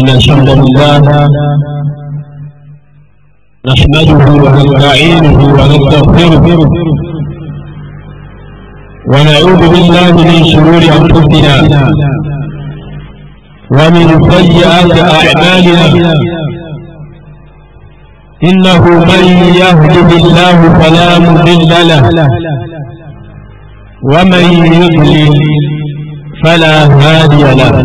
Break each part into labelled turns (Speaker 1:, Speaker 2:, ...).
Speaker 1: إن الحمد لله نحمده ونستعينه ونستغفره
Speaker 2: ونعوذ بالله من شرور أنفسنا ومن سيئات أعمالنا إنه من يهد الله فلا مضل له
Speaker 3: ومن يضلل فلا هادي له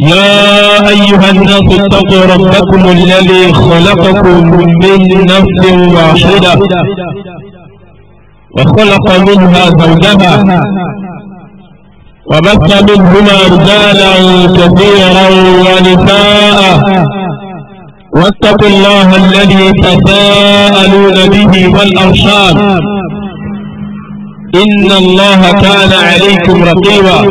Speaker 2: يا أيها الناس اتقوا ربكم الذي خلقكم من نفس واحدة وخلق منها زوجها وبث منهما رجالا كثيرا ونساء واتقوا الله الذي تساءلون به والأرشاد إن الله كان عليكم رقيبا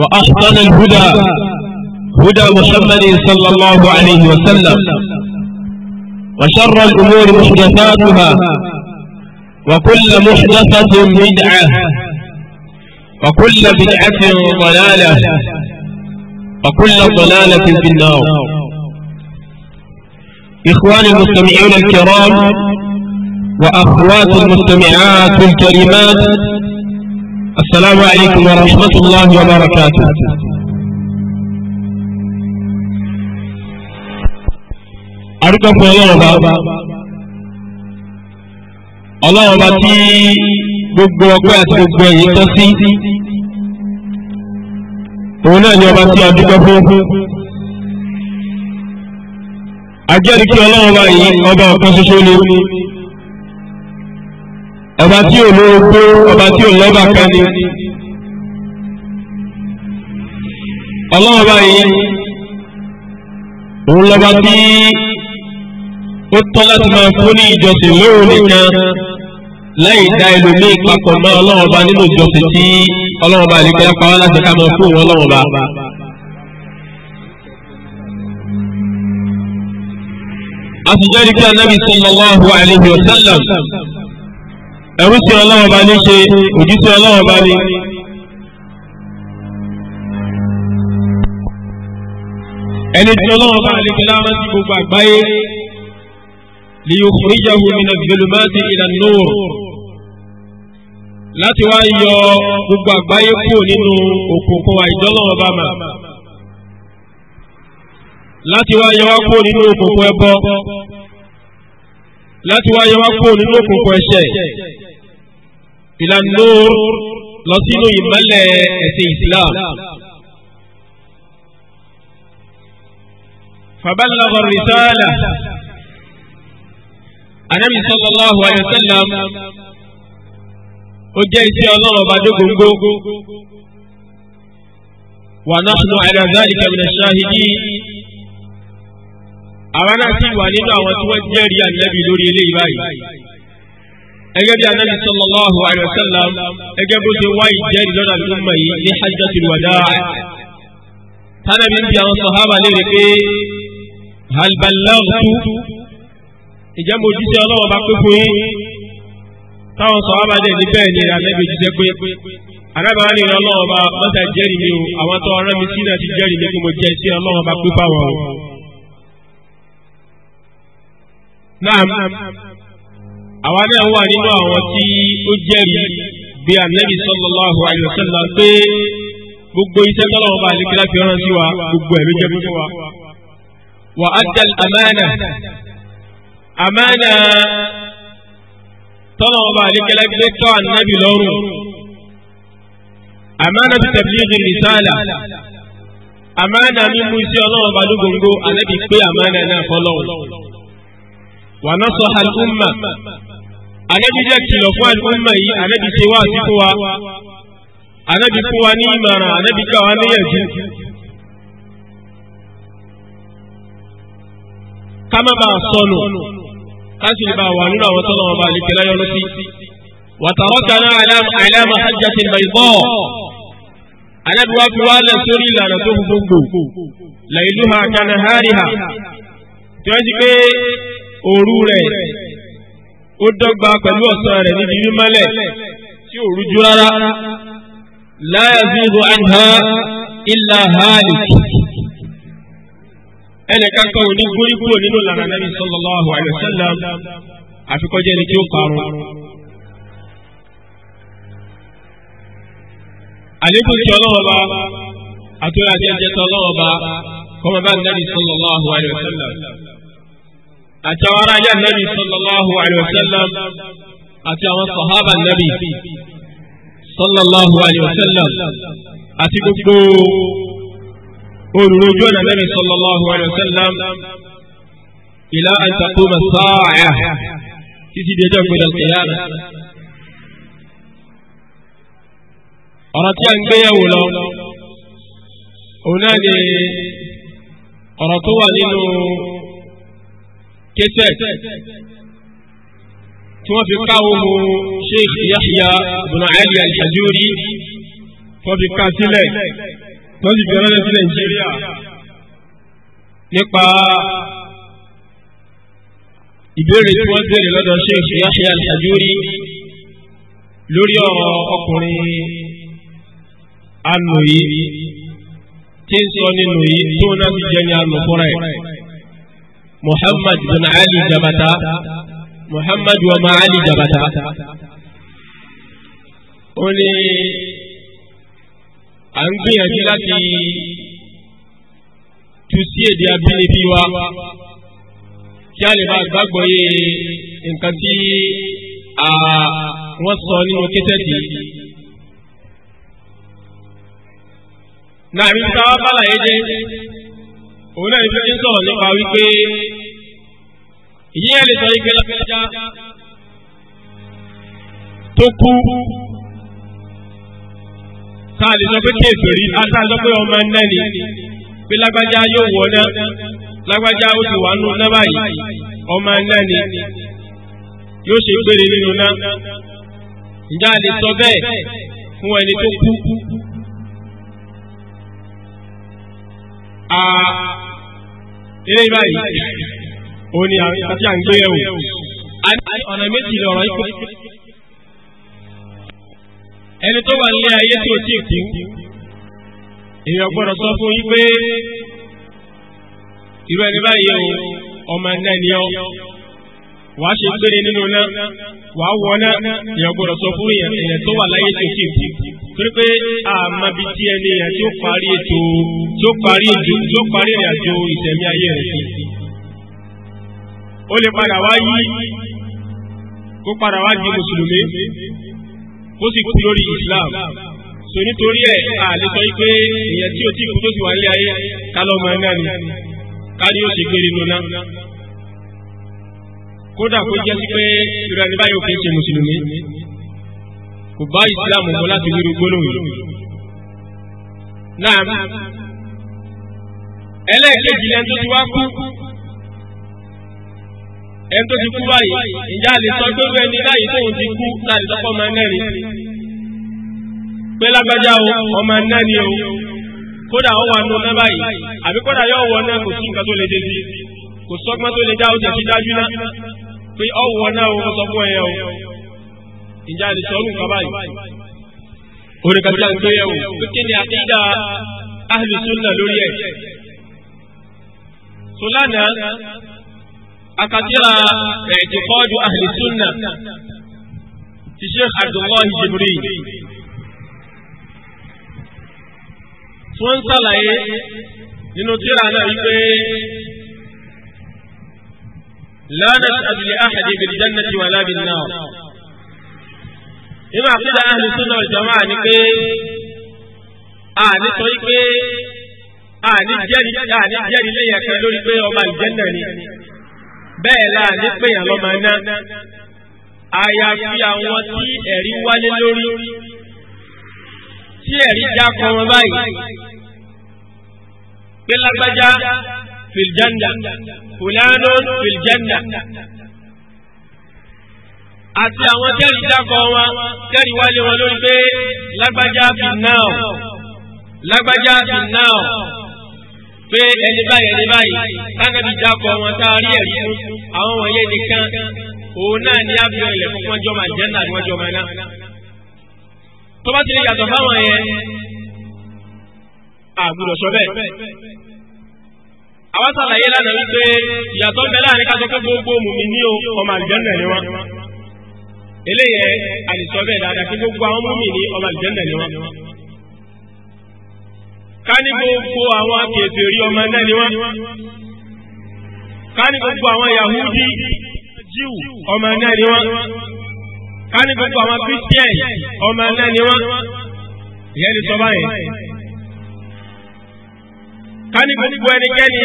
Speaker 3: وأحسن الهدى هدى محمد صلى الله عليه وسلم وشر الأمور محدثاتها وكل محدثة بدعة وكل بدعة ضلالة وكل ضلالة في النار إخواني المستمعين الكرام وأخوات المستمعات الكريمات السلام عليكم ورحمة الله وبركاته
Speaker 1: أرجو الله
Speaker 2: ọlọ́run bá tí gbogbo ọpẹ́ àti gbogbo ẹ̀yìn tọ́ sí òun náà ni ọba tí a dúpẹ́ ajẹ́rìí kí yìí ọba ọ̀kan ṣoṣo ni
Speaker 1: ọba tí ò lówó gbó ọba tí ò lọ́ba kan ni
Speaker 2: ọlọ́run báyìí òun lọ́ba tí
Speaker 3: ó tọ́ láti máa fún ní ìjọsìn lóòrùn nìkan lẹ́yìn dá ẹlòmíì papọ̀ mọ́ ọlọ́run ọba nínú ìjọsìn tí ọlọ́run ọba àlìkẹ́ pa wá láti ká máa fún òun ọlọ́run ọba.
Speaker 2: a sì jẹ́rìí pé anábì sallallahu alayhi wa sallam ẹrú sí ọlọ́wọ́ bá ní
Speaker 3: ṣe òjú sí ọlọ́wọ́ bá ní. ẹni tí ọlọ́wọ́ bá lè fi lára sí gbogbo àgbáyé lè yóò fún ìyàwó mi náà bìlùmáàtì ìlànà òòrùn
Speaker 1: láti wá yọ gbogbo àgbáyé kúrò nínú òkùnkùn àìjọ́lọ́wọ́ bá mà láti wá yọ wá kúrò nínú òkùnkùn ẹbọ
Speaker 3: láti wá yọ wá kúrò nínú òkùnkùn ẹ̀ṣẹ̀ ila nur lọ sínú ìmọ́lẹ̀ ẹ̀sìn islam. فبلغ الرسالة النبي صلى الله عليه وسلم وجاء الله بعدكم ونحن على ذلك من الشاهدين أنا سوى لنا وتوجري النبي لوري لي باي ẹgẹ́ bí anabi sallallahu alayhi wa sallam ẹgẹ́ bó ṣe wá ìjẹ́rìí lọ́nà tó mọ̀ yìí ní hajjatul wadaa tánàbí ń bi àwọn sọ̀hábà léèrè pé hal ballagtu ìjẹ́ mo jíṣẹ́ ọlọ́wọ́ bá pé fún yín táwọn sọ̀hábà dẹ̀ ní bẹ́ẹ̀ ni anabi jíṣẹ́ pé anábà ní ọlọ́wọ́ bá mọ́tà jẹ́rìí mi o àwọn tó ọ̀rẹ́ mi sínú àti jẹ́rìí mi kí mo àwa náà wà nínú àwọn tí ó jẹ́rìí bí anabi sallallahu alayhi wa sallam pé gbogbo iṣẹ́ tọ́lọ̀ ọba àlekèrè fi rán sí wa gbogbo ẹ̀ ló jẹ́ fún wa. wà á jẹ́ àmánà àmánà tọ́lọ̀ ọba àlekèrè gbé tọ́ anabi lọ́rùn àmánà tó tablighi risala àmánà mímú iṣẹ́ ọlọ́run ọba lógóńgó anabi pé àmánà náà fọlọ́run. wà á nọ́ sọ al ànábì jẹ́ kìlọ̀ fún àlùmọ̀ yìí ànábì ṣe wá sí fún wa ànábì fún wa ní ìmọ̀ràn ànábì gbà wá níyànjú. ká má bàa sọnù ká sì lè bàa wà nínú àwọn tọ́lọ̀ ọba àlejò láyọ̀ lọ sí. wàtàwọ́kàná àìlàmà hajjatin baydaa
Speaker 2: ànábì wá fi wá lẹ̀ sórí ìlànà tó
Speaker 3: gbogbo lailuha kanahariha
Speaker 2: tí wọ́n ti pé òru rẹ̀
Speaker 3: ó dọ́gba pẹ̀lú ọ̀sán rẹ̀ níbi mímọ́lẹ̀
Speaker 2: tí ò rújú rárá
Speaker 3: la yazidu anha illa halik ẹnìkan kan ò ní gbórí kúrò nínú lànà nàbí sallallahu alaihi wasallam
Speaker 2: àfikọ́jẹ́ ni tí ó parun.
Speaker 3: àlékún tí ọlọ́wọ́ bá àtúnyàjẹ́ jẹ́ta ọlọ́wọ́ bá kọ́mọ bá nàbí sallallahu alaihi wasallam àti àwọn ará ilé ànábì sallallahu alayhi wa sallam àti àwọn sàhábà ànábì sallallahu alayhi wa sallam àti gbogbo olùrójú ọ̀nà ànábì sallallahu alayhi wa sallam ila an taquma as-sa'ah títí di ọjọ́ ìgbéra kìyàrá. ọ̀rọ̀ tí a ń gbéyàwó lọ òun náà ni ọ̀rọ̀ tó wà nínú kẹsẹ̀ tí wọ́n fi ká ohun Sheikh Yahya ibn Ali al-Hajuri wọ́n fi ká sílẹ̀
Speaker 2: wọ́n sì fi ránṣẹ́ sí Nàìjíríà
Speaker 3: nípa ìbéèrè tí wọ́n béèrè lọ́dọ̀ Sheikh Yahya al-Hajuri lórí ọ̀rọ̀ ọkùnrin anù yìí tí
Speaker 1: ń sọ nínú yìí tó náà ti jẹ́ ní anù fúnra ẹ̀ muhammad bin ali jabata muhammad wa ma ali jabata
Speaker 3: ó ní à ń gbìyànjú láti tú sí èdè abínibí wa kí a lè máa gbàgbọ́ yé nǹkan tí wọ́n sọ nínú kétẹ́tì.
Speaker 2: Nàìjíríà bá láyé jẹ́ òun náà ń sọ̀rọ̀ nípa wípé
Speaker 3: ìyẹn lè sọ wípé lápẹ́já tó kú táà lè sọ pé kéèfèrí àtàà sọ pé ọmọ ẹ̀nà ni pé lágbájá yóò wọ náà
Speaker 2: lágbájá ó ti wà nù báyìí ọmọ ẹ̀nà ni
Speaker 3: yóò ṣe péré nínú náà ǹjẹ́ a lè sọ bẹ́ẹ̀ fún ẹni tó kú. eré báyìí ó ní àti à ọ̀nà méjì lọ̀rọ̀ ikú ẹni tó wà nílé ayé tí ò tí
Speaker 2: èèyàn gbọ́dọ̀ sọ fún yín o ọmọ ọ
Speaker 3: wàá ṣe nínú náà wàá wọ náà èèyàn gbọ́dọ̀ sọ fún yín torí pé àmàbí tí ẹni yẹn tí ó parí ètò tí ó parí ètò tí ó parí ìrìnàjò ìtẹ̀mí ayé rẹ̀ sí. ó lè padà wá yí kó padà wá di mùsùlùmí kó sì kú lórí Islam so nítorí ẹ̀ àlè sọ pé èèyàn tí ó ti kú tó sì wà ní ayé kálọ̀ ọmọ ẹ̀ná ni
Speaker 2: kárí ó ṣe gbére nuna
Speaker 3: kódà kó jẹ́ sí pé ìrọ̀lẹ́ báyìí ó kì í ṣe mùsùlùmí
Speaker 2: kò bá ìsìlámù mọ́ láti wíru gbólóhùn yìí.
Speaker 3: náà ẹlẹ́ẹ̀kejì lẹ́nu tó ti wá kú ẹni tó ti kú báyìí ìyá lè sọ pé bẹ́ẹ̀ ni láyé tóun ti kú láti sọ́kọ́ ọmọ ẹ̀nẹ́rì pé lágbájá o ọmọ ẹ̀nẹ́rì o kódà ó wà nù náà báyìí àbí kódà yóò wọ náà kò sí nǹkan tó lè dé kò sọ́gbọ́n tó lè dá ó ti dájú náà pé ọ̀wọ́ náà ó sọ fún ẹ̀yẹ o ìjà lè sọ ọdún kaba yìí orí kàtà ń gbé yẹ̀wò kí ni àkídà
Speaker 2: ahlu sunna lórí ẹ̀
Speaker 3: sọlánà akatira ẹ̀ẹ́dìkọ́dù ahlu sunna ti sheikh abdullahi jibril
Speaker 2: tí wọ́n ń sàlàyé nínú tírà náà wípé lánàá àbílẹ̀ àhàdé bìrìjánná ti wà lábìnrin náà nínú àkídà ahlu sunna wal jamaa ni pé
Speaker 1: àní sọ pé
Speaker 2: àní jẹ́rìí àní jẹ́rìí lẹ́yìn ẹ̀kan lórí pé ọmọ àlùjànnà ni bẹ́ẹ̀ la àní péyàn lọ́mọ iná
Speaker 3: àyàfi àwọn tí ẹ̀rí wálé lórí tí ẹ̀rí já kọ wọn báyìí pé lágbájá fil janna fúlánù àti àwọn tẹ́rì dákọ̀ wọn tẹ́rì wálé wọn lórí pé lágbájá fi náà
Speaker 2: lágbájá fi náà pé ẹni báyìí ẹni báyìí tánàbí dákọ̀ wọn tá a rí ẹ̀rí fún àwọn wọ̀nyẹn nìkan òun náà ní abirọ̀ ilẹ̀ fún wọ́n jọ máa jẹ́ náà ni máa ná.
Speaker 3: tó bá ti lè yàtọ̀ fáwọn yẹn àgùrọ̀ sọ bẹ́ẹ̀ àwọn sàlàyé lánàá wípé ìyàtọ̀ bẹ́ẹ̀ láàrin ká sọ pé gbogbo mùmí ní o ọmọ àlùjànnà ni wọ́n eléyẹ àdìsọ bẹ́ẹ̀ dáadáa kí gbogbo àwọn mọ́mì ní ọmọ àlùjẹ́ndà ni wọ́n ká ní gbogbo àwọn akẹ́ẹ̀tẹ̀ rí ọmọ náà ni wọ́n ká ní gbogbo àwọn Yahudi
Speaker 2: jíù ọmọ náà ni wọ́n
Speaker 3: ká ní gbogbo àwọn Christian
Speaker 2: ọmọ náà ni wọ́n ìyẹn ni sọ báyìí
Speaker 3: ká ní gbogbo ẹnikẹ́ni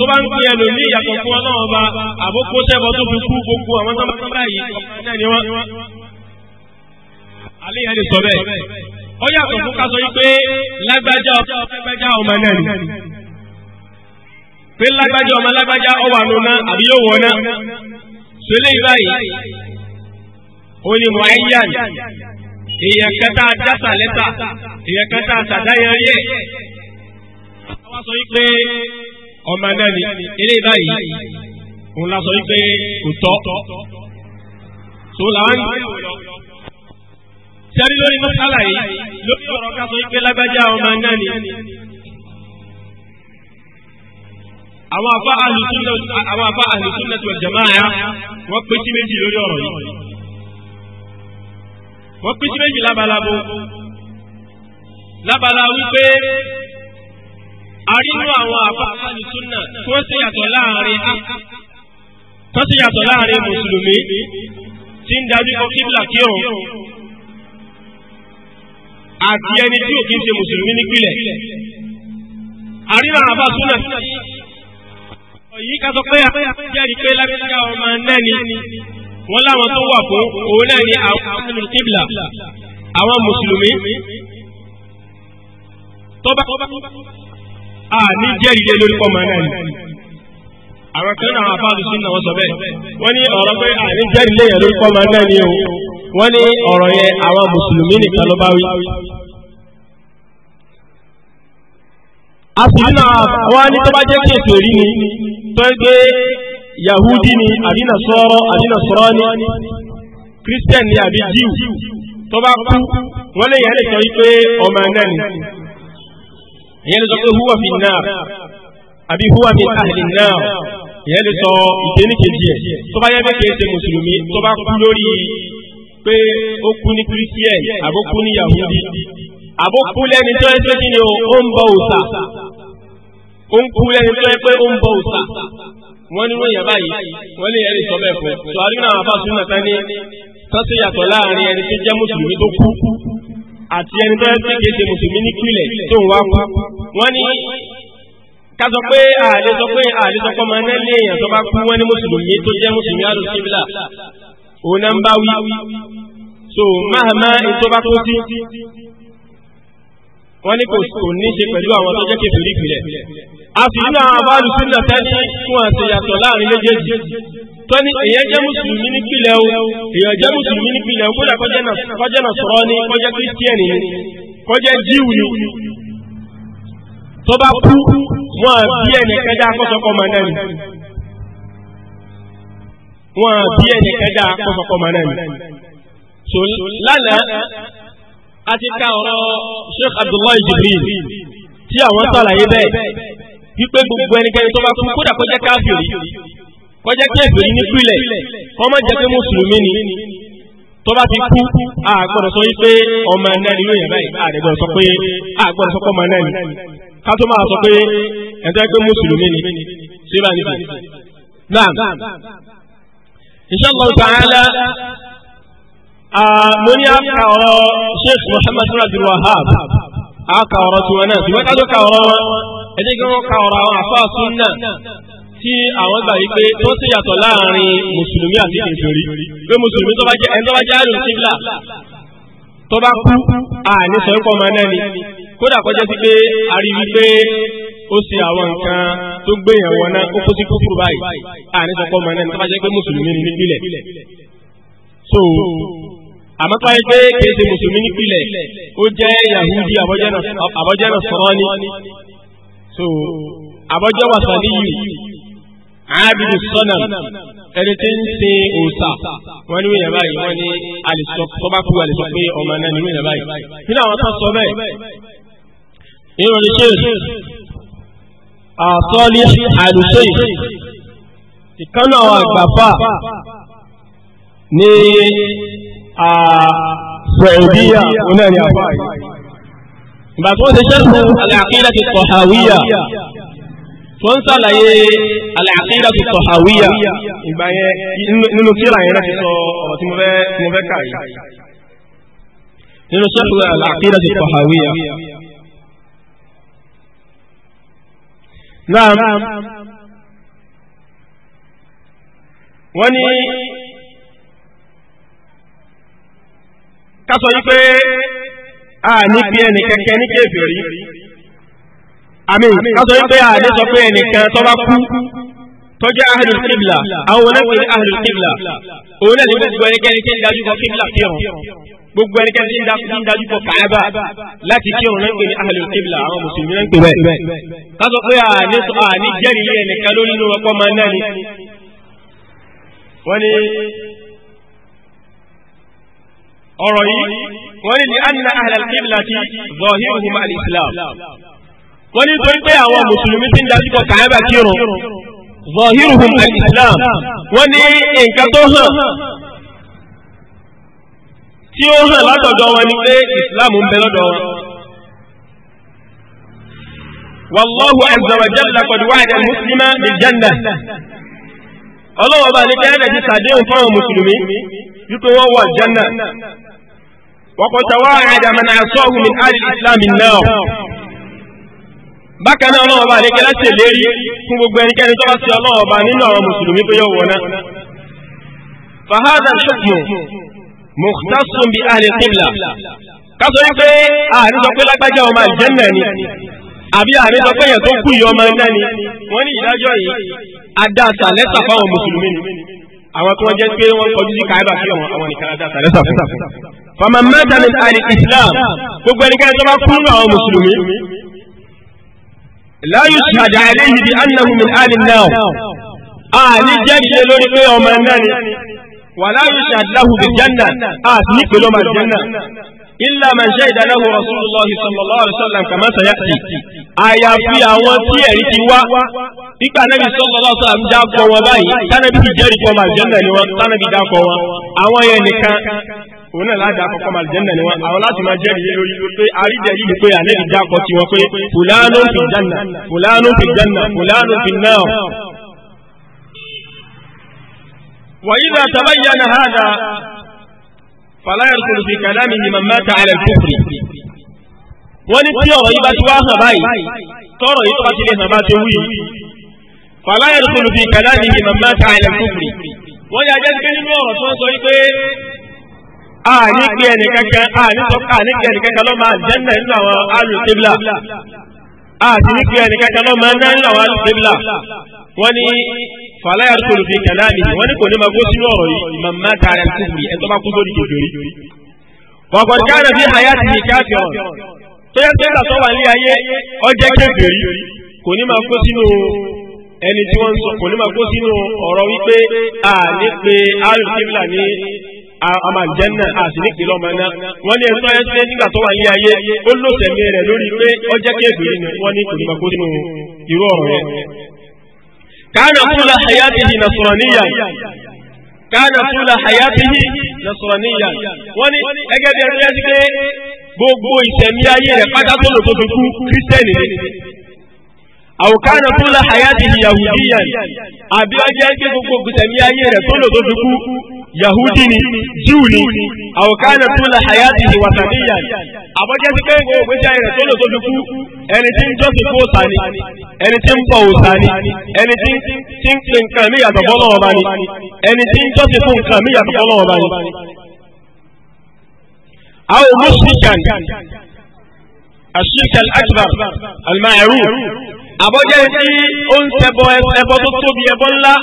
Speaker 3: tó bá ń pín ẹlòmíì yàtọ̀ fún ọlọ́run ọba àbókó sẹ́bọ tó fi kú gbogbo àwọn sábàtàbà yìí náà ni wọ́n.
Speaker 2: alẹ́ yẹn lè sọ bẹ́ẹ̀ ó yàtọ̀ fún ká sọ wípé lágbájá lágbájá ọmọ náà ni pé lágbájá ọmọ lágbájá ọwà nùnà àbí yóò wọ̀ náà sọlẹ́ ìbáyìí
Speaker 3: ó ní mọ̀ ẹ́yàn
Speaker 2: èèyàn kẹta àtàdáyẹrí ẹ̀
Speaker 3: ọmọ náà ni eré báyìí òun la sọ wípé kò tọ́ tó là ń gbé lọ. sẹ́rí lórí mọ́sálà yìí lórí ọ̀rọ̀ ká sọ wípé lágbájá ọmọ náà ni.
Speaker 2: àwọn àfa àlùsùnnà wal jàmáà wọ́n pé sí méjì lórí ọ̀rọ̀ yìí.
Speaker 3: wọ́n pé sí méjì lábalábo lábala wípé àrínú àwọn àfáàlù
Speaker 2: súnà kó sì yàtọ̀ láàrin
Speaker 3: kó sì yàtọ̀ láàrin mùsùlùmí tí ń dájú kọ kíbla kí òun àti ẹni tí ò kí ń ṣe mùsùlùmí nípìnlẹ̀ àrínú àwọn àfáà súnà
Speaker 2: yìí ká sọ pé àjẹ́rìí pé lágbègbè àwọn ọmọ náà ni wọ́n láwọn tó wà fún òun náà ni àwọn àfáàlù kíbla
Speaker 3: àwọn mùsùlùmí tó bá a ah, ní jẹ́rìí lé lórúkọ màá náà ni àwọn kan náà àfáàdù sí náà wọ́n sọ bẹ́ẹ̀ wọ́n ní ọ̀rọ̀ pé a ah, ní jẹ́rìí lé yẹn lórúkọ màá náà ni o wọ́n ní ọ̀rọ̀ yẹn àwọn mùsùlùmí nìkan ló bá wí. àṣìlí náà wọ́n á ní tó bá jẹ́ kí ètò rí ni tó ń gbé yahudi ni àbí nasọ́rọ́ àbí nasọ́rọ́ ni christian àbí jíù tó bá kú wọ́n lè yẹn lè sọ wípé ọmọ náà ni ìyẹn lè sọ pé huwa fi náà àbí huwa fi ahli náà ìyẹn lè sọ ìkéníkejì ẹ̀ tó bá yẹ pé kìí ṣe mùsùlùmí tó bá kú lórí pé ó kú ní kírísíẹ̀n àbó kú ní yahudi àbó kú lẹ́ni tó yẹ pé kí ni ó ń bọ òòṣà ó ń kú lẹ́ni tó yẹ pé ó ń bọ òòṣà wọ́n ní wọ́n báyìí wọ́n lè yẹ́rì sọ bẹ́ẹ̀ fún ẹ̀ tó àríwá náà tán àti ẹni tó ti kìí ṣe mùsùlùmí nípìnlẹ̀ tó ń wá kú wọ́n ní
Speaker 2: ká sọ pé ààrẹ sọ pé ààrẹ sọ pé ọmọ ẹni lé èèyàn tó bá kú wọ́n ní mùsùlùmí tó jẹ́ mùsùlùmí alùsíbílà
Speaker 3: òun náà ń bá wí
Speaker 2: so máàmá ètò bá kú sí
Speaker 3: wọ́n ní kò ní ṣe pẹ̀lú àwọn tó jẹ́ kékeré ìpìlẹ̀ a sì nínú àwọn abáàlùsíbílà tẹ́lẹ̀ fún àṣeyàtọ̀ láàrin méjèèjì tọ́ni èyàn jẹ́ mùsùlùmí nípìnlẹ̀ o èyàn jẹ́ mùsùlùmí nípìnlẹ̀ o kódà kọjá náà sọ̀rọ̀ ni kọjá kírísítíẹ̀nì ni kọjá jíù ni tó bá kú wọn bí ẹnì kẹjá akọ́sọ́kọ́ máa náà ni wọn bí ẹnì kẹjá akọ́sọ́kọ́ máa ni. so lánàá
Speaker 2: a ti ka ọ̀rọ̀ Sheikh
Speaker 1: Abdullahi Jibril tí àwọn sàlàyé bẹ́ẹ̀ wípé gbogbo ẹnikẹ́ni tó bá kú kódà kọjá káfíìrì
Speaker 3: kọjá kẹfẹ́ ní pílẹ̀ kọ́mọ jẹ́ pé mùsùlùmí ni tó bá ti kú
Speaker 2: àgbọ̀dọ̀ sọ pé ọmọ náà ni yóò yẹ báyìí àgbọ̀dọ̀ sọ pé àgbọ̀dọ̀ sọ pé ọmọ náà ni
Speaker 3: ká tó máa sọ pé ẹ̀jẹ̀ pé mùsùlùmí ni
Speaker 2: ṣé bá ní báyìí. naam
Speaker 3: inshallah ta'ala mo ní àkà ọ̀rọ̀ sheikh muhammad abdul wahab àkà ọ̀rọ̀ tiwọn náà ṣùgbọ́n ká tó ka ọ̀rọ̀ wọn ẹ̀jẹ̀ kí wọ́n ka ọ̀rọ̀ àwọn àfáà sunna tí àwọn gbà wípé tó sì yàtọ̀ láàrin mùsùlùmí àti ìfèrí pé mùsùlùmí tó bá jẹ́ ẹni tó bá jẹ́ àrùn kíbla tó bá kú àní sọ pé ọmọ náà ni
Speaker 2: kódà kọjá sí pé a
Speaker 3: rí wípé ó ṣe àwọn nǹkan tó gbé yẹn wọn náà ó kó sí kúkúrú báyìí àní sọ pé ọmọ náà ni tó bá jẹ́ pé mùsùlùmí ni nípìnlẹ̀ so àmọ́ tó wáyé pé kìí ṣe mùsùlùmí nípìnlẹ̀ ó jẹ́ yahudi àbọ̀jẹ́ náà sọ̀rọ̀ ni
Speaker 2: so àbọ̀jẹ́ wà sàníyù ábìdì sọ́nà ẹni tí ń ṣe òòṣà wọ́n ní wíyàn báyìí wọ́n ní àlìsọ tó bá
Speaker 3: kú àlìsọ pé ọmọ náà ní wíyàn báyìí nínú àwọn tán sọ bẹ́ẹ̀ nínú ní ṣe àtọ́lé àwọn àgbàfà ní Saudiya onáà ní àgbà ìgbà tó ń ṣe ṣẹ́kù àkídà ti tọ̀hàwíyà wọ́n ń sàlàyé àlàkídà tó tọ̀hàwíyà ìgbà yẹn nínú tíra yẹn láti sọ ọ̀rọ̀ tí mo fẹ́ kà yìí
Speaker 2: nínú sọ́ọ̀tù àlàkídà tó tọ̀hàwíyà.
Speaker 3: Naam wọ́n ní ká sọ pé
Speaker 1: a ní bí ẹnì kẹ̀kẹ́ ní kéèfé
Speaker 3: àmì kásọ̀ yìí pé àdé sọ pé ẹnìkan tó bá kú tọ́jú ahlul qibla àwọn onáwó ahlul qibla òun náà ní gbogbo ẹnikẹ́ni tí ń dájú kọ qibla kírun gbogbo ẹnikẹ́ni tí ń dájú kọ káàbà láti kírun náà ń pè ní ahlul qibla àwọn mùsùlùmí náà bẹ́ẹ̀. kásọ̀ pé àní àní jẹ́rìí ẹnìkan ló nínú ọkọ̀ máa náà ni. wọ́n ní ọ̀rọ̀ yìí wọ́n ní wọ́n ní torí pé àwọn mùsùlùmí ti ń dásíkọ̀ kàábà kírun zahiruhum al-islam wọ́n ní nǹkan tó hàn tí ó hàn látọ̀dọ̀ wọn ni pé islam ń bẹ lọ́dọ̀ wọn. wallahu azza wa jalla qad wa'ada al-muslima bil janna ní kẹ́rẹ́ ti sàdéhùn fáwọn mùsùlùmí
Speaker 2: wípé wọ́n wọ janna
Speaker 3: wọ́n tẹ̀wọ́ àyàdàmẹ́nà ẹ̀sọ́ ọ̀hún bákan náà ọlọ́run ọba àlékẹ́ láti lérí fún gbogbo ẹnikẹ́ni tó bá ti ọlọ́run ọba nínú àwọn mùsùlùmí pé yóò wọná. fahadà ṣùkùn mukhtasun bi ahli qibla kásọ wípé àárín sọ pé lágbájá ọmọ àlùjànnà ni àbí àárín sọ pé èèyàn tó kú yìí ọmọ iná
Speaker 2: wọ́n ní ìdájọ́ yìí
Speaker 3: adáta lẹ́sà fáwọn mùsùlùmí ni àwọn tó wọ́n jẹ́ pé wọ́n kọjú sí káyébà sí àwọn àwọn nìkan adáta lẹ́sà fún. fama
Speaker 2: la yushhad alayhi bi annahu min ahli an-nar
Speaker 3: a ní jẹ́rìí lórí pé ọmọ náà ni wala yushhad lahu bil janna a ní pẹ̀lú ọmọ janna illa man shahida lahu rasulullah sallallahu alaihi wasallam kama sayati àyàfi àwọn tí ẹ̀rí ti wá nígbà náà sallallahu alaihi wasallam dákọ̀ wọn báyìí tánàbí ti jẹ́rìí kọ́ máa jẹ́nà ni wọn tánàbí dákọ̀ wọn àwọn yẹn nìkan òun náà láti dákọ̀ kọ́ máa jẹ́nà ni wọn àwọn láti máa jẹ́rìí lórí pé àríjẹ́ yìí pé àlẹ́bí dákọ̀ tiwọn pé fulanu fi janna fulanu fi janna fulanu fi náà. wa idha tabayyana hada fala yadkhulu fi kalamihi man mata ala al-kufri wọ́n ní tí ọ̀rọ̀ yìí bá ti wá hàn báyìí tọ́rọ̀ yìí tó bá ti lè hàn bá ti wí fala yadkhulu fi kalamihi man mata ala al-kufri wọ́n yà jẹ́ pé nínú ọ̀rọ̀ tí wọ́n sọ wípé àní pé ẹnìkankan àní sọ àní pé ẹnìkankan ló máa jẹ́nà nínú àwọn alùsẹ́bílà
Speaker 2: àti ní pé ẹnìkankan ló máa ń nínú àwọn alùsẹ́bílà wọ́n ní falaya solufi kalami wọ́n ní kò ní ma kó sínú ọ̀rọ̀ yìí
Speaker 3: màmá tààrà kúkúrì ẹ̀ tó bá kú sórí kékeré. wàkọ̀dí káàdà fi àyà ti yìí káfíọ̀
Speaker 2: tó yẹ sẹ́ńtà tó wà ní ayé
Speaker 3: ọjẹ́ kékeré kò ní ma kó sínú ẹni tí wọ́n ń sọ kò ní ma kó sínú ọ̀rọ̀ wípé a ní pé alùpùpù ní àmàjẹ́nà àti nípìn lọ́mọ iná wọ́n ní ẹ̀sọ́ ẹ̀sẹ́ nígbà tó wà ní ayé ó lòsẹ̀mí rẹ̀ lórí pé ọjẹ́ kékeré ni wọ́n ní kò ní ma kó sínú irú ọ̀rọ̀ yẹn
Speaker 1: kana tula hayatihi
Speaker 3: nasraniya
Speaker 2: kana tula hayatihi
Speaker 3: nasraniya wọ́n ní ẹgẹ́ bí ẹgbẹ́ sí pé gbogbo ìṣẹ̀mí ayé rẹ̀ pátá tó lò tó fi kú kírísítẹ́nì aw kana tula hayatihi yahudiyan àbí ọjọ́ ẹgbẹ́ gbogbo ìṣẹ̀mí ayé rẹ̀ tó lò tó fi kú yahudi ni jew ni àwòkálẹ̀ tó la hayati ni wasaniya ni àbọ̀jẹ́ sí pé gbogbo ìjà rẹ̀ tó lò tó fi kú ẹni tí ń jọ́sìn fún òòṣà ni
Speaker 2: ẹni tí ń bọ òòṣà ni ẹni tí ń pè nǹkan mí yàtọ̀ bọ́ lọ́wọ́ bá ni ẹni tí ń jọ́sìn fún nǹkan mí yàtọ̀ bọ́ lọ́wọ́ ni.
Speaker 3: àwọn mùsùlùmí kan àṣìkà al-akbar àbọ̀jẹ́ tí ó ń ṣẹbọ ẹbọ tó tóbi ẹbọ ńlá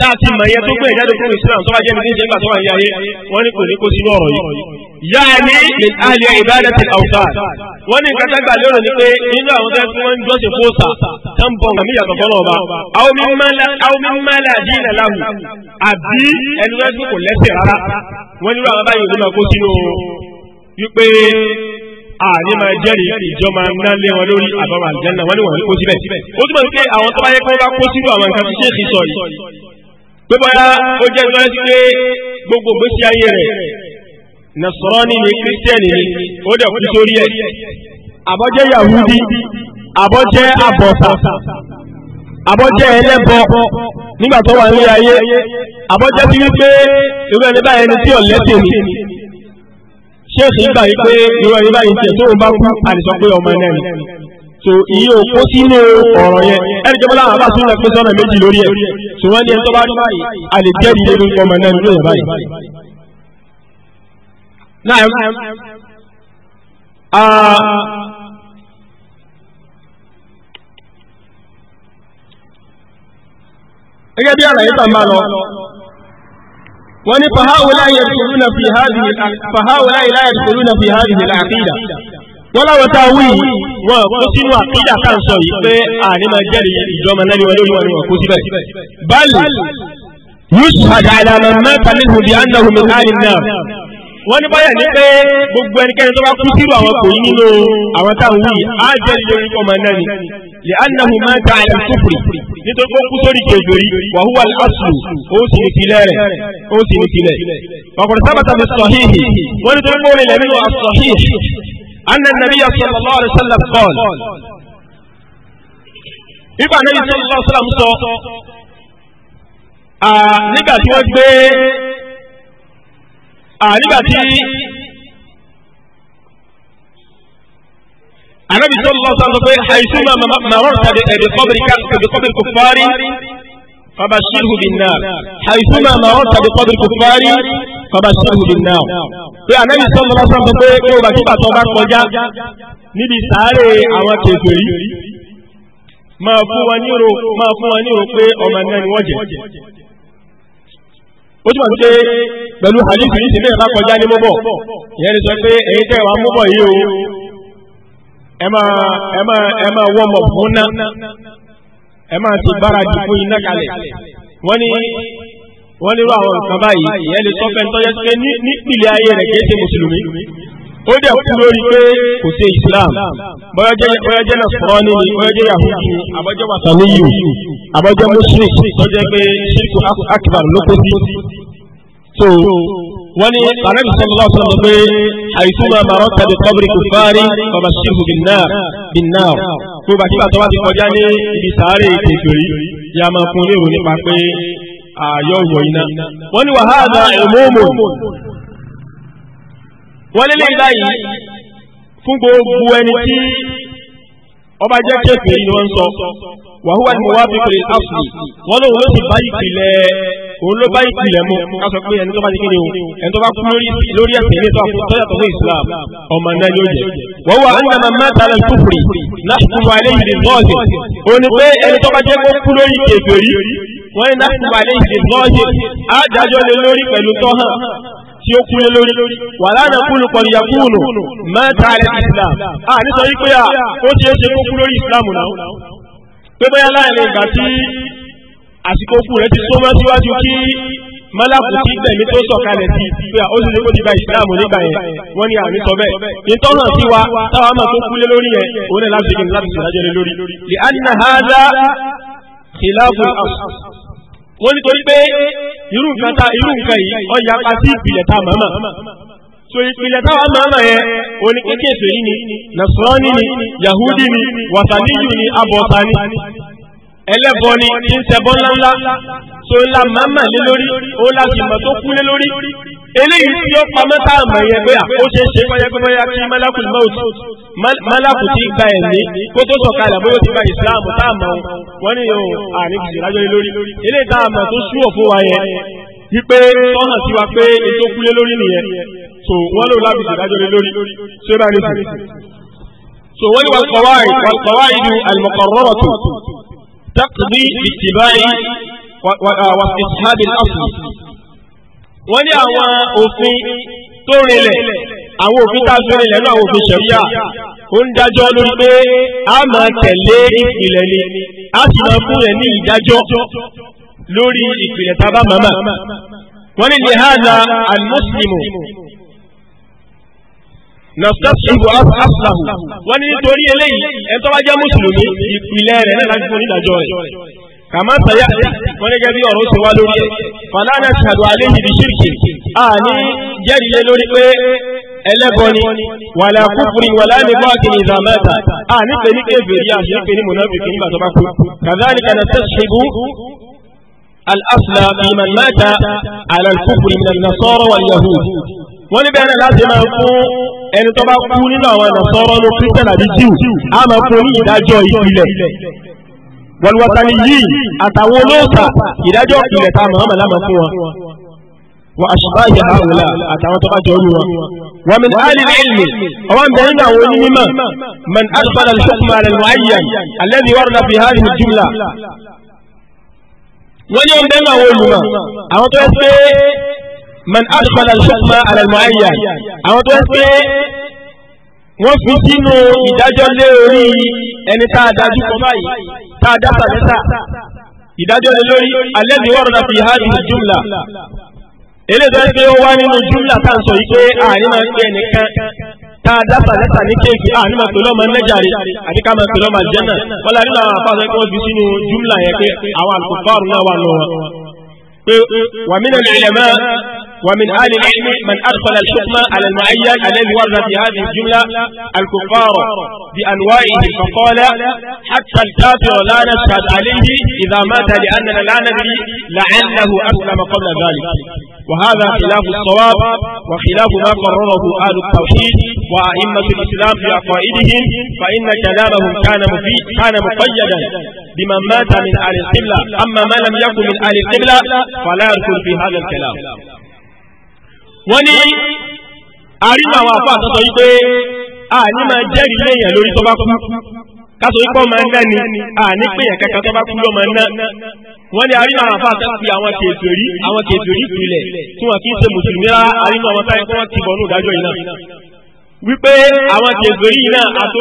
Speaker 3: tá a ti mọ̀ ẹyẹ tó gbé ìjáde kúrò Islam tó bá jẹ́ mi níṣẹ́ nígbà tó wà ní ayé wọ́n ní kò ní kó sínú ọ̀rọ̀ yìí. Yá ẹni àlẹ́ ìbádẹ́tì àwùsá. Wọ́n ní nǹkan tágbà lérò ni pé nínú àwọn tó ń fún wọn jọ́sìn fóòsà tó ń bọ̀ nǹkan mí yàtọ̀ fọ́nà ọba. Àwọn mi máa là dín iná láwù àbí ẹni wọ́n kò lẹ́sẹ̀ rárá. Wọ́n nílò àwọn báyìí ò àní ah, máa jẹ́rìí ìjọba ńlẹ́ wọn lórí àbámọ̀ àlùjánnà wọn ni wọ́n kó síbẹ̀. ó túbọ̀ pé àwọn tó bá yẹ kó bá kó sínú àwọn nǹkan tí ṣéèkì sọ yìí. pé bóyá ó jẹ́ ìtọ́jú sí pé gbogbo gbèsè ayé rẹ̀ Nasrani ni kírísítẹ́nì ni ó dẹ̀ kú sórí ẹ̀. àbọ̀jẹ́ Yahudi àbọ̀jẹ́ àbọ̀tà àbọ̀jẹ́ ẹlẹ́bọ nígbà tó wà ní ayé àbọ̀jẹ́ ti wípé irú ẹni báyẹn ni tí ọ̀lẹ́sìn ni ṣéèkì nígbà yìí pé irọ́ yìí báyìí tiẹ̀ tó o bá kú àdìsọ pé ọmọ ẹ̀nẹ́ ni so iye òkú sínú ọ̀rọ̀ yẹn ẹni jẹ́ bọ́lá àbá súnmọ́ pé sọ́nà méjì lórí ẹ̀ tí wọ́n ní ẹni tó bá ní báyìí a lè jẹ́ ìdílé lórí ọmọ ẹ̀nẹ́ lórí ẹ̀ báyìí. gẹ́gẹ́ bí àlàyé tàǹbà lọ
Speaker 1: wọ́n ní fàháwùlá yadkhuluna
Speaker 3: fi hadhihi al-aqida wọ́n láwọn tá a wí wọn kó sínú àkídà tá à ń sọ yìí pé àní máa jẹ́rìí ìjọba náà ni wọn lórí wọn ni ala man mata minhum bi annahu min ahli an wọ́n ní báyà ní pé gbogbo ẹnikẹ́ni tó bá kú sírò àwọn kò yí nínú àwọn táwọn wí á jẹ́ ilé orí fọmọ náà ni lè anahu máa ta àyà kúfùrì nítorí pé ó kú sórí kejìlórí wàhúwà lásù
Speaker 2: ó sì ní tilẹ̀ rẹ̀ ó sì ní tilẹ̀. ọ̀pọ̀lọpọ̀ sábàtà fi sọ híhì wọ́n ní tó kó lè lẹ́nu àsọ híhì anna nabiya sallallahu alaihi wasallam qala.
Speaker 3: ibà nabi sallallahu alaihi wasallam sọ nígbà tí nígbà tí anabi sallallahu alaihi wasallam pé àìsíma màmọ́rọ̀ tàbí ẹ̀dẹ̀ kọ́bìrì kùfárì fabashirhu bin nar àìsíma màmọ́rọ̀ tàbí kọ́bìrì kùfárì fabashirhu bin nar. pé anabi sallallahu alaihi wasallam pé kí o bá kí bàtọ́ bá kọjá
Speaker 2: níbi sàárè àwọn kẹfẹ́
Speaker 3: máa fún wa ní ro máa fún wa ní ro pé ọmọ náà ni wọ́n jẹ ó túmọ̀ sí pé pẹ̀lú hadith yìí sílẹ̀ bá kọjá ní mọ́bọ̀
Speaker 2: ìyẹn lè sọ pé èyí tẹ́ wàá mọ́bọ̀ yìí o
Speaker 3: ẹ máa ẹ máa ẹ máa wọ́n mọ̀ fún ná ẹ máa ti gbáradì fún iná kalẹ̀ wọ́n ní wọ́n ní irú àwọn nǹkan báyìí ìyẹn lè sọ pé ń tọ́jú pé nípìnlẹ̀ ayé rẹ̀ kìí ṣe mùsùlùmí ó dẹ̀ kú lórí pé kò ṣe islam bọ́yọ́jẹ́ nasarani ni bọ́yọ́jẹ́ yahudu abọ́jẹ́ wasaniyu abọ́jẹ́ mushrik tọ́jẹ́ pé shirku akbar ló kó sí. so wọ́n ní anabi sallallahu alaihi wasallam pé àìsùnmọ̀ àmàrọ̀ tàbí kọ́bìrì kò fárí bàbá shirku binnar binnar kó bàtí bàtọ́ wá ti kọjá ní ibi sàárè kejìlí yà máa fún un ní ìròyìn pé àyọ̀ iná. wọ́n ní wàhálà ẹ̀mọ́mọ́ wọ́n lé lẹ́yìn báyìí fún gbogbo ẹni tí ọba jẹ́ kéèké ni wọ́n ń sọ wàhúwà ni mo wá fi pè áfùlì wọ́n lóun ló ti bá ìpìlẹ̀ òun ló bá ìpìlẹ̀ mu ká pé ẹni tó bá ti kéde o ẹni tó bá kú lórí ẹsẹ̀ ilé tó yàtọ̀ fún Islam ọmọ náà yóò jẹ. wọ́n wá ẹni náà máa tààrà kúfùrì náà kúrò alẹ́ yìí lè tọ́ọ̀sì òun ni pé ẹni tó bá jẹ́ kó kú lórí kéèké yìí wọ́n ní náà kúrò alẹ́ yìí lè tọ́ọ̀sì á tí ó kúlé lórí wà lánà kúlù pọ̀lú yakúlù mẹ́ta rẹ̀ islam a ah, nítorí wípé à ah, ó ti é ṣe kó kú lórí islam náà pé bóyá láàrin ìgbà tí àsìkò kú rẹ̀ ti tó mọ́ síwájú kí mọ́láàkù tí tẹ̀mí tó sọ̀kalẹ̀ sí pé ah, ó sì lè kó islam nígbà yẹn wọ́n ní àmì sọ bẹ́ẹ̀ ìtọ́nà sí wa táwa máa tó kúlé lórí yẹn òun náà láti ṣe láti ṣèdájọ́ lé lórí. li anna hadha wọ́n nítorí pé irú nǹkan ta irú nǹkan yìí ó yapa sí ìpìlẹ̀ ta màmá so ìpìlẹ̀ táwa màmá yẹn òní kékèké yìí ni nasrani ni yahudi ni wasaniyu ni abọta ni ẹlẹ́bọ ni tí ń ṣẹbọ ńláńlá so ńlá màmá lé lórí ó láti mọ̀ tó kú lé lórí eléyìí tí ó pamọ́ tá a mọ̀ yẹn pé ó ṣe é ṣe kọjá pé bóyá kí malakul maut malakul ti gba ẹ̀mí kó tó sọ̀kalẹ̀ bóyá ti gba ìsìláàmù tá a mọ̀ wọ́n ní yóò àní kìsì rájọ́ lórí eléyìí tá a mọ̀ tó ṣúwọ̀ fún wa yẹn wípé tọ́nà sí wa pé ètò kúlé lórí nìyẹn
Speaker 2: so wọ́n lò lábì ìdájọ́ lórí ṣé bá nìyẹn
Speaker 3: so wọ́n ní wal qawaid wal qawaid al muqarraratu taqdi ittiba'i wọ́n ní àwọn òfin tó rinlẹ̀ àwọn òfin tá a fi rinlẹ̀ náà àwọn òfin ṣẹ̀ríà ó ń dájọ́ lórí pé a máa tẹ̀lé
Speaker 1: ìpìlẹ̀ ni a sì máa fún rẹ̀ ní ìdájọ́ lórí ìpìlẹ̀ tá a bá màmá
Speaker 2: wọ́n ní lihada almuslimu
Speaker 3: nastasibu aslahu wọ́n ní nítorí eléyìí ẹ̀ tó bá jẹ́ mùsùlùmí ìpìlẹ̀ rẹ̀ náà láti fún onídàájọ́ rẹ̀ kàmá sàyà wọn gẹ́gẹ́ bí ọ̀rọ̀ ṣe wá lórí ẹ̀ fàlànà ṣàdùn àlẹ́ yìí bí ṣírkì a ní jẹ́rìí lórí pé ẹlẹ́bọ ni
Speaker 1: wàlà kúfùrì wàlà nípa kìíní ìzàmẹ́ta a ní pè ní kéferì àti pè ní mùnàfíkì nígbà
Speaker 3: tó bá kú kàdáníkà nà tẹ̀síbù al-asla fi man mata ẹni tó bá kú nínú àwọn nasara ló kírísítẹ̀ àti jíù á máa fún ní ìdájọ́ ìpìlẹ̀ wàlúwàtàní yìí àtàwọn olóòtà ìdájọ́ ìpìlẹ̀ ta Muhammad lámà fún wọn wa àṣìbá ìyá àwòlá àtàwọn tó bá jọ orí wọn. wà mí alì ilmi àwọn bẹ̀rẹ̀ nínú àwọn onímọ̀ man asbala lukuma alẹ́ mu ayé alẹ́ ni wàrúdà fi hàn ní jumla. wọ́n ní bẹ̀rẹ̀ àwọn olùmọ̀ àwọn tó yẹ pé man asbala lukuma alẹ́ mu ayé àwọn tó yẹ pé wọ́n fi sínú ìdájọ́ lé orí ẹni tá a dájú kọ báyìí
Speaker 2: tá a dá sàmẹ́sà ìdájọ́ lé lórí alẹ́ ni wọ́n rọra fi hàbí jùmlà eléyìí tó ń pé ó wá nínú jùmlà tá à ń sọ yìí pé àárín máa ń pè nìkan
Speaker 3: tá a dá sàmẹ́sà ní kéèkì àárín máa pè lọ́mọ nẹ́jàre àti ká máa pè lọ́mọ àjẹ́nà wọ́n lárí làwọn àpáṣẹ kí wọ́n fi sínú jùmlà yẹn pé àwọn àlùkò fáàrù náà wà lọ́wọ́ pé
Speaker 2: wàmínà lè yẹ ومن أهل العلم من أدخل الحكم على المعين الذي ورد في هذه الجملة الكفار بأنواعه فقال
Speaker 3: حتى الكافر لا نشهد عليه إذا مات لأننا لا ندري لعله أسلم قبل ذلك وهذا خلاف الصواب وخلاف ما قرره أهل التوحيد وأئمة الإسلام في عقائدهم فإن كلامهم كان مفيد كان مقيدا بمن مات من أهل القبلة أما ما لم يكن من أهل القبلة فلا يدخل في هذا الكلام wọ́n ní àrínà àwọn àfọ àtọ́sọ yìí pé àní máa jẹ́rìí léèyàn lórí tó bá kú kátó ikú ọmọ ẹ̀ náà ni àní pé yẹn kankan tó bá kú lọ́mọ náà wọ́n ní àrínà àwọn àfọ àtọ́sọ fi àwọn kèfèrí àwọn kèfèrí ìpìlẹ̀ tí wọ́n kì í ṣe mùsùlùmí rárá àrínà àwọn táyé kí wọ́n ti bọ̀ ní ìdájọ́ yìí náà wípé àwọn kèfèrí náà àti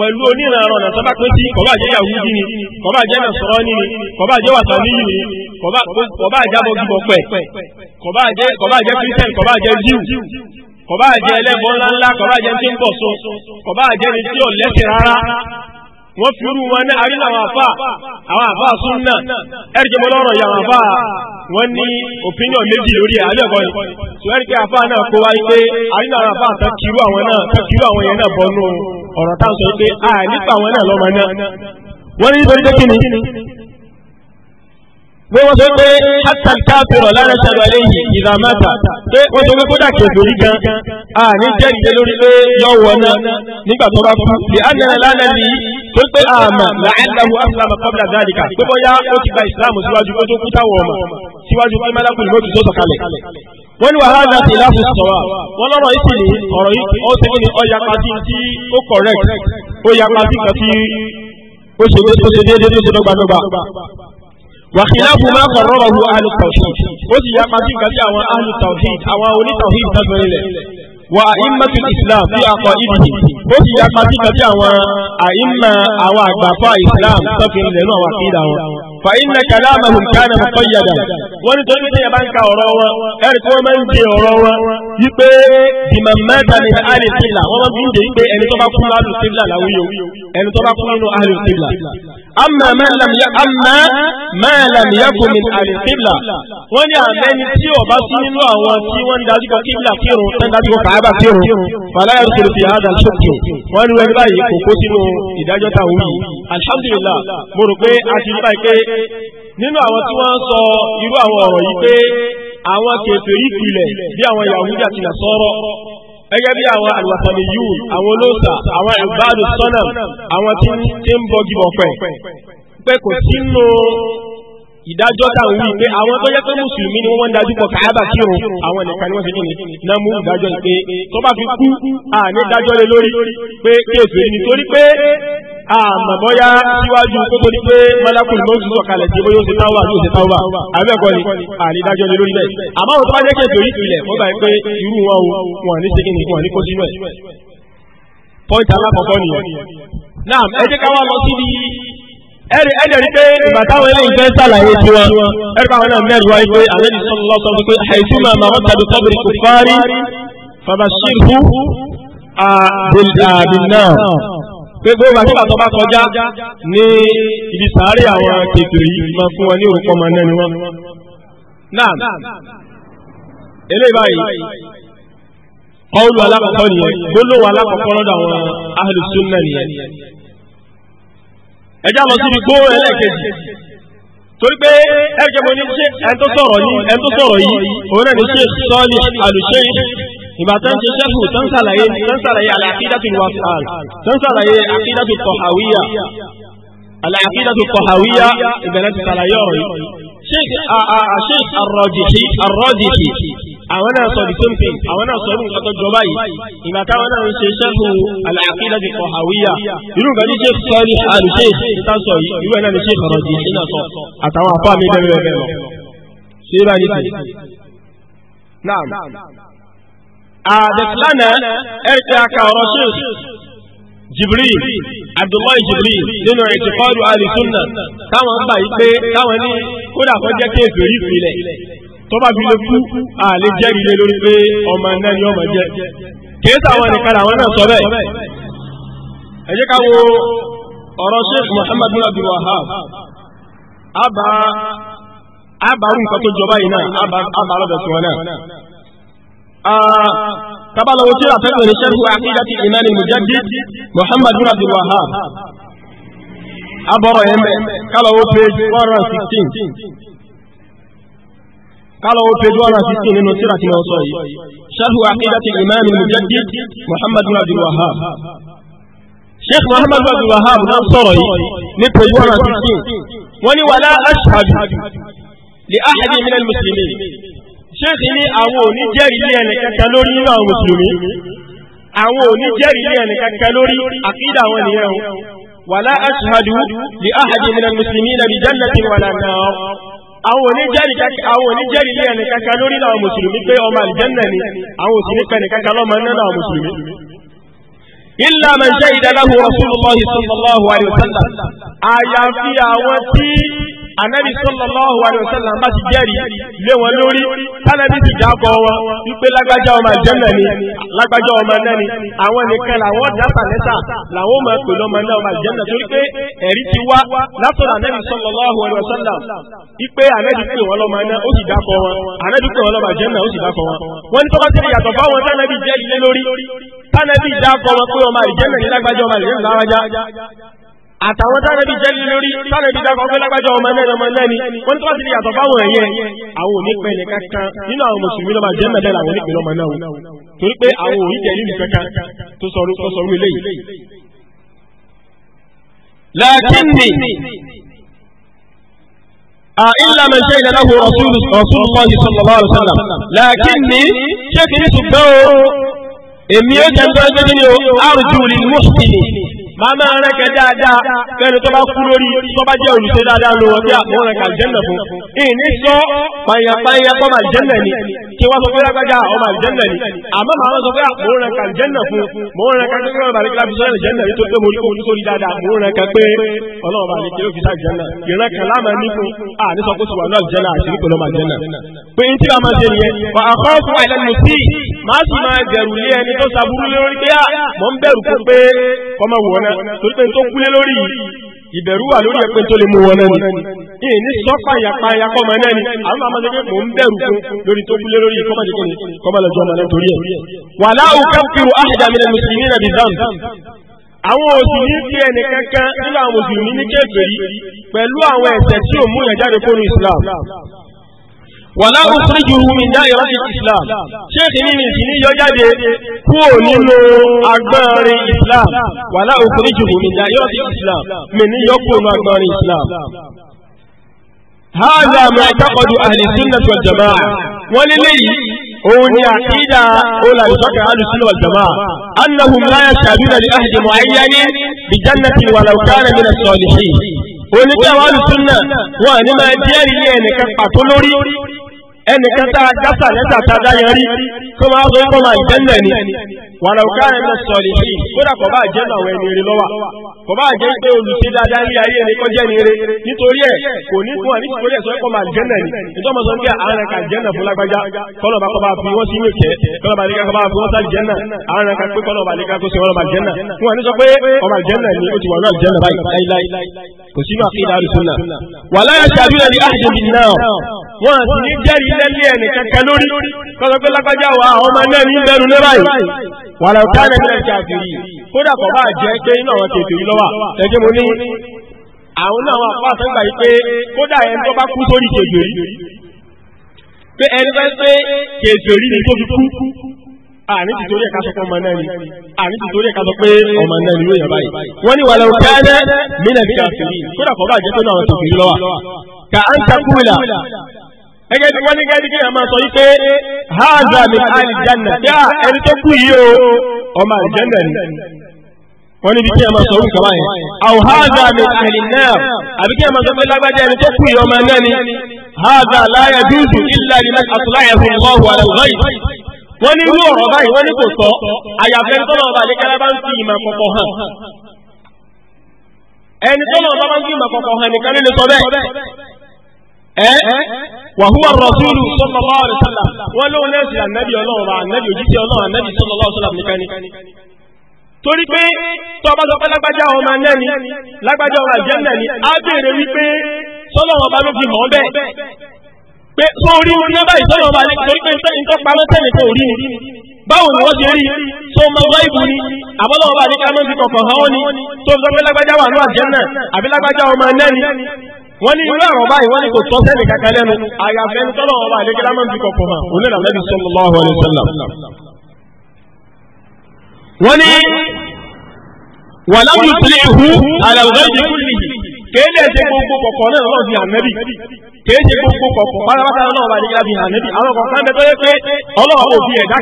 Speaker 3: pẹ̀lú onírànràn náà sábà pín sí kọ̀bá jẹ́ yahudi ni kọ̀bá jẹ́ nàṣọ́rọ́ ni ni kọ̀bá jẹ́ wàtàlíyì ni kọ̀bá jábọ̀ gbígbọ̀ pẹ̀ kọ̀bá jẹ́ christian kọ̀bá jẹ́ jew kọ̀bá jẹ́ ẹlẹ́bọn ńláńlá kọ̀bá jẹ́ tí ń bọ̀ so kọ̀bá jẹ́ ni tí ò lẹ́sẹ̀ rárá wọ́n fi rú wọn àwọn àfà àwọn àfà àfà wọ́n ní opinion méjì lórí
Speaker 2: ẹ̀rìkẹ́ àfà náà kó wáyé pé àwọn àfà
Speaker 3: tàkìrú àwọn náà yẹn náà bọ́nú ọ̀rọ̀ sọ pé àwọn pé wọ́n sọ pé hasan káfíìrọ̀ lára ṣàlùwà lẹ́yìn ìlàmàtà pé wọ́n sọ pé kódà kẹfìrí gan a ní jẹ́rìí lórí pé yọ̀wọ̀ náà nígbà tó bá kú bí anana lánàá ni tó pé àmà làálàhu aslama qabla dhalika pé bóyá ó ti gba ìsìlámù síwájú kó tó kú táwọn ọmọ síwájú pé mẹ́lákùn ló ti tó sọ̀kalẹ̀. wọ́n ní wàhálà náà ti láfu sọ̀wà wọ́n lọ́rọ̀ yìí sì ní ọ̀rọ̀ yìí ó ti ní ọ̀yà pàtí tí ó correct ó yà pàtí kan tí ó ṣe déédéé tó ṣe dọ́gbadọ́gba wàhíláàbù máa kọ̀rọ̀ ọ̀hún ahlu tawhid ó sì yá pàtí nǹkan tí àwọn ahlu tawhid àwọn onítawhid tàbí rẹ̀ wà àìmọ̀tì islam bí akọ ìdí ó sì yá pàtí nǹkan tí àwọn àìmọ̀ àwọn àgbàfọ́ islam tàbí rẹ̀ náà wà kí ìdá wọn. fàyínà kàlámà hùn kánà mú kọ́yàdà wọ́n ní torí tẹ́yà bá ń ka ọ̀rọ̀ wọn ẹ̀rì tí wọ́n máa ń de ọ̀rọ̀ wọn wípé ìmọ̀ mẹ́ta ni ahlu tìlà wọ́n máa ń fi ń de wípé ẹni tó bá kú nínú ahlu tìlà làwọn yòó ẹni tó bá kú nínú ahlu tìlà amma ma lam yakun min al-qibla wọ́n ní àmẹ́ni tí ó bá sí nínú àwọn tí wọ́n ń dájú kọ kíbla kírun tán dájú kọ kàábà kírun fàlá yàrá tó fi hádà ṣókè wọ́n ní wẹ́n báyìí kò kó sínú ìdájọ́ ta wí alhamdulillah mo rò pé a ti rí báyìí pé nínú àwọn tí wọ́n ń sọ irú àwọn ọ̀rọ̀ yìí pé àwọn kèfèrí ìpìlẹ̀ bí àwọn Yahudi àti Nasara gẹ́gẹ́ bí àwọn àlùwàsàmì yìí àwọn olóòtà àwọn ìbádùn sọ́nà àwọn tí ń bọ gíbọ̀ pẹ̀ pé kò sínú ìdájọ́ táwọn wí pé àwọn tó jẹ́ pé mùsùlùmí ni wọ́n ń dájú pọ̀ káyábà kírun àwọn nìkan ni wọ́n ṣe kíni náà mú ìdájọ́ ni pé tó bá fi kú
Speaker 2: àní dájọ́ lé lórí pé kí èso yìí nítorí pé
Speaker 3: àmàbọ́yá síwájú tó tó ní pé mọ́lákùn ló ń sọ kalẹ̀ tí ó yóò ṣe táwà yóò ṣe táwà àbẹ́ẹ̀kọ́ ni àrídájọ́ ni lórí bẹ́ẹ̀ àmọ́ òtún wájẹ́ kẹjọ yìí tilẹ̀ wọ́n gbà pé irú wọn o wọn ní ṣe kíni wọn ní kó sínú ẹ̀ pọ́ǹtì alákọ̀ọ́kọ́ nìyẹn náà ẹ jẹ́ ká wá lọ sí ẹ̀rì ẹ̀rì rí pé ìgbà táwọn ilé sàlàyé tí wọn ẹ̀rì báwọn náà mẹ́rin wáyé pé àlejò sọ́nù lọ́sọ̀ wípé àìsùnmọ̀ àmọ́ wọn tàbí sọ́bìrì kò fárí fàbàṣírù
Speaker 2: àbìnà
Speaker 3: gbogbo àgbà tó bá kọjá ní ibi sàárè àwọn kékeré yìí máa fún wọn ní orúkọ ọmọ náà ni wọn. náà eléyìí báyìí
Speaker 2: kọ́ọ̀lù alákọ̀ọ́kọ́ nìyẹn gbólóhùn alákọ̀ọ́kọ́ lọ́dọ̀ àwọn ahlus sunna
Speaker 3: nìyẹn. ẹja lọ síbi gbóòrò ẹlẹ́ẹ̀kejì torí pé ẹ̀jẹ̀ mo ní ṣe ẹni tó sọ̀rọ̀ yìí òun náà ní ṣe sọ́ọ́lì àlùṣe yìí ìgbà tó ń ṣe ṣẹ́fù tó ń ṣàlàyé tó ń ṣàlàyé àlàkídàtù wàsàl tó ń ṣàlàyé àkídàtù tọ̀hàwíyà
Speaker 2: àlàkídàtù tọ̀hàwíyà ìbẹ̀rẹ̀ ti ṣàlàyé ọ̀rọ̀ yìí. sheikh sheikh arrojiki arrojiki àwọn náà sọ the same thing àwọn náà sọ irú nǹkan tó jọba yìí ìgbà
Speaker 3: táwọn náà ń ṣe ṣẹ́fù àlàkídàtù tọ̀hàwíyà irú nǹkan tí sheikh ní àlùṣe sọ àdẹ̀fúlànà ẹ̀rìtẹ́ aka ọ̀rọ̀ sheikh jibril abdullahi jibril nínú ìtìkọ́dù alìsúnà táwọn bá yí pé táwọn ní kódà kan fi lè ile àlè jẹ́rìí ọmọ náà ni ọmọ jẹ́ kìí sáwọn nìkan àwọn náà sọ bẹ́ẹ̀ ẹ jẹ́ ká wo sheikh muhammadu abdul
Speaker 2: wahab
Speaker 3: nǹkan tó jọba Ah,
Speaker 2: tabala wo tira fẹ́ràn ní sẹ́kù àkídàtì ìmáàmì mujaddid muhammad bin abdul wahab abọ́rọ̀ yẹn bẹ́ẹ̀ kálọ̀ wo page one hundred sixteen
Speaker 3: kálọ̀ wo page one hundred sixteen nínú tírà tí wọ́n sọ yìí mujaddid muhammad bin abdul wahab sheikh muhammad bin abdul wahab náà sọ̀rọ̀ yìí ní page one hundred
Speaker 2: sixteen
Speaker 3: ashhadu li ahadi min al-muslimin ṣéèkì ní àwọn òní jẹ́rìí ilé ẹnì kẹkẹ lórí nínú àwọn mùsùlùmí àwọn òní jẹ́rìí ilé ẹnì kẹkẹ lórí àkídà àwọn ènìyàn o wàlá aṣáájú di ahadi min al-muslimina bi jannatin wàlá náà àwọn òní jẹ́rìí ilé ẹnì kẹkẹ lórí àwọn mùsùlùmí pé ọmọ àlìjẹ́nà ni àwọn òsì ní pẹ̀lú lọ́mọ náà àwọn mùsùlùmí. illa man shahida lahu rasulullah anabi sallallahu alaihi wasallam bá ti jẹ́rìí lé wọn lórí tánàbí ti dákọ̀ wọn wípé lágbájá ọmọ àjẹ́mẹ̀ ni lágbájá ọmọ náà ni àwọn nìkan làwọn dáta lẹ́tà làwọn máa pè lọ́mọ náà ọmọ àjẹ́mẹ̀ torí pé ẹ̀rí ti wá látọ̀dọ̀ anabi sallallahu alaihi wasallam wípé anabi pè wọn lọ́mọ náà ó sì dákọ̀ wọn anabi pè wọn lọ́mọ àjẹ́mẹ̀ ó sì dákọ̀ wọn. Tanabi ní tọ́ka sí ìyàtọ̀ fáwọn ni lágbájá ọmọ àjẹ́mẹ̀ láwájá àtàwọn tánàbí jẹ́ lórí tánàbí dákọ̀ pé lágbájá ọmọ ẹlẹ́ni ọmọ ẹlẹ́ni wọ́n tó bá ti di yàtọ̀ fáwọn ẹ̀yẹ àwọn onípẹ́ nìkan
Speaker 2: kan nínú àwọn mùsùlùmí lọ́mọ jẹ́ mẹ́lẹ́ làwọn onípẹ́ lọ́mọ
Speaker 3: náà torí pé àwọn oníjẹ́ nínú kankan tó sọrú tó sọrú eléyìí. làkínní إلا من شهد له رسول رسول الله صلى الله عليه وسلم لكني شكري سبحانه إمي أجل أرجو للمحسنين máa máa rẹ́kẹ̀ dáadáa fẹ́ni tó bá kú lórí tó bá jẹ́ olùṣe dáadáa lọ́wọ́ bí àwọn rẹ̀kà àlùjẹ́nà fún ìní sọ pàyàpáyà ọmọ àlùjẹ́nà ni kí wọ́n sọ pé lágbájá ọmọ àlùjẹ́nà ni àmọ́ màá sọ pé àwọn rẹ̀kà àlùjẹ́nà fún mò ń rẹ̀kà kékeré ọmọ àlùkìlá fi sọ́yìn àlùjẹ́nà nítorí pé mo rí kókó sórí dáadáa mò ń rẹ̀kà pé ọlọ́run àlùkìlá fi sọ́yìn àlùjẹ́nà ìran kan láàmà ní fún à ní sọ pé sọ wà ní àlùjẹ́nà àṣírí pẹ̀lú ọmọ àlùjẹ́nà pé ní tí wàá máa ṣe nìyẹn wà á torí pé n tó kúlé lórí ìbẹ̀rù wà lórí ẹ̀pẹ́ tó lè mú wọn náà ni ìyẹn ní sọ́pà ìyapa ẹ̀yakọ́ ọmọ náà ni àwọn àmọ́ ṣẹ́gbẹ́ mò ń bẹ̀rù fún lórí tó kúlé lórí kọ́mọ̀lẹ́kọ́ ni kọ́mọ̀lẹ́jọ́ ọmọ náà torí ẹ̀. wàlá òkèkìrù àṣìdàmìlẹ̀ mùsùlùmí nàbì zan àwọn òsùnmí fi ẹnì kankan nínú àwọn òsùnmí ní kéferì pẹ̀lú àwọn ẹ̀ṣẹ̀ tí ò mú yàn fóònù Islam wàlá òkúrìjù min da'irati islam ṣéèkì ní mi sì ní yọ jáde kúrò nínú agbọ́nrin islam wàlá òkúrìjù min da'irati islam mi ní yọ kúrò nínú agbọ́nrin islam. هذا ما اعتقد أهل السنة والجماعة وللي هون عقيدة أولى بفكر أهل السنة والجماعة
Speaker 2: أنهم لا يشهدون لأهل معين بجنة ولو كان من الصالحين ولكن أهل السنة وأنا ما أدري يعني كفة
Speaker 3: ẹnìkan tá a jásà lẹ́sà tá a dá yẹn rí kó máa sọ kó máa jẹ́ nílẹ̀ ni wàrà òkà ẹ̀ lọ sọ̀rọ̀ yìí kódà kò bá jẹ́ náà ẹni rí lọ́wọ́ kò bá jẹ́ pé olùsí dáadáa ní ayé ẹni kọ́ jẹ́ ni rí nítorí ẹ̀ kò ní fún wa nítorí ẹ̀ sọ kó máa jẹ́ nílẹ̀ ni nítorí ọmọ sọ pé àárín kan jẹ́ náà fún lágbájá kọ́nà bá kọ́ bá fi wọ́n sí ìwé kẹ́ kọ́nà bá nígbà kọ́ bá fi wọ́n sá jẹ́ náà àárín kan pé kọ́nà ní ni ó ti wà náà jẹ́ náà báyìí láíláí kò sínú àfihàn àrùsùn náà wàláyà ṣàdúrà lẹ́lẹ́ ẹ̀nì kẹ̀kẹ́ lórí kọ́sọ́ pé lágbájá wa àwọn ọmọ náà ní bẹ̀rù lé báyìí wà lọ ká lẹ́nu ẹ̀jẹ̀ àfẹ́rí kódà kọ̀ bá jẹ́ pé inú àwọn tètè yìí lọ́wà ẹ̀jẹ̀ mo ní àwọn náà wà fún àtẹ́gbà yìí pé kódà ẹni tó bá kú sórí kejì rí pé ẹni bá pé kejì rí ni tó fi kú àní ti torí ẹ̀ka sọ pé ọmọ náà ni àní ti torí ẹ̀ka sọ pé ọmọ náà ni yóò yàn báyìí. wọ́n ní wàlẹ̀ òkè ẹ̀dẹ́ mílẹ̀ bí kàfìrí kódà kọ́ bá jẹ́ tó náà wọ́n ti fìrí lọ́wọ́.
Speaker 2: kà á ń takú wìlà
Speaker 3: gẹ́gẹ́ bí wọ́n ní gẹ́gẹ́ bí kí ẹ̀mọ́ sọ wípé haza min aljanna yá ẹni tó kú yìí o ọmọ aljanna ni wọ́n ní bí kí ẹ̀mọ́ sọ wípé kàwá yẹn àwọ̀ haza min alinnar àbí kí ẹ̀mọ́ sọ pé lágbájá ẹni tó kú yìí ọmọ náà ni haza la yajuzu illa liman atla'ahu Allahu ala al-ghayb wọ́n ní irú ọ̀rọ̀ báyìí wọ́n ní kò sọ àyàfẹ́ ẹni tọ́lọ̀ ọba ẹ́ wàhúwà rọ̀súlù sallallahu alaihi wasallam wọ́n lóun lẹ́sìn ọlọ́run bá òjíṣẹ́ ọlọ́run ànábì sallallahu alaihi nìkan ni torí pé ọmọ á wípé ọba ló fi bẹ́ẹ̀ pé sórí báyìí ọba torí pé nǹkan wọ́n ní irú àrùn báyìí wọ́n ní kò tọ́ sẹ́ni kankan lẹ́nu àyàfẹ́ ní tọ́lọ̀ ọba àdékẹ́lá máa ń fi kọ̀kọ̀ hàn òun náà lẹ́bi sallallahu alaihi wasallam. wọ́n ní wàlámù tilẹ̀ ihu àlàlùdọ́ ti kú nìyí kéde ẹsẹ gbogbo kọ̀kọ̀ náà lọ́wọ́ fi ànẹ́bì kéde gbogbo kọ̀kọ̀ pátápátá lọ́wọ́ àdékẹ́lá fi ànẹ́bì àwọn kọ̀ọ̀kan pé ọlọ́wọ́ òfin ẹ̀dá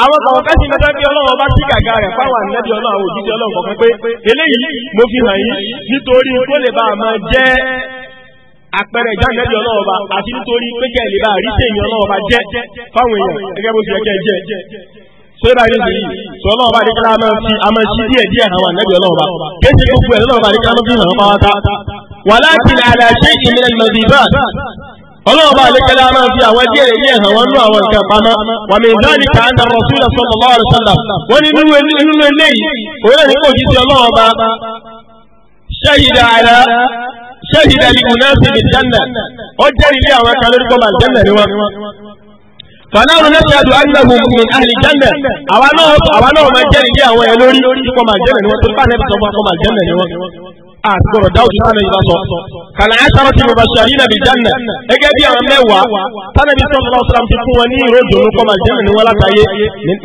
Speaker 3: àwọn kọ̀ọ̀kan sì mẹ́ta bí ọlọ́run ọba sí gàgà rẹ̀ fáwọn ànábì ọlọ́run àwọn òjíṣẹ́ ọlọ́run kọ̀ọ̀kan pé eléyìí mo fi hàn yín nítorí kó lè bá a máa jẹ́ àpẹẹrẹ ìdánilẹ́bí ọlọ́run ọba àti nítorí pé kẹ́ ẹ̀ lè bá a rí sèyí ọlọ́run ọba jẹ́ fáwọn èèyàn gẹ́gẹ́ bó ti yẹ kẹ́ ẹ jẹ́ sọ́dọ̀ àyè sèyí sọ́lọ́ ọba àdìgbà a máa fi a máa ṣí díẹ̀ díẹ̀ àwọn ànábì ọlọ́run ọba kéṣe gbogbo ẹ̀ lọ́nà ọba àdìgbà a máa fi hàn án pátá wàlákìlì àlàṣe ìmìlẹ̀ lọ́dìbà ọlọ́run bá àlékẹ́lá máa fi àwọn díẹ̀ ní ẹ̀hàn wọn nú àwọn nǹkan pamọ́ wà mí ìdáàlì ká ń darọ̀ sílẹ̀ sọ́nà lọ́wọ́ rẹ̀ sọ́nà wọ́n ní nínú eléyìí òun náà ní kò jí sí ọlọ́run bá ṣẹ́yìdà àlá ṣẹ́yìdà lìkùn náà sì bìí jẹ́nà ó jẹ́rìí lé àwọn kan lórí kọ́mà jẹ́nà ni wọ́n.
Speaker 2: fanáwọn náà ṣe àdùn ánàbù min ahli jẹ́nà àwa
Speaker 3: náà
Speaker 2: àtúrò dáwùjú sáré yìí lọ́sọ̀ kàlà ẹ̀ sáré tí bàbá sàrí nàbì jánà ẹgẹ́ bí àwọn mẹ́wàá tánàbí sọ́nà ọ̀sán ti fún wọn ní ìró ìdùnnú kọ́mà jẹ́nà ní wọn látàyé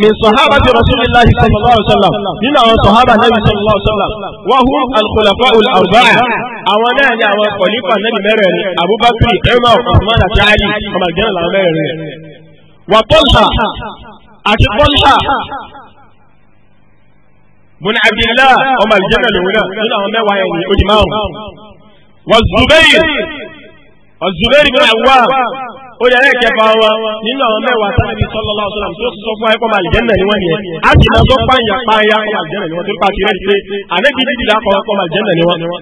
Speaker 3: ní sọ̀hábà ti rasulillahi sallallahu alaihi nínú àwọn sọ̀hábà náà ni àwọn wà bùnà abdullah ọmọ aljanna lòun náà nínú àwọn mẹ́wàá yẹn ní odi márùn wà zubair wà zubair bin awwa
Speaker 2: ó yẹ ẹ kẹfà wa
Speaker 3: nínú àwọn mẹ́wàá sábẹbi sallallahu alaihi wasallam tí ó sọ fún ayẹkọ ọmọ aljanna ni wọn yẹn a sì máa sọ pààyà pààyà ọmọ aljanna ni wọn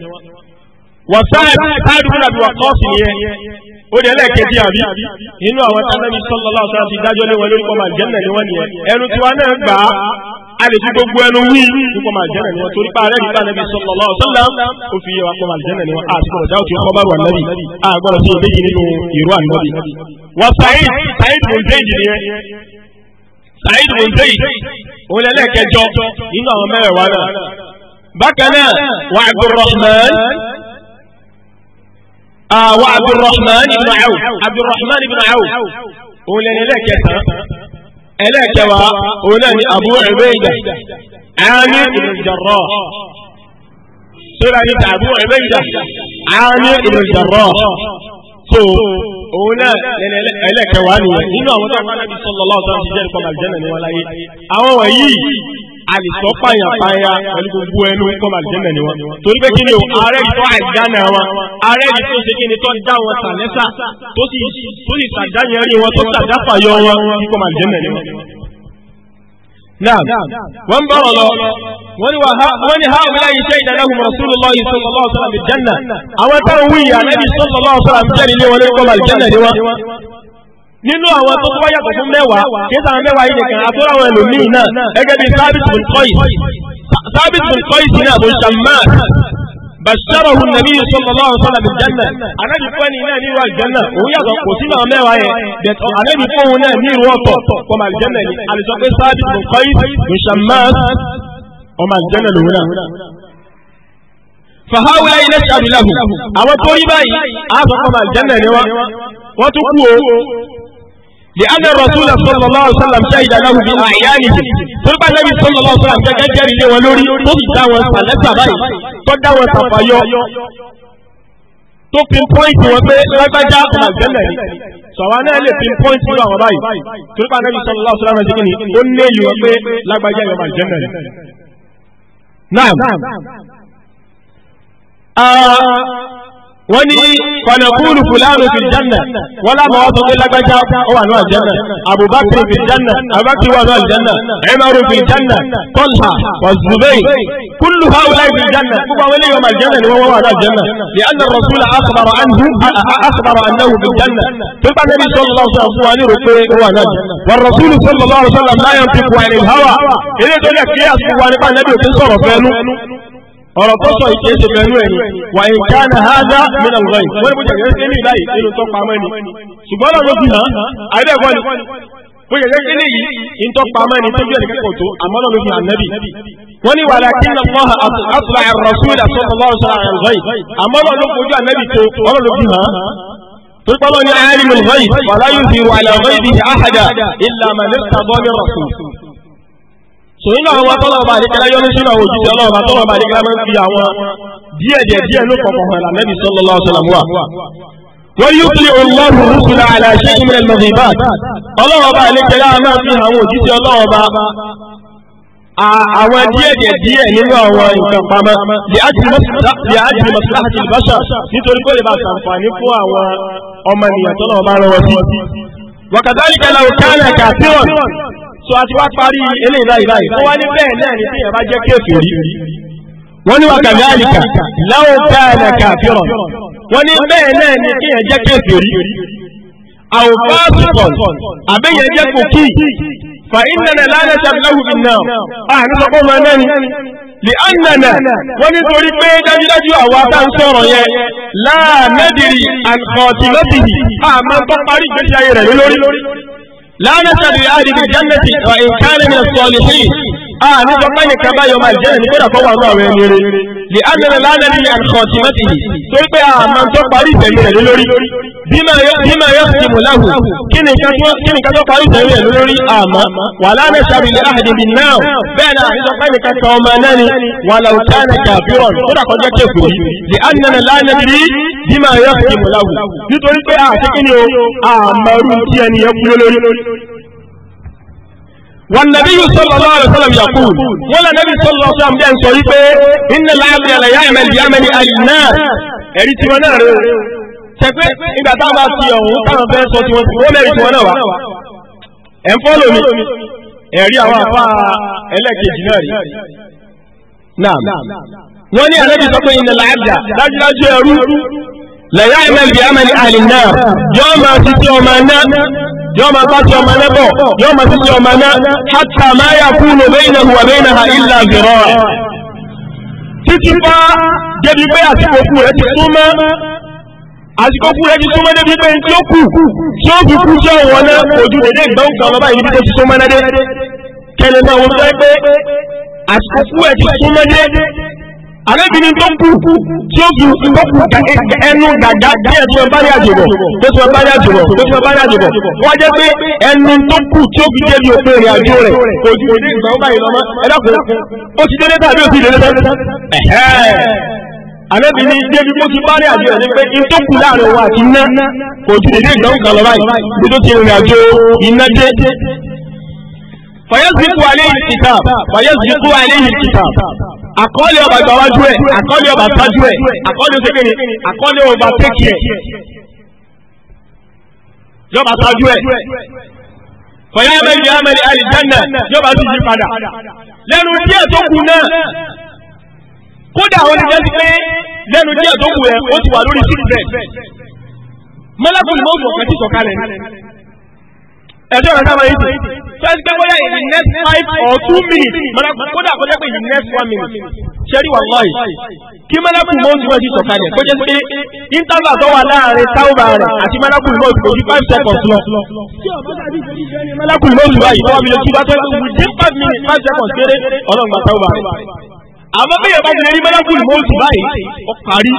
Speaker 2: tó pa ó dẹ̀ lẹ́ẹ̀kejì àbí
Speaker 3: nínú àwọn tánàbí sallallahu alaihi wasallam ti dájọ́ lé wọn lórúkọ máa jẹ́nà ni wọ́n nìyẹn ẹnu tiwa náà gbà á a lè fi gbogbo ẹnu wí lórúkọ máa jẹ́nà ni wọ́n torí pa ààrẹ nípa nàbí sallallahu alaihi wasallam ó fi yẹ wa pọ̀ máa jẹ́nà ni wọ́n a sì gbọ́dọ̀ dáwọ́
Speaker 2: àwọn ah, abdulrahman ibn awf abdulrahman ibn awf
Speaker 3: òun lẹni ẹlẹ́kẹta ẹlẹ́kẹwàá òun náà ni abu ubayda amir ibn jarrah sórí àti abu ubayda amir ibn jarrah so òun náà lẹni ẹlẹ́kẹwàá nìyẹn nínú àwọn tó ń bá nàbí sallallahu alaihi wasallam ti jẹ́ ìpamọ́ àlùjẹ́ nàní wọn láyé àwọn wọ̀nyí àlìsọ́ pààyàn pààyàn pẹ̀lú gbogbo ẹnu kọ́mà àlìjẹ́nà ni wọn. torí pé kí ni o ààrẹ yìí tó àìdáná wọn ààrẹ yìí tó ṣe kí ni tó dá wọn sàlẹ́sà tó sì sàdáyẹrí wọn tó sàdáfàyọ wọn kọ́mà àlìjẹ́nà ni wọn. نعم وانبر الله ونها أولئك شهد لهم رسول الله صلى الله عليه وسلم بالجنة أو تروي النبي صلى الله عليه وسلم جل لي ولكم الجنة nínú àwọn tó tọ́wọ́ yàtọ̀ fún mẹ́wàá kí sáà mẹ́wàá yìí nìkan àtúrà àwọn ẹlòmíì náà gẹ́gẹ́ bí sábìsì bùn kọ́ìs sábìsì bùn kọ́ìs ní àbò shammas bàṣẹ́rọ̀ hùn nàbí sallallahu alaihi wasallam bil janna anábì fún ẹni náà nírú àlùjẹ́nà òun yàtọ̀ kò sí náà mẹ́wàá yẹn bẹ̀tọ̀ anábì fún òun náà nírú ọ̀tọ̀ kọ́mọ àlùjẹ́nà ni àlùsọ pé sábìsì bùn kọ́ìs bùn shammas ọmọ àlùjẹ́nà lòun náà ilé ṣàbìlà àwọn tó rí báyìí àásọ̀kọ́ màlìjẹ́nà ni wọ́n tún kú o لأن الرسول صلى الله عليه وسلم شهد له بأعيانه ثم النبي صلى الله عليه وسلم كان جاري لي ولوري تصدى وسلسة باي تصدى وسفايو tó pinpoint wọn pé lágbájá àgbẹ̀lẹ̀ sọ̀wọ́n náà lè pinpoint wọn àwọn báyìí torí pa Ànábì sallallahu alaihi wasallam ní ó nílì wọn pé lágbájá yọ máa jẹ́nà rẹ̀. náà wọ́n ní kọ̀nàkúrù fúlànù fi janna wọ́n lábọ̀ wọ́n sọ pé lágbájá ó wà náà janna abubakar fi janna abubakar wà náà janna ẹ̀mẹ́rù fi janna tọ́lá wàzùbẹ́yì kúlù hàwùlá fi janna gbogbo àwọn eléyìí ọmọ janna ni wọ́n wà náà janna ní anna rasúlà asbara anhu asbara annahu fi janna
Speaker 2: tó bá nẹ́bí sọ́lọ́ ọ̀rọ̀ tó sọ ìṣe ṣe pẹ̀lú ẹ̀yìn wà ní káàdà hádá mìíràn lọ́yìn wọ́n ní bó jẹ̀jẹ̀ ṣe ní ìláyìí nínú tó pamọ́ ẹni ṣùgbọ́n náà ló fi hàn àìbẹ́ ẹ̀kọ́ ni bó
Speaker 3: jẹ̀jẹ̀ ṣe ní yìí ní tó pamọ́ ẹni tó jẹ́ ní kẹ́kọ̀ọ́ tó àmọ́ náà ló fi hàn nẹ́bì
Speaker 2: wọ́n ní wàhálà kí ní ọmọ àtúrà ẹ̀rọ̀súlẹ̀ sọ́kọ̀ọ́
Speaker 3: تقول عالم الغيب ولا يظهر على غيبه احدا الا من ارتضى من رسول tòun náà wọn tọ́lọ̀ ọba àdékẹ́lá yọ́nú sínú àwọn òjijì ọlọ́ọ̀ba tọ́lọ̀ ọba àdékẹ́lá máa ń fi àwọn díẹ̀ díẹ̀ díẹ̀ ló kọ̀kọ̀ hàn lànàbì sallallahu alaihi wasallam wọ́n yóò fi Allahu rusula ala shay'in min al-maghibat àdékẹ́lá máa fi àwọn òjijì ọlọ́ọ̀ba àwọn díẹ̀ díẹ̀ díẹ̀ nínú àwọn nǹkan pamọ́ di ájìlì maslahati al nítorí kó lè bá ṣàǹfààní fún àwọn ọmọ ènìyàn tọ́lọ̀ ọba rọwọ́ sí. wa kadhalika law kana kafiran so àti wá parí eléyìí báyìí báyìí wọ́n wá ní bẹ́ẹ̀ náà ní tí yàrá jẹ́ kèfèrí wọ́n ní wàkàbí àlìkà láwọn káàlẹ̀ kàfíràn wọ́n ní bẹ́ẹ̀ náà ní tí yàrá jẹ́ kèfèrí àwòfáàsùkọ̀n àbẹ́yẹ jẹ́ kòkí
Speaker 2: fa ìnana lálẹ́ sàbíláwù bí náà àní sọ pé ọmọ náà ni lè ànànà wọ́n ní torí
Speaker 3: pé dájúdájú àwọn àtàn sọ̀rọ̀ yẹn láàmẹ́dìrì àkọ̀tìmọ́tìhì àmọ́ tó parí ìgbésí ayé rẹ̀ lórí لا نسأل بأهل الجنة وإن كان من الصالحين Ah, àmì sọpẹ́ nìkan báyọ̀ máa jẹ́ ẹni kódà fọwọ́ àwọn ọ̀rẹ́ ẹni rẹ̀ lè ánàlẹ́ lánàá ní àkàn tí mẹ́tì yìí torí pé àmà tó parí ìtẹ̀lé rẹ̀ lórí bímọ yóò ti mú láhù kí nìkan tó parí ìtẹ̀lé rẹ̀ lórí àmà wà lánàá sàbìlẹ̀ àhàdìbì náà bẹ́ẹ̀ náà àmì sọpẹ́ nìkan kan ọmọ náà ni wà làwùtánà kàfíràn kódà kọjá kẹfù wọn nàbí yìí sọlọ lọ́wọ́ rẹ̀ sọlọ yàkú wọn lọ nàbí sọlọ sọlọ bí ẹ ń sọ yìí pé iná láyàmì ẹ̀lẹ̀ yàmẹ̀ yàmẹ̀ àyìnà ẹ̀rí tiwọn náà rẹ̀ tẹ̀pẹ́ ìgbà táwọn bá fi ọ̀hún táwọn fẹ́ sọ tiwọn tiwọn mẹ́rin tiwọn náà wá ẹ̀ ń fọ́lọ̀ mi
Speaker 2: ẹ̀rí àwọn afá ẹlẹ́kejì náà rí
Speaker 3: náà wọ́n ní àlejò sọ pé iná láyàmì dájúdájú ẹrú lẹ̀yà ìmẹ́lì bí amẹ́lì àìlìnà yọ́ máa ti tí ọmọ náà yọ́ máa bá ti ọmọ náà bọ̀ yọ́ máa ti tí ọmọ náà hátà máa yà kú lò bẹ́ẹ̀ náà wà bẹ́ẹ̀ náà ìlà gẹ̀rọ rẹ̀ títí bá débi pé àsìkò kú rẹ̀ ti súnmọ́ àsìkò kú rẹ̀ ti súnmọ́ débi pé tí ó kù tí ó fi kú tí ó náà ojú dédé ìgbọ́n kan bàbá yìí tó ti súnmọ́ náà dé kẹlẹ́ náà wọ́n fẹ́ pé àsìkò kú ti súnmọ́ dé àlébìnrin tó kù tí ó fi tó kù ẹnu gàgá díẹ̀ tó ẹ bá rí àjòbọ̀ tó tó ẹ bá rí àjòbọ̀ tó tó ẹ bá rí àjòbọ̀ wọ́n jẹ́ pé ẹnu tó kù tí ó fi jẹ́ bí òpin ìrìn àjò rẹ̀ kò ju òní ìgbà ó báyìí lọ́mọ ẹ̀dọ́kùn ó ti délé tàbí ó ti délé tàbí àlébìnrin débi mo ti bá rí àjò rẹ̀ ni pé in tó kù láàrin òun àti iná kò ju òní ìgbà ó kà lọ báyìí bí tó ti rìn àjò iná dé fayasbiku alayhi alkitab fayasbiku alayhi alkitab àkọọ́lẹ̀ ọba gbàwájú ẹ̀ àkọọ́lẹ̀ ọba tájú ẹ̀ àkọọ́lẹ̀ oṣù kìíní àkọọ́lẹ̀ ọba tẹ́kì ẹ̀ yọba tájú ẹ̀
Speaker 2: kọ̀yá amẹ́lì amẹ́lì alìjánà
Speaker 3: yọba sì yí padà lẹ́nu díẹ̀ tó kù náà kódà àwọn oníjẹ́ ti pé lẹ́nu díẹ̀ tó kù ẹ̀ ó ti wà lórí sílẹ̀ ni mọ́ọ̀mù ọ̀kẹ́ ti sọ̀kalẹ̀ ẹ̀ṣọ́ ọ̀rẹ́ sáà yìí tì so ẹni pé bóyá in the next five or two minutes kódà kó jẹ́ pé in the next one minute ṣẹ́rí wà lọ́ọ̀yì kí mọ́lákù mọ́ọ̀tù mọ́ọ̀tù sọ̀kalẹ̀ kó jẹ́ pé íńtàlù àtọ́wà láàrin táwùbà rẹ̀ àti mọ́lákù mọ́ọ̀tù kò ju five seconds lọ.
Speaker 2: mọ́lákù mọ́ọ̀tù báyìí wọ́n mi lè tún bá tó within five minutes five seconds kéré
Speaker 3: ọlọ́ngbà táwùbà rẹ̀. àmọ́ bí yorùbá ti lè rí mọ́lákù mọ́ọ̀tù báyìí ó parí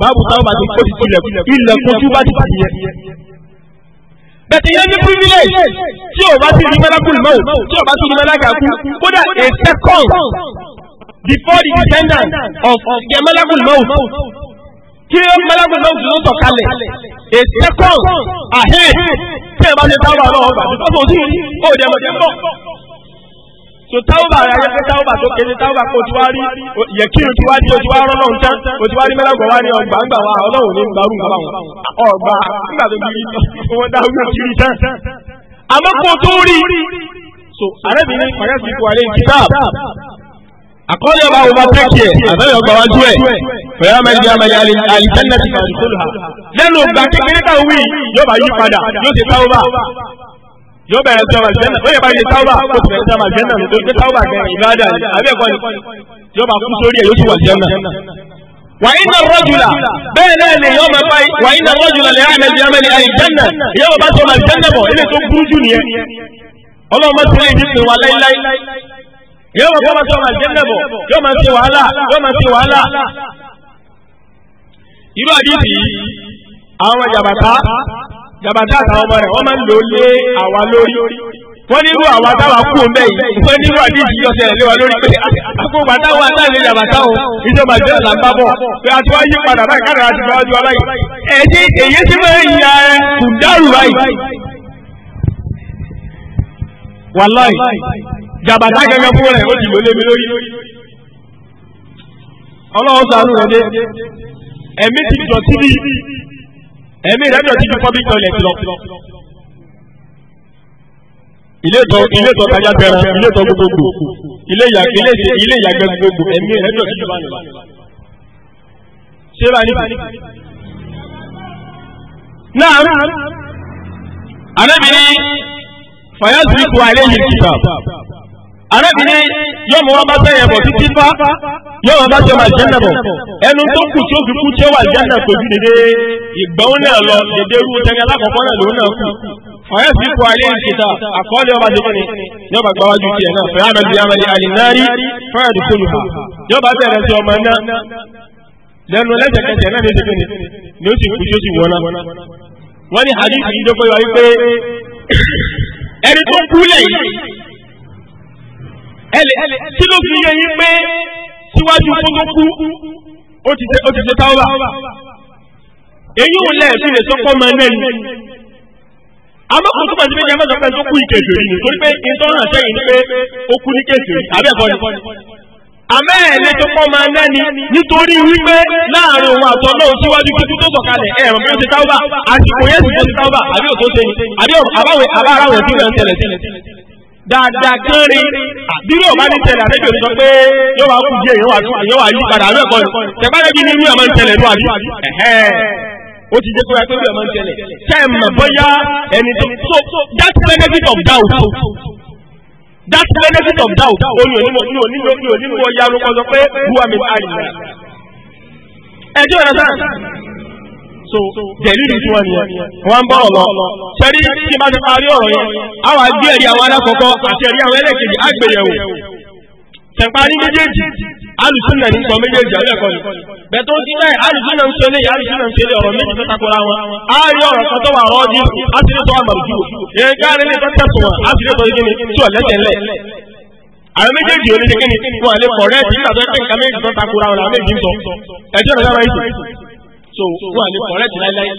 Speaker 3: báàbù táwùbà ti kó ti tilẹ̀kùn tilẹ̀kùn tí ó bá ti tilẹ̀ bẹ̀tẹ̀ yẹn ní privilege tí o bá ti rí mẹ́lákùn náà tí o bá ti rí mẹ́lákàkú kódà a second before the descendant of the mẹ́lákùn náà kí mẹ́lákùn náà ló sọ kalẹ̀ a second ahead tí o bá ti dáwọ́ àlọ́ ọ̀gbà tó tó o sì ń kó o dẹ̀ mọ̀ so táwùbà rẹ ayé pé táwùbà tó kéde táwùbà kò tí wá rí yẹ kí o ti wá di o ti wá rọ́ lọ́hùn tán o ti wá rí mẹ́lẹ́gbọ̀n wá ní ọgbà ńgbà wa ọlọ́run ní gbàrú nǹkan báwọn
Speaker 1: ọgbà nígbà
Speaker 3: tó kiri owó dáwùjọ kiri tán. àmọ́ kò tó rí so arábìnrin ọ̀rẹ́ ti kú alẹ́ kìtáàbù
Speaker 1: àkọọ́lẹ̀ ọba wo bá pẹ́kì ẹ̀ àbẹ́rẹ́ ọgbà wájú
Speaker 3: ẹ̀ pẹ̀lú amẹ́jọ amẹ́jọ alìjẹ́nẹ́tì kan lẹ́nu ìgbà kékeré káwé yóò bá yí padà yóò ti táwọ́ bá yóò bẹ̀rẹ̀ sí ọmọ ìjẹ́nà ó yẹ bá yẹ táwà ó sì bẹ̀rẹ̀ sí ọmọ ìjẹ́nà ló gbé táwà gẹ̀ ìbáàdà ni àbẹ́ẹ̀kọ́ ni yóò bá kú sórí ẹ̀ yóò sì wà jẹ́nà.
Speaker 2: wà iná rọ́jùlà bẹ́ẹ̀ náà ni yóò máa bá wà iná rọ́jùlà lè àmì ẹ̀jẹ̀ àmì àìjẹ́nà yóò bá sọ ọmọ ìjẹ́nà bọ̀ ilé tó burú jù nìyẹn
Speaker 3: ọlọ́mọ sí ilé ìdíje wà láíláí yóò máa bá sọ ọmọ ìjẹ́nà bọ̀ yóò máa ṣe wàhálà yóò máa ṣe wàhálà irú àdìsí àwọn jàbàtà jàbàtà àtàwọn ọmọ rẹ̀ wọ́n máa ń lò ó lé àwa lórí wọ́n nírú àwa táwa kú ọmọ yìí wọ́n nírú àdíjì ọ̀sẹ̀ ẹ̀lẹ́ wa lórí pé akópa ah, táwa àtàlẹ́ ìyàbàtà o ìjọba ìjọba là ń bá bọ̀ pé àti wá yí padà báyìí káàdà àti bá wájú wa báyìí. ẹ̀jẹ̀ èyí tí wọ́n ń ya ẹ kù dárù báyìí. wàláì jàbàtà gẹ́gẹ́ fún rẹ̀ ó dìbò lé mi lórí. ọlọ́run ṣàánú rẹ̀ ẹ̀mí ti dọ̀tí ẹ̀mí rẹ̀ dọ̀tí ju public toilet lọ.
Speaker 2: ilé ìtọ́ ilé ìtọ́ kájà bẹ̀rẹ̀ ilé ìtọ́ gbogbogbò ilé ìyàgbẹ́ ilé ìyàgbẹ́ gbogbogbò ẹ̀mí rẹ̀ dọ̀tí ju báyìí lọ.
Speaker 3: ṣé bá ní. náà anábìrin fayasiriku alẹ́ yìí kìtà arábìnrin yóò mọ wọn bá bẹ̀yẹ̀ bọ̀ títí fá yóò wọn bá jọ máa jẹ́ nàbọ̀ ẹnu tó kù tí ó fi kú tí ó wà jẹ́ nà tó ju dédé ìgbọ́n náà lọ dédé rú tẹ́lẹ̀ alákọ̀ọ́kọ́ náà lòún náà kù ọ̀yẹ́ sì kọ alẹ́ ìṣèta àkọọ́lẹ̀ ọba tó kọ́ni yóò bá gbáwájú tiẹ̀ náà fẹ́ amẹ́bí amẹ́lẹ́ àlìnárí
Speaker 2: fáyàdù kọlù ha yóò bá bẹ̀rẹ̀ sí ọmọ náà
Speaker 3: lẹ́nu lẹ́sẹ̀kẹsẹ̀ náà ní ṣẹ́kẹ́ ni ó sì kú tí ó sì wọ́n náà wọ́n ní hadith yìí dọ́kọ̀ yọ wípé ẹni tó kú lẹ́yìn ẹlẹ kí ló fi yẹ yín pé síwájú kó tó kú ó ti ṣe táwọ́bà èyí ò lẹ̀ fi lè sọ́kọ́ máa lẹ́nu àmọ́ kò túbọ̀ sí pé jẹ́mọ́ sọ́kọ́ tó kú ìkejì òyìnbó torí pé ìtọ́nà sẹ́yìn ni pé ó kú ní kejì òyìnbó àbẹ́ ẹ̀kọ́ ni àmọ́ ẹ̀lẹ́ tó kọ́ máa lẹ́ni nítorí wípé láàrin òun àtọ́ náà síwájú kí tó sọ̀kalẹ̀ ẹ̀rọ bí ó ṣe táwọ́bà àsìkò yẹn sì tó ṣe táwọ́bà àbí òtó ṣe ni àbí àbáwẹ̀ àbá aráwẹ̀ dáadáa kéré àbírò bá ní tẹ̀lé àtẹ́jọ́ òní sọ pé yóò wá kú díẹ̀ yóò wá yí padà àbẹ́ ẹ̀kọ́ ni tẹ̀gbáyé bí ní irú ẹ̀mọ́ ń tẹ̀lé ló àbí ó ti jẹ́ pé wá pé irú ẹ̀mọ́ ń tẹ̀lé tẹ̀mọ̀ bóyá ẹni tó so that benefit of doubt that benefit of doubt ó ní onímọ̀ ní onímọ̀ ní onímọ̀ ya ló kọ́ sọ pé wúwa mi bá yìí ẹjọ́ ìrẹsà
Speaker 2: so dẹ̀lílì tí wọ́n nìyẹn wọ́n ń bọ̀rọ̀
Speaker 3: lọ. sẹ́rí tí bá ti parí ọ̀rọ̀ yẹn àwọn àgbé ẹ̀rí àwọn alákọ̀ọ́kọ́ àti ẹ̀rí àwọn ẹlẹ́kejì àgbéyẹ̀wò. tẹ̀pa ní méjèèjì alùsùnà ní sọ méjèèjì àwọn ẹ̀kọ́ ni. bẹ̀tọ́ sí bẹ́ẹ̀ alùsùnà ń sọlé alùsùnà ń sọlé ọ̀rọ̀ méjì tó takora wọn. a rí ọ̀rọ̀ kan tó wà rọ́ di asìrìtọ́ àmàlùkù. èyí káàrin ní tọ́tẹ̀sùn wọn asìrìtọ́ yìí ni tí ò lẹ́sẹ̀ lẹ̀. àwọn méjèèjì ò ní ṣe kí ni wọn lè kọ̀rẹ́ẹ̀tì nígbà tó ń pè nǹkan méjì tó takora wọn làwọn méjì ń
Speaker 2: sọ. ẹ̀jẹ̀ so wà ní correct láíláí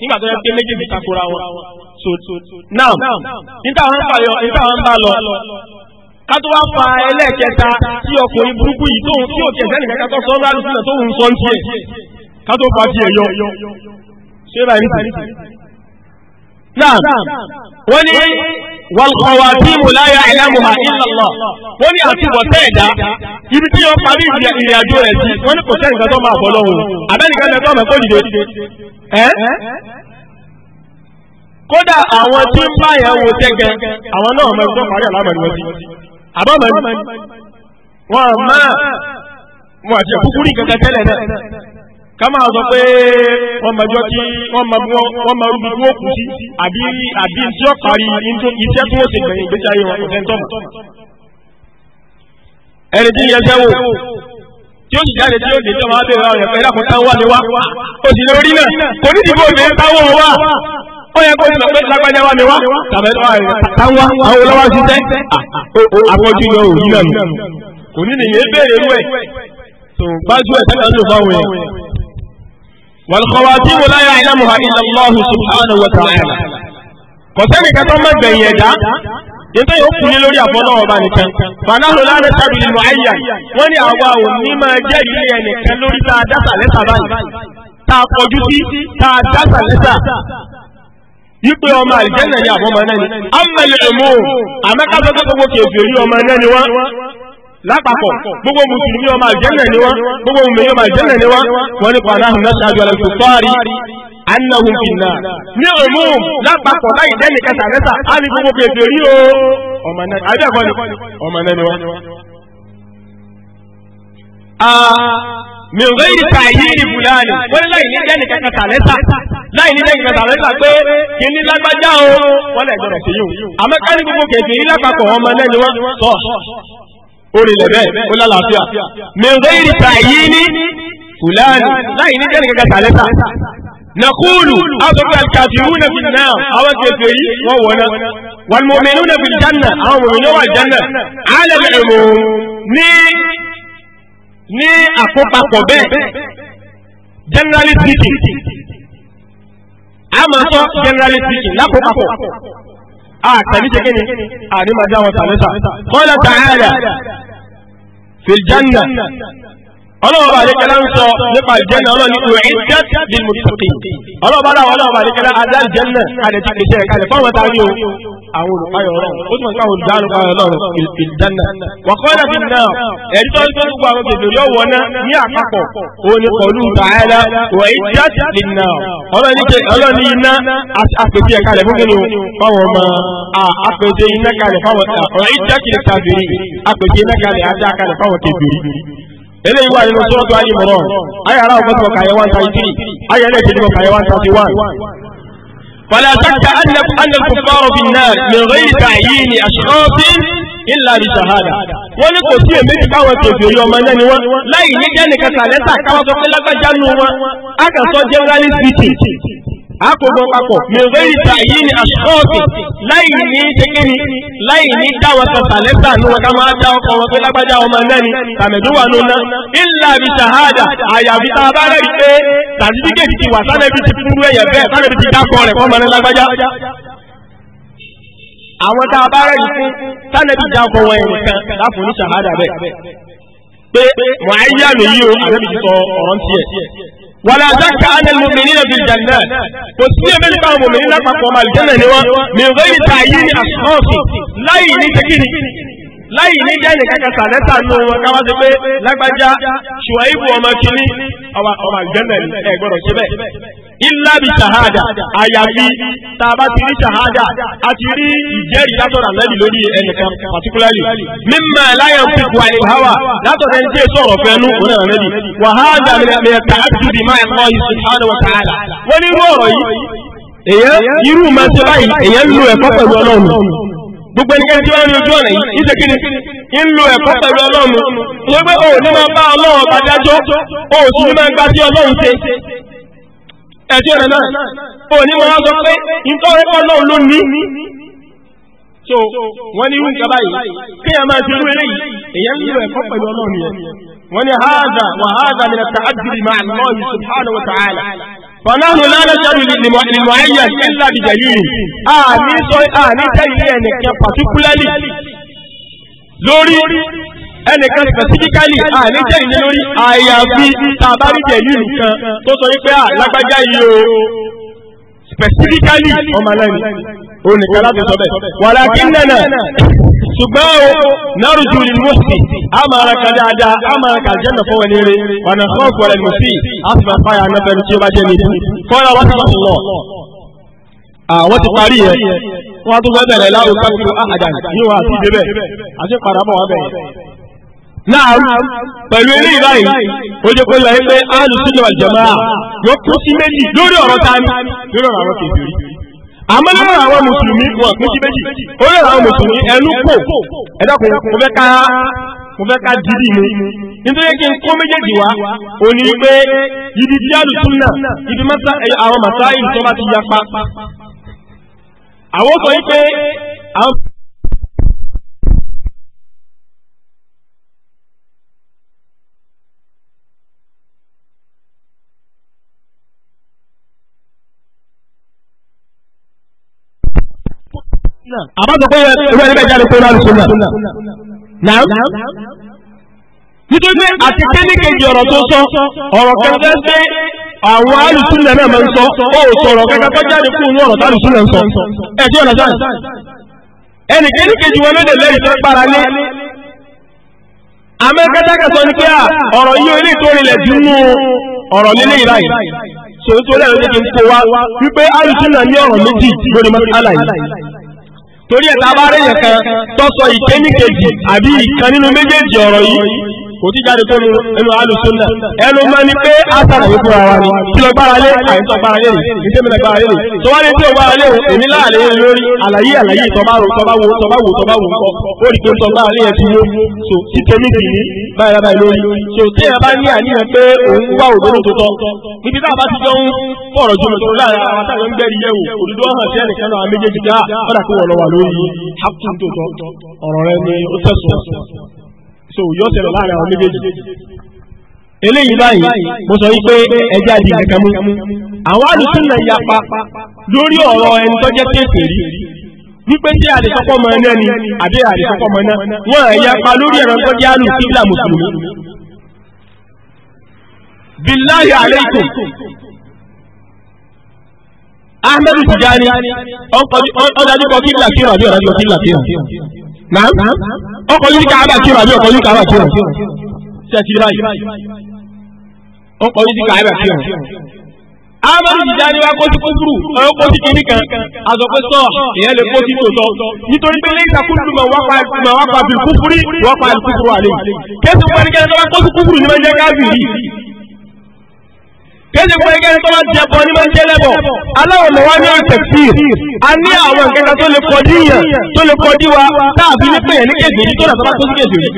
Speaker 2: nígbà tó yẹ pé méjèèjì takora wọn so now níta àwọn bá yọ níta àwọn bá lọ
Speaker 3: kátó wá fa ẹlẹ́ẹ̀kẹta tí ọkùnrin burúkú yìí tóun tí ò kẹsẹ́ nìkan kátó sọ lálùsílẹ̀ tóun sọ ń tiẹ̀ kátó fa tiẹ̀ yọ ṣé báyìí náà
Speaker 2: wọ́n ní wàlùkọ̀wà tí mo láyà ẹ̀lẹ́mùhà ìlàlọ́ wọ́n ní àti ìbọ̀tẹ́ ẹ̀dá
Speaker 3: ibi tí wọ́n parí ìrìn àjò rẹ̀ sí wọ́n ní kò sẹ́ nǹkan tó máa bọ̀ lọ́wọ́ abẹ́nìkan lẹ́tọ́ ọmọ kò dìde ẹ́ kódà àwọn tí ń bá yẹn wo tẹ́gẹ àwọn náà mọ ẹgbẹ́ parí àlámọ̀ni wọn sí àbọ̀mọ̀ wọn máa wọn àti ká máa sọ pé wọ́n mọjọ́ tí wọ́n mọ rúbi tó kù sí àbí àbí tí ó parí iṣẹ́ tó ṣe gbẹ̀yìn ìgbésí ayé wọn kò fẹ́ tọ́mọ̀. ẹni tí yẹn sẹ́wọ̀ tí ó sì jáde tí ó lè jọba abẹ́rẹ́ àwọn ẹ̀fẹ́ ìdàkùn táwọn wà ní wá ó sì lórí náà kò ní ìdìbò mi táwọn wà ó yẹ kó sọ pé lágbájá wà ní wá táwọn àwọn olówó ṣiṣẹ́ àpọ̀jù yọ òyìn náà kò ní nìyẹn bẹ̀rẹ̀ rú ẹ̀
Speaker 2: tó gbájú ẹ̀ sẹ́kàn ló fáwọn ẹ̀
Speaker 3: والخواتيم لا يعلمها إلا الله سبحانه وتعالى kọ̀sẹ́nì kan tó ń bẹ̀gbẹ̀ yẹn dá nígbà yóò kú ní lórí àfọ́nà ọba nìkan fanáhùn láàrin sábì nínú àyà wọ́n ní àwa ò ní máa ya ìlú ẹnìkan lórí tá lápapọ̀ gbogbo mùsùlùmí ọmọ àjẹ́nà ni wọ́n gbogbo mùmìnì ọmọ àjẹ́nà ni wọ́n wọ́n ní kọ̀ọ̀dá hùn náà ṣáájú ọ̀rọ̀ kòtọ́ọ̀rí annahum finna ní òmù lápapọ̀ láì dẹ́nì kẹta mẹ́ta á ní gbogbo kèfè rí o ọmọ náà ni wọ́n. min ghairi ta'yid fulani wọ́n ní láì ní dẹ́nì kẹta tàlẹ́ta láì ní dẹ́nì kẹta tàlẹ́ta pé kí ní lágbájá o wọ́n lẹ̀ gbọ́dọ̀ sí yìí àmọ́ ká ní gbogbo kèfè rí lápapọ̀ ọmọ náà wọ́n sọ
Speaker 2: orílẹ̀ bẹ́ẹ̀ ó lálàáfíà mẹ́rin ìrìta yìí ní
Speaker 3: fúlàní láì ní jẹ́nì kankan tàlẹ́tà nàkúlù àtọ́kọ̀ alkàfíwú na fi náà àwọn kẹfẹ́ yìí wọ́n wọ́n náà wọn mọ̀mẹ́nu na fi jánà àwọn mọ̀mẹ́nu wà jánà alẹ́ ẹ̀mọ́ ní ní àkópapọ̀ bẹ́ẹ̀ generally speaking a máa sọ generally speaking lákòópapọ̀ Ah, àkàní ṣe kíni àní ah, máa dá wọn tàlẹ́tà.
Speaker 2: qala ta'ala
Speaker 3: fil ọlọ́ọ̀bà àdékẹ́lá ń sọ nípa ìjẹ́nà ọlọ́ọ̀ni ìrìndẹ́t ní mùtùkì ọlọ́ọ̀bà láwọn ọlọ́ọ̀bà àdékẹ́lá adá ìjẹ́nà kalẹ̀ tí kìí ṣe kalẹ̀ fáwọn ta ni o
Speaker 2: àwọn olùpayọ̀ ọ̀rọ̀ ó túnmọ̀ sí àwọn olùdáhùn payọ̀ ọlọ́run
Speaker 3: ìdáná wàkọ́lá ti nà ẹ̀rí tó ń tó gbogbo àwọn bèbè yóò wọ ná ní àpapọ̀ òun ni pọ̀lú tààlà wà ìjẹ́t ti nà ọlọ́ọ̀ni iná apèsè ẹ̀ka rẹ̀ fún kíni fáwọn ọmọ apèsè iná kalẹ̀ fáwọn ọ̀rọ̀ ìjẹ́kìlì tàbí apèsè iná kalẹ̀ ajá kalẹ̀ fáwọn tẹ̀bìrì eléyìí wà nínú sọ́ọ̀tù alimọ̀rọ̀ ayé ara ọ̀gbọ́n tó kàyé one thirty three ayé ẹlẹ́ẹ̀kẹ́ tó kàyé one thirty one. فلا شك أن أن الكفار في النار من غير تعيين أشخاص إلا بشهادة wọ́n kò sí èméjì báwọn kèfèé yọ ọmọ lẹ́ni wọn láì ní jẹ́ nìkan tàlẹ́tà káwọn sọ pé lágbájá nù wọn á kà sọ generally speaking àkójọ papọ̀ mèrè ìta yìí ni àṣọ́ọ̀tì láì ní ṣekíni láì ní dáwọn sọ̀tà ní wọn ká máa dá ọkọ̀ wọn pé lágbájá ọmọ mẹ́rin tàmẹ̀dúwà ló ná ilà bí bá rẹ̀ pé ti wà ti ẹ̀yẹ bẹ́ẹ̀ ti dákọ̀ rẹ̀ àwọn bá rẹ̀ dákọ̀
Speaker 2: wọn wàlá zaka anil mu'minina fil jannah kò sí ẹ̀mí nípa àwọn mòmìnì lápapọ̀ ọmọ àlùjẹ́nà ni wọ́n mi ò gbẹ́yìn ta yí ní àsọ́ọ̀sì láì ní tẹ́kìnì
Speaker 3: láì ní jẹ́ nìkan kan sàlẹ́sà nù wọn káwá sí pé lágbájá ṣùwáìbù ọmọ kìíní ọmọ àlùjẹ́nà ẹ̀ gbọ́dọ̀ síbẹ̀ illa bi shahada àyàfi tá ti rí shahada a ti rí ìjẹ́rìí látọ̀dọ̀ ànábì lórí ẹnìkan particularly
Speaker 2: mimma la yantiqu anil hawa látọ̀dọ̀ ẹni tí èso ọ̀rọ̀ fẹ́ nú òun náà nẹ́bi wa hadha min
Speaker 3: at-ta'addudi ma'a Allah subhanahu wa ta'ala wọ́n ní irú ọ̀rọ̀ yìí èyàn
Speaker 2: irú máa ṣe báyìí èyàn ń lo ẹ̀kọ́ pẹ̀lú ọlọ́run
Speaker 3: gbogbo ẹnikẹ́ni tí wọ́n ń ojú ọ̀nà yìí ṣe kíni ń lo ẹ̀kọ́ pẹ̀lú ọlọ́run ìyẹn pé òun ní máa bá ọlọ́run ọba dájọ́ òun sì ní máa gbá sí ọlọ́run ṣe
Speaker 2: ẹ̀tí ọ̀rẹ́ náà ó ní wọ́n sọ pé ìtọ́ ẹ̀kọ́ náà ló ní so wọ́n ní nǹkan báyìí kí ẹ máa ṣe irú eré yìí
Speaker 3: èyàn ń lo ẹ̀kọ́ pẹ̀lú ọlọ́run yẹn wọ́n ní haza wa haza min at-ta'addudi ma'a Allah subhanahu ẹnìkan specifically àní jẹ́ ìní lórí àyàfi tàbárí jẹ̀lú nìkan tó sọ wípé à lágbájá yìí o specifically ọmọ náà onìkan láti sọ bẹ́ẹ̀ wàlá kí n nana ṣùgbọ́n o nárùjú ni mo sì á máa ra kan dáadáa á máa ra kan jẹ́nà fún wọn ní eré ọ̀nà fọ́ọ̀kù ọ̀rẹ́ mo sì fáyà náà tí ó bá jẹ́ mi fọ́nà wá sí lọ. àwọn ti parí yẹn wọn tún fẹ́ bẹ̀rẹ̀ láwùjọ káfíńtì àdàn yíwọ àti ìdébẹ̀ àti ìpadàbọ̀ wọn
Speaker 2: bẹ̀rẹ̀.
Speaker 3: Now, pẹ̀lú eré ìbáyìí ó jẹ́ pé lọ́yẹ́ pé alùsùn wal jamaa yóò kó sí méjì lórí ọ̀rọ̀ ta ni lórí ọ̀rọ̀ àwọn kèfèrí àmọ́ lórí ọ̀rọ̀ àwọn mùsùlùmí wọn kún sí méjì lórí ọ̀rọ̀ àwọn mùsùlùmí ẹnu kò ẹ̀dá kò mo fẹ́ ká mo fẹ́ ká dìdì mi nítorí kí n kó méjèèjì wá òní pé ibi tí alùsùn náà ibi mọ́sá àwọn màsáì tó bá ti yapa
Speaker 1: àwọn sọ yí pé àwọn. àbájọ pé irú ẹni bẹ́ẹ̀ jáde pé lọ́rùn sunna. Nàá
Speaker 2: nítorí pé àti kéníkejì ọ̀rọ̀ tó sọ ọ̀rọ̀ kẹfẹ́ pé àwọn alùsùnlẹ̀ náà máa ń sọ ó sọ̀rọ̀ kẹfẹ́ tó jáde kúrò ní
Speaker 3: ọ̀rọ̀ tó alùsùnlẹ̀ ń sọ. Ẹ tí ọ̀nà sáà ẹnì kéníkejì wọn ló lè lẹ́yìn tó para lé amẹ́kẹ́tàkà sọ ní pé à ọ̀rọ̀ yí orí tó rinlẹ̀ jù mú ọ̀rọ̀ lílé ìráyìí so nítorí ẹ̀rọ jẹ́ kí n kó wa wípé alùsùnà ní ọ̀rọ̀ méjì lórí mọ́sálà yìí
Speaker 2: torí ẹ̀ tá a bá rẹ̀ yẹn kan
Speaker 3: tọ́sọ ìkéníkejì àbí ìkan nínú méjèèjì ọ̀rọ̀ yìí kò tí jáde tó ní alùsùnà ẹnu máa ní pé asàrà yóò fúnra wa ni kí lọ gbára lé àìsàn gbára lé rè ní tẹ́mi lọ gbára lé rè tó wá lé tí ò gbára lé o èmi láàlẹ́ yẹn lórí àlàyé àlàyé tọ́ba wò tọ́ba wò nǹkan ó rí pé tọ́ gbára lé yẹn ti yó so tí tẹ́mi kì í báyìí lábàá lórí so tí ẹ bá ní àníyàn pé òun wá òdodo tó tọ́ níbi tá a bá ti jọ ń fọ̀rọ̀ jùlọ tó láàrin àwọn so yóò ṣẹlẹ̀ láàrin àwọn méjèèjì eléyìí báyìí mo sọ wípé ẹjẹ́ àdì kankan mú àwọn àdùsùn náà yapa lórí ọ̀rọ̀ ẹni tó jẹ́ rí wípé tí a lè sọ́kọ́ mọ ẹni ẹni àbí a lè sọ́kọ́ mọ ẹni wọn à yapa lórí ẹ̀rọ tó àlù kíbla mùsùlùmí. billahi aleikum ahmed tijani
Speaker 2: ọ̀dájú kíbla kírun àbí ọ̀dájú kíbla kírun ọkọ̀ yìí ká àbà kírun àbí ọkọ̀ yìí ká àbà kírun ṣe ti báyìí
Speaker 3: ọkọ̀ yìí ká àbà kírun. amadu jìjà ni wa kó sí kófúrú ọ̀yọ́ kó sí kínní kan àzọ̀kọ́ sọ ìyẹn lè kó sí tòótọ́ nítorí pé lẹ́yìn takúrú mọ̀ wá pa bí kúfúrí wọ́n pa bí kúfúrú àlè kẹ́sì pẹ́ẹ́nì kẹ́sì kéde kó ẹgẹ́ tó bá jẹ bọ ní máa jẹ lẹ́bọ̀ aláwọ̀ lọ́wọ́ ní ọ̀sẹ̀ sí
Speaker 2: a ní àwọn ìkẹta tó lè kọjú yẹn tó lè kọjú wa tàbí ní pẹ̀yẹ ní kéde yìí tó dà tó bá tó sí kéde yìí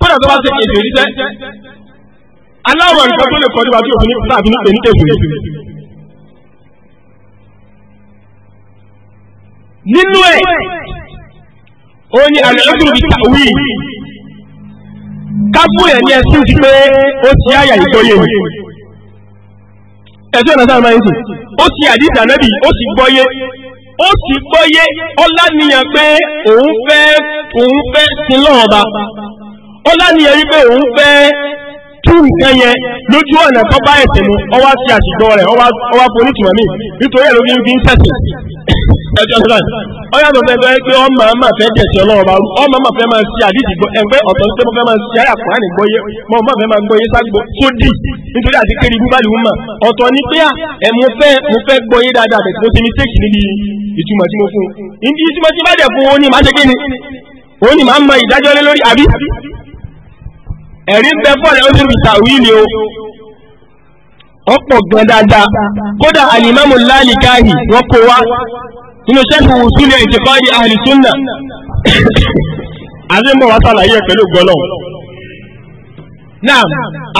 Speaker 2: tó dà tó bá kéde yìí sẹ́ aláwọ̀ ìkẹta tó lè kọjú wa tí òfin tàbí ní pẹ̀yẹ ní kéde yìí.
Speaker 3: nínú ẹ̀ ó ní àlùfáà bíi tàwí kábù ẹ̀ ní ẹ̀sìn ti pé ó ti yáyà ìgbóyè yìí ẹ̀tí ọ̀nà sáà máa ń sìn ó ti àdìsí ànábì ó ti gbọ́yé ó ti gbọ́yé ọlá nìyàn pé òun fẹ́ òun fẹ́ sin lọ́ọ̀ba ọlá nìyàn rí pé òun fẹ́ tú nǹkan yẹn lójú ọ̀nà tó bá ẹ̀sìn mu ọwá sí àṣìgbọ́ rẹ̀ ọwá forí tùmọ̀ mí nítorí ẹ̀ ló fi ń fi ń sẹ̀sìn ẹjọ́ sílẹ̀ ọyàtọ̀ tẹ́gbẹ́ pé ọmọ ọmọ fẹ́ jẹ̀sí ọlọ́run bá ọmọ ọmọ fẹ́ máa ṣe àdíjì gbọ́ ẹgbẹ́ ọ̀tọ̀ pé mo fẹ́ máa ṣe àyàkùn àní gbọ́yé mo ọmọ fẹ́ máa gbọ́yé ságbó tó dì nítorí àti kéré ibú báyìí wúmọ̀ ọ̀tọ̀ ni pé ẹ mo fẹ́ mo fẹ́ gbọ́yé dáadáa bẹ̀sí mo ti mi tẹ́kì níbi ìtumọ̀ tí mo fún un níbi ìtumọ̀ tí bá dẹ̀ fún òun ni màá ṣe kí ni òun ni màá mọ ìdájọ́ lé lórí àbí ẹ̀rí ń bẹ fọ́ọ̀lẹ́ ó ti fi tàwíìlì o ọ̀pọ̀ gan dáadáa kódà àlìmámù lálìkáyì wọ́n kó wá nínú sẹ́kù wùsùlẹ̀ ìtìkọ́ yìí ahli sunna àdéhùn wa sàlàyé pẹ̀lú gbọ́lọ́ náà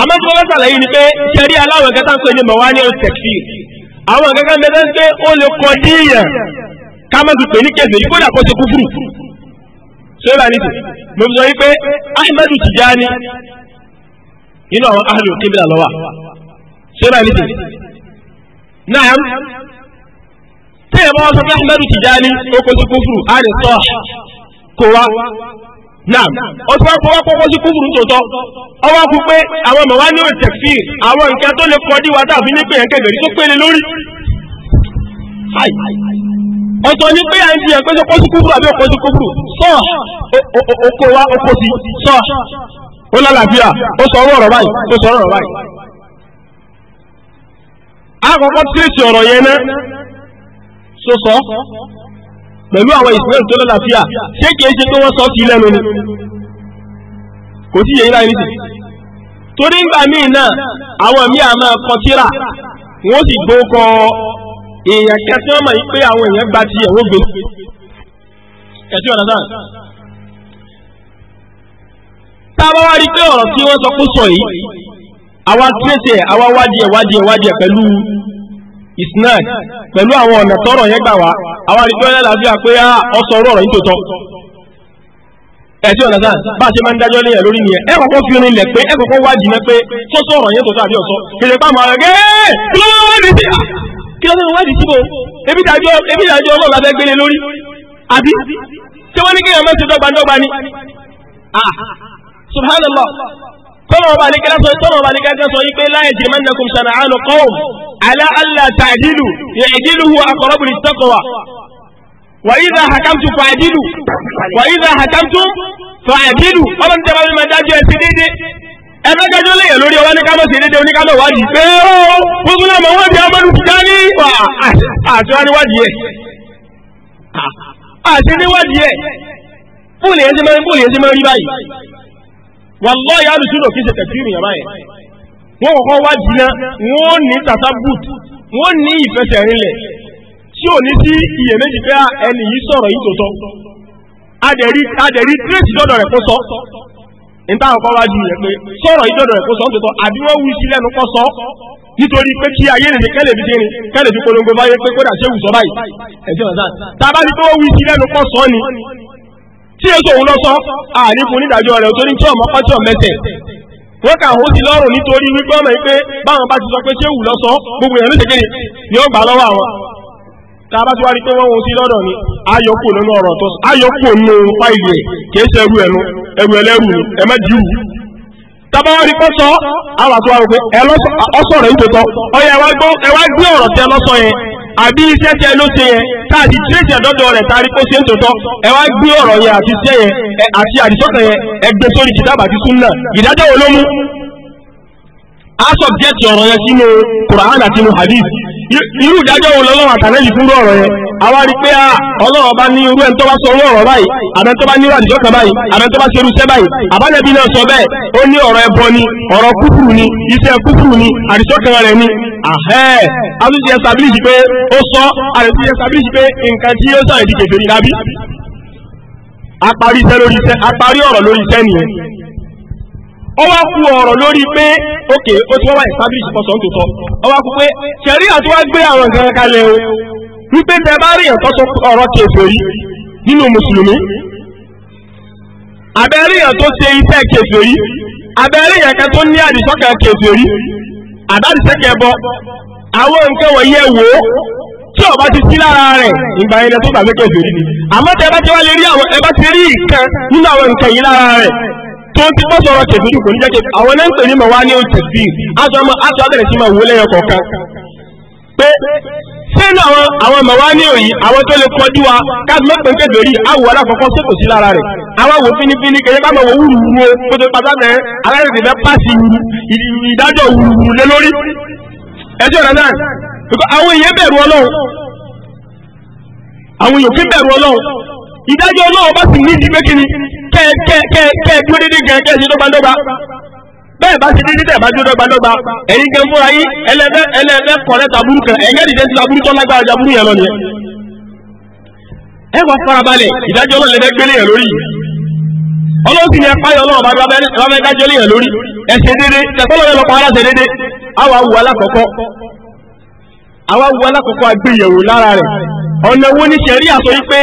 Speaker 3: àmọ́ fún wa sàlàyé ni pé sẹ́rí aláwọ̀ kẹta ń pè ní mọ̀wání ọ̀sẹ̀kì àwọn kankan mẹ́tẹ́ ń pé ó lè kọ díyàn ká má ti pè ní kẹsẹ̀ yìí kódà kó ṣe kúfùrù sóra nìtò mo sọ wípé Ahmadu Tijani nínú àwọn ahlu kébìlà lọ́wà sóra nìtò náà tẹ́yìn bá wọ́n sọ pé ahmadu tijani ó kó sí kúfùrù á lè sọ kó wá náà ó ti wá kó wá kókó sí kúfùrù tòótọ́ ọwọ́ kú pé àwọn ọmọ wa ní òun tẹ̀sí àwọn nǹkan tó lè kọ́ díwá tàbí ní pé ẹ̀kẹ́ lórí tó pélé lórí. ọ̀tọ̀ ni pé à ń fi ẹ̀ pẹ́sẹ̀ kó sí kúfùrù àbí òkó sí kúfùrù sọ òkó wa òkó sí sọ ó lálàáfíà ó sọ ọ̀rọ̀ báyìí ó sọ ọ̀rọ̀ báyìí. àkọ́kọ́ tírèsì ọ̀rọ̀ yẹn náà tó sọ
Speaker 2: pẹ̀lú àwọn ìsìnkú tó lọ́làfíà ṣé kìí ṣe pé wọ́n sọ sí lẹ́nu ni
Speaker 3: kò sí yẹ̀yìn láì nìsí torí ńgbà míì náà àwọn míì àmọ́ kọtíra wọ́n sì gbó kọ èèyàn kẹsí ọmọ yìí pé àwọn èèyàn gba ti ẹ̀wọ́ gbé ẹ̀sìn ọ̀nà sáà tá a bá wá rí pé ọ̀rọ̀ tí wọ́n sọ kó sọ yìí àwa tírèsì ẹ̀ àwa wádìí ẹ̀ wádìí ẹ̀ wádìí ẹ̀ pẹ̀lú isnad pẹ̀lú àwọn ọ̀nà tọ́rọ̀ yẹn gbà wá àwọn àdìjọ́ yẹn làbí àpé á ọ̀sọ̀ ọ̀rọ̀ yìí tó tọ́ ẹ̀tí ọ̀nà sáà bá a ṣe máa ń dájọ́ léyìn lórí nìyẹn ẹ kọ́kọ́ fi orin lẹ̀ pé ẹ kọ́kọ́ wádìí náà pé sọ́sọ́ ọ̀rọ̀ yẹn tó tọ́ àbí ọ̀sọ́ kìlẹ̀ pàmò ara gẹ́ẹ́ kí ló wá wádìí sí ah, kí ló wá wádìí sí bò ebi dájọ́ ebi dájọ́ ọlọ́run la fẹ́ gbélé lórí àbí ṣé wọ́n ní kí ẹ̀ máa ṣe dọ́gbandọ́gba ni ah, subhanallah tọ́lọ̀ ọba àlekẹ́lá sọ tọ́lọ̀ ọba àlekẹ́lá sọ yìí pé láyé jẹ mẹ́rin nàkùn sànà àánú kọ́ọ̀ alá àlá tàdílù yẹ ìdílù hu àkọ́rọ́bù ní tọ́kọ̀wà wà yìí dá hakamtu fàdílù wà yìí dá hakamtu fàdílù ọmọ níta bàbá mi máa dájú ẹsẹ déédéé ẹgbẹ́ gẹjọ lè yẹ lórí ọwọ́ ní kámọ́ sí déédéé oníkámọ́ wádìí pé ó gbogbo náà mọ̀ wọ́n di amadu dání wallahi alùsùnà kí ṣe tẹ̀síìrì yàrá yẹn wọ́n kọ́kọ́ wá jìnnà wọ́n ní tatabut wọ́n ní ìfẹsẹ̀rinlẹ̀ tí ò ní sí iyèméjì pé ah, ẹni yìí sọ̀rọ̀ yìí tòótọ́ adẹ̀rí tírèsì dọ́dọ̀ rẹ̀ kó sọ níta àwọn kọ́wá ju rẹ̀ pé sọ̀rọ̀ yìí dọ́dọ̀ rẹ̀ kó sọ tòótọ́ àbí wọ́n wí sí lẹ́nu kọ́ sọ nítorí pé kí ayé lè kẹ́lẹ̀ fi kiri kẹ́lẹ̀ fi polongo báyé pé kódà ṣé wù sọ báyìí ẹ̀sìn ọ̀sán tàbá ti tó wí sí lẹ́nu kọ́ sọ ni tí èso òun lọ sọ àníkùn nídàájọ́ rẹ̀ torí tí ọmọ pátí ọmọ ẹsẹ̀ wọ́n kà ó sí lọ́rùn nítorí wípé ọmọ yìí pé báwọn bá ti sọ pé ṣéwù lọ sọ gbogbo èèyàn ló ṣe kéde ni ó gbà lọ́wọ́ àwọn tá a bá ti wá rí pé wọ́n wo sí lọ́dọ̀ ni ayọ̀pọ̀ nínú ọ̀rọ̀ tó ayọ̀pọ̀ nínú fáìlì ẹ̀ kìí ṣe ẹrú ẹnu ẹrú ẹlẹ́rù ni ẹ má jù ú. tábà wá rí pé sọ àwọn àti wá rò pé ẹ lọ́sọ̀ ọ̀sọ̀ rẹ̀ ń tòótọ́ ọ̀yà ẹ wá gbé ọ̀rọ̀ tí ẹ yẹn àbí iṣẹ́ tẹ ló ṣe yẹ káàdì rẹ̀ kó ṣe ń tòótọ́ ẹ wá gbé ọ̀rọ̀ yẹn àti iṣẹ́ yẹn àti àdìsọ́kàn yẹn ẹ sórí kìtàbù àti súnà ìdájọ́ wo ló mú. a subject ọ̀rọ̀ yẹn sínú Qur'an àti hadith irú ìdájọ́ wo lọ́lọ́run àtàlẹ́yìn fún ọ̀rọ̀ yẹn àwa rí pé ah, ọlọ́run bá ní irú ẹni tó bá sọ orú ọ̀rọ̀ báyìí àbẹ́ni tó bá ní irú kan báyìí àbẹ́ni tó bá ṣe irú báyìí àbánẹ́bí náà sọ bẹ́ẹ̀ ó ní ọ̀rọ̀ ẹbọ ni ọ̀rọ̀ kúkúrú ni iṣẹ́ kúkúrú ni àdìjọ́ kan rẹ̀ ni àtúntì pé ó sọ ó wá kú ọ̀rọ̀ lórí pé ok ó ti wá wá establish pọ̀sọ̀ ń tòótọ́ ó wá kú pé ṣẹ̀rí àti wá gbé àwọn nǹkan kalẹ̀ o wípé tẹ bá rí ẹ̀tọ́ sọ ọ̀rọ̀ kèfèrí nínú mùsùlùmí abẹ́rí yẹn tó ṣe iṣẹ́ kèfèrí abẹ́rí yẹn kan tó ní àdìsọ́kàn kèfèrí àdádìsẹ́kẹ̀ bọ àwọn nǹkan wọ̀nyí ẹ̀ wò ó tí ọba ti sí lára rẹ̀ ìgbà yẹn tó gbàgbé kèfèrí ni àmọ́ tẹ bá ti wá lè rí àwọn ẹ bá ti rí ìkan nínú àwọn nǹkan yìí lára rẹ̀ tó ń ti bọ́ sọ̀rọ̀ kẹfìrí kò ní jẹ́ kẹfìrí àwọn náà ń pè ní màwá ní oṣù sí aṣọ aṣọ abẹ́rẹ́ sí máa wó lẹ́yọ kọ̀ọ̀kan pé sínú àwọn àwọn màwá ní òyì àwọn tó lè kọjú wa káàdì mẹ́pẹ́ ń kẹfìrí awò alákọ̀ọ́kọ́ tó kò sí lára rẹ̀ àwọn wò fínífíní kẹyẹ ká máa wò wúru wo o tó pàtà tẹ alárèdè fẹ́ pàṣẹ ìdájọ́ wúru lé lórí ẹjọ́ rẹ̀ náà àwọn èèyàn bẹ̀rù ọlọ́run àwọn èèyàn kí bẹ̀rù ọlọ́run ìdájọ́ ọlọ́run bá sì nídìí pé kíni kẹ́ kẹ́ kẹ́ kẹ́ dúró dédé gan kẹ́ ṣe dọ́gbadọ́gba bẹ́ẹ̀ bá ṣe dédé tẹ̀ bá dúró dọ́gbadọ́gba ẹ̀yin gan fúnra yín ẹlẹ́lẹ́ ẹlẹ́lẹ́kọ̀ọ́ rẹ̀ taburú kan ẹ̀yẹ́ dìde sí taburú tó lágbára jaburú yẹn lọ nìyẹn. ẹ wá farabalẹ̀ ìdájọ́ ọlọ́run lẹ́fẹ́ gbélé yẹn lórí ọlọ́run sì ni ẹ páyọ̀ ọlọ́run bá bá dájọ́ lé yẹn lórí ẹ ṣe dédé tẹ̀sọ́lọ́ yẹn lọ pa ara ṣe dédé àwa wu alákọ̀ọ́kọ́ àwa wu alákọ̀ọ́kọ́ agbéyẹ̀wò lára rẹ̀ ọ̀nà wo ni sẹ̀rí àsọ yìí pé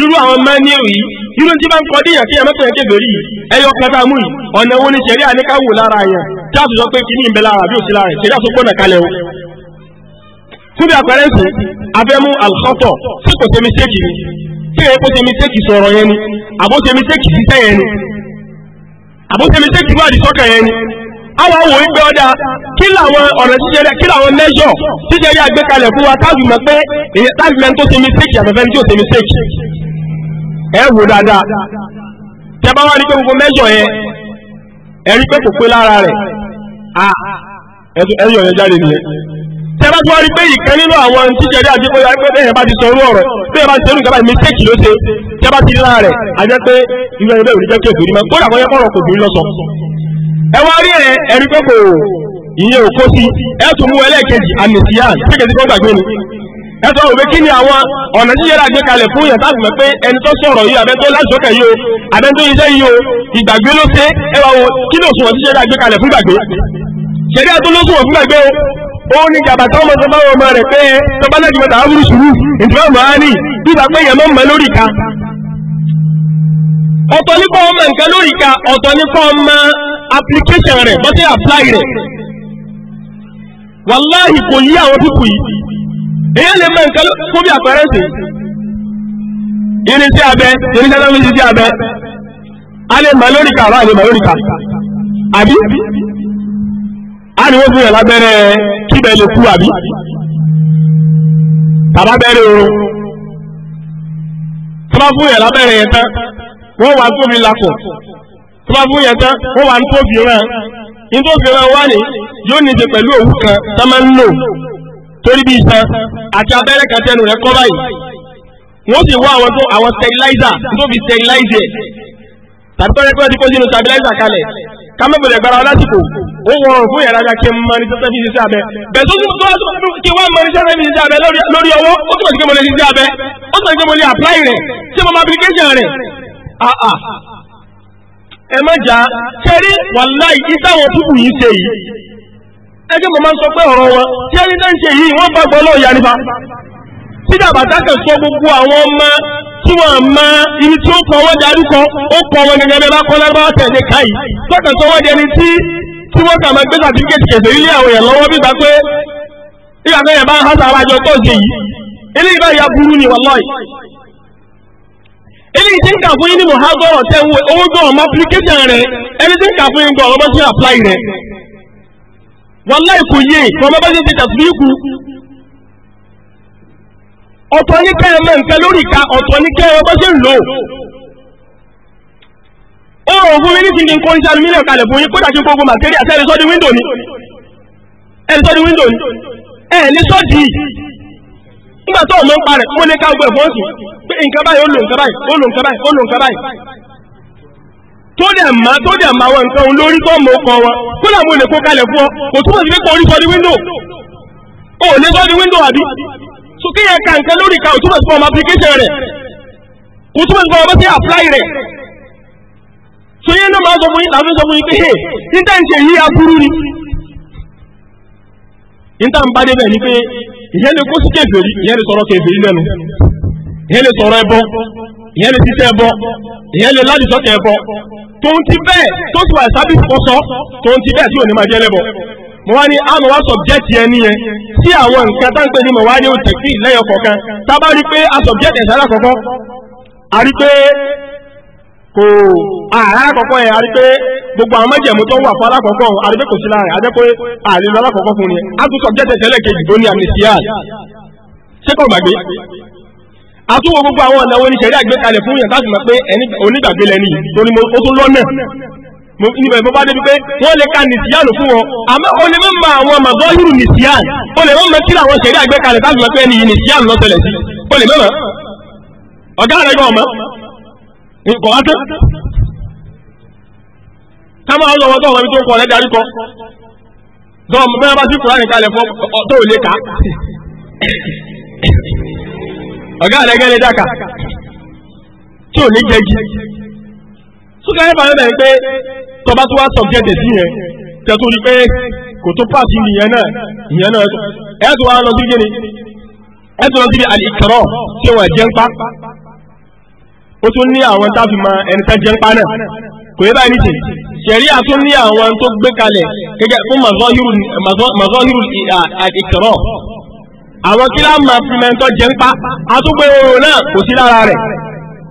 Speaker 3: irú àwọn mẹ́niu yìí irú tí bá ń kọ́ díyàn kí ẹ mẹ́tọ̀ yẹn kébèrè yìí ẹyọ kẹta mú yìí ọ̀nà wo ni ṣẹ̀rí àníkáwò lára yẹn tí a sọ pé kí ní ìbẹ̀ lára àbí òsì lára ṣẹ̀rí àsopọ̀ nà kalẹ̀ o. fún bí àpẹẹrẹ sí abẹ́mú alhọ́tọ̀ tí kò ṣe mistake ni tí kò yẹ kó ṣe mistake sọ̀rọ̀ yẹn ni àbó ṣe mistake ṣiṣẹ́ yẹn ni àbó ṣe mistake wà ní sọ́kàn yẹn ni àwọn àwọn ìgbẹ́ ọ̀dà kí làwọn ọ̀nà ṣíṣe rẹ̀ kí làwọn mẹ́ṣọ̀ ṣíṣe rí àgbékalẹ̀ fún wa táàbì mọ̀ pé èyí táàbì mẹ́ni tó ṣe mistake àbẹ̀fẹ́ni tí ṣe mistake ẹ wò dáadáa tẹ bá wà ní pé gbogbo mẹ́jọ yẹn ẹ rí pé kò pé lára rẹ̀ a ẹyọ yẹn jáde nìyẹn tẹ bá tún wá rí pé ìkan nínú àwọn tíjẹ dé àti bóyá pé bẹ́ẹ̀ bá ti sọ irú ọ̀rọ̀ bẹ́ẹ̀ bá ti sẹ́nu ìjọba mistake ló ṣe tẹ bá ti rí lára rẹ̀ a jẹ́ pé irú ẹni bẹ́ẹ̀ ò ní jẹ́ kí èkó mọ́ kódà kọ́ yẹ kọ́rọ̀ kò dùn lọ́sọ ẹ wá rí ẹ ẹ̀rí pé kò ìyẹn ò kó sí ẹ tún mú ẹlẹ́ẹ̀kejì àmì ẹ sọ òwe kí ni àwọn ọ̀nà tí yẹra gbé kalẹ̀ fún yẹn láti mọ̀ pé ẹni tó sọ̀rọ̀ yìí abẹ́ tó lásìkò yìí o abẹ́ tó iṣẹ́ yìí o ìgbàgbé ló ṣe ẹ wo kí ló sùnwọ̀n tí yẹra fún gbàgbé ṣẹ̀dí àtó ló sùnwọ̀n fún gbàgbé o ó ní jàbàtà ọmọ tó bá wọn ọmọ rẹ̀ pé tó bá lẹ́jọ́ mẹ́ta áwúrú sùúrù ìtura mọ́hání nígbà pé yẹn mọ́ mọ́ lórí ka ọ̀tọ̀ nípa ọmọ nǹkan lórí ka ọ̀tọ̀ nípa ọmọ application rẹ̀ bọ́tẹ́ apply rẹ̀ wàláhì kò yí àwọn pípù yìí èyí lè mọ nǹkan fún bí àpẹẹrẹ sí irinṣẹ́ abẹ irinṣẹ́ tó ń fi ṣiṣẹ́ abẹ a lè mọ lóríkà àbá lè mọ lóríkà àbí a ní wọ́n fún yàn lábẹ́rẹ́ kíbẹ̀ lè kú àbí tàbá bẹ́rẹ̀ oorun tó bá fún yàn lábẹ́rẹ́ yẹn tán wọ́n wà tó fi lakọ̀ tó bá fún yẹn tán wọ́n wà tó fi rán ní tó fi wá ní yóò ní ṣe pẹ̀lú òwú kan tá máa ń lò torí bí iṣan àti abẹ́rẹ́ kan tẹnu rẹ̀ kọ́ báyìí wọ́n sì wá àwọn tó àwọn sterilizer tó fi sterilize ẹ̀ tàbí tọ́jú pé wọ́n ti kó sínú stabilizer kalẹ̀ kámẹ́bẹ̀rẹ̀ gbára lásìkò ó wọ̀rọ̀ fún ìyàrá kí n mọ̀rin tẹ́tẹ́ fi ṣiṣẹ́ abẹ bẹ̀ẹ́ tó sì tó kí wọ́n mọ̀rin tẹ́tẹ́ fi ṣiṣẹ́ abẹ lórí ọwọ́ ó túnbọ̀ sí pé mo lè ṣiṣẹ́ abẹ ó túnbọ̀ sí pé mo lè apply rẹ̀ ṣé mo mọ application rẹ̀ àà ẹ má jà kẹrí wàláì ìtàwọn túbù yìí ṣe yìí ẹjọ́ mọ̀ máa ń sọ pé ọ̀rọ̀ wọn tí ẹni tẹ́ ń ṣe yìí wọ́n bá gbọ́ lọ́ọ̀ yá nípa títà bàtà kan sọ gbogbo àwọn ọmọ tí wọ́n mọ ibi tí ó kọ wọ́n darúkọ ó kọ wọn gẹ́gẹ́ bẹ́ẹ̀ bá kọ́ lágbára tẹ̀lé káyì sọ wọ́n di ẹni tí tí wọ́n kà máa gbé kẹsẹ̀ ilé àwọn lọ́wọ́ bí ya burú ni eléyìí tí ń kà fún yín ní owó ọmọ application rẹ̀ ẹni tí ń wàláì kò yé ọmọ bá ṣe ṣe tàbíkù ọ̀tọ̀ ní kẹ́ ẹ mọ nǹkan lórí ìka ọ̀tọ̀ ní kẹ́ ẹ bá ṣe ń lò ó rò fún mi nítorí nǹkan ń ṣàlùmí kalẹ̀ fún yín kódà kí gbogbo màtẹ́rì àti ẹ̀rẹ́sọ́dí wíńdò ni ẹ̀rẹ́sọ́dí wíńdò ni ẹ̀ ní sọ́ọ̀dì nígbà tó ọmọ ń parẹ̀ mo lè ká gbogbo ẹ̀fọ́ sí pé nǹkan báyìí ó lò nǹkan báyìí tó ma nke tó dẹ̀ má wọn nǹkan lórí tó mọ̀ kọ wọn kó làwọn olè kó kalẹ̀ fún ọ kò túbọ̀ sí pé orí sọ wíńdò ó lè so kí ka nǹkan lórí ka kò túbọ̀ sí pé ọmọ application rẹ̀ kò túbọ̀ sí pé ọmọ sí apply rẹ̀ so yẹn náà máa sọ fún yín sọ fún yín pé níta ń ṣe ni níta ń bá ni pé ìyẹn lè kó sí ìyẹn lè sọ̀rọ̀ lẹ́nu ìyẹn lè sọ̀rọ̀ ìyẹn lè ṣiṣẹ́ ẹbọ ìyẹn lè ládìsọ́kẹ̀ ẹbọ tóun ti bẹ́ẹ̀ tó ti wà sábìsì kọ́sọ́ tóun ti bẹ́ẹ̀ tí ò ní máa jẹ́ lẹ́bọ mo wá ní àmọ́ wá sọ̀bjẹ́tì ẹ níyẹn sí àwọn nǹkan tá ń pè ní mo wá ní o tẹ̀kí lẹ́yọ kọ̀ọ̀kan tá a bá rí pé a sọ̀bjẹ́tì ẹ̀sán lákọ̀ọ́kọ́ a rí pé kò àárá àkọ́kọ́ yẹn a rí pé gbogbo àwọn mẹ́jẹ̀mú tó wà fún alákọ̀ọ́kọ́ a rí pé kò sí láàrin a jẹ́ pé àlè lọ alákọ̀ọ́kọ́ fún ni a tún sọ̀bjẹ́tì ẹ̀sán lẹ́kẹ̀ẹ́jì tó ní amnesia ṣé kò àtúwò gbogbo àwọn ọ̀nà wo ni ṣẹ̀rí àgbékalẹ̀ fún yàn láti mọ̀ pé onígbàgbé lẹ́ni torí ó tún lọ́nà níbẹ̀ bó bá débi pé wọ́n lè ka nìsíyàn fún wọn àmọ́ o lè mọ̀ àwọn màgọ́hìrù nìsíyàn o lè mọ̀ kí làwọn ṣẹ̀rí àgbékalẹ̀ láti mọ̀ pé ẹni yìí nìsíyàn lọ tẹ̀lẹ̀ sí o lè mọ̀ ọ̀gá rẹ̀ gan ọmọ nǹkan wá tán ká máa ń lọ wọn tó wọn tó ń kọ ọ̀rẹ́ darí kọ dọ́ọ̀mù bẹ́ẹ̀ bá sí kùránì kalẹ̀ fún ọ̀tọ́ òlé ọ̀gá àlẹ́gẹ́ lè dáka tí ò ní jẹ́gi sókè ayé bàbá bẹ̀rẹ̀ pé tọba tó wá sọ̀gẹ́dẹ̀ sí yẹn tẹ̀tún rí pé kò tó pàṣẹ ìyẹn náà ìyẹn náà ẹ̀ tó wá lọ sí gíní ẹ̀ tó lọ sí àlìkọ̀rọ̀ tí wọ́n jẹ́ ń pa ó tún ní àwọn táfi mọ ẹni tẹ́ jẹ́ ń pa náà kò yẹ báyìí nìyí sẹ̀rí àtún ní àwọn tó gbé kalẹ̀ gẹ́gẹ́ fún mazọ́hírù ìkọ̀rọ̀ àwọn kí láàmà fìmẹ́ntọ́ jẹ́ ń pa àtúgbò oòrùn náà kò sí lára rẹ̀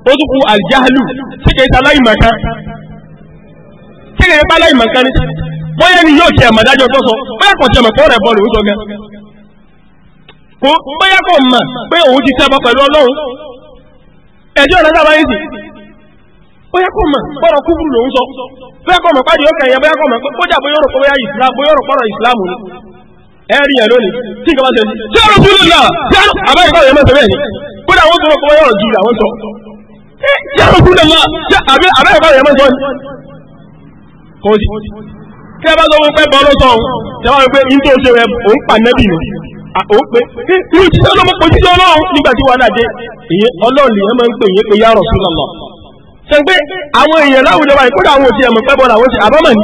Speaker 3: ó tún kú àlìjáàlù tí kìí ta láìmọ̀kan tí kìí pa láìmọ̀kan ní bóyá ni yóò tiẹ̀ mọ̀dájọ́ tó sọ bóyá kò tiẹ̀ mọ̀ kó rẹ̀ bọ́ọ̀lù òótọ́ gan kò bóyá kò mọ̀ pé òun ti ṣẹbọ pẹ̀lú ọlọ́run ẹjọ́ rẹ̀ sábà yìí sì bóyá kò mọ̀ bọ́ọ̀rọ̀ kúbùrù lòún sọ bóyá kò mọ̀ pàdé ó kẹ̀yẹ bóyá kò mọ̀ kódà bóyá ọ̀rọ̀ pọ̀rọ̀ ìsìlámù ni ẹ̀rí yẹn lónìí tí nǹkan bá ṣe sí. ṣé ọ̀rọ̀ búrú náà ṣé àbáyé báwo yẹn mọ̀ sẹ́bẹ̀ ni kódà wọ́n sọ fún ọyọ́ ju àwọn sọ. ṣé ọ̀rọ̀ búrú náà ṣé àbáyé báwo yẹn mọ̀ sọ ni. kò sí. kí ẹ bá sọ fún pé bọ́ọ̀lù sọ òun ṣe wá pé yín tó ṣe rẹ òun pa nẹ́bì ni òun pé irú tí sọ́nà mọ̀ pòjútó ọlọ́run nígbà tí wàhálà dé ìyẹn ọlọ́ọ̀lù yẹn máa ń pè yín pé yá Rasulullah ṣe
Speaker 2: pé àwọn èèyàn láwùjọ wa ìkódà àwọn òsì ẹ̀mọ̀ pẹ́ bọ́ọ̀lù àwọn òsì àbámọ̀ ni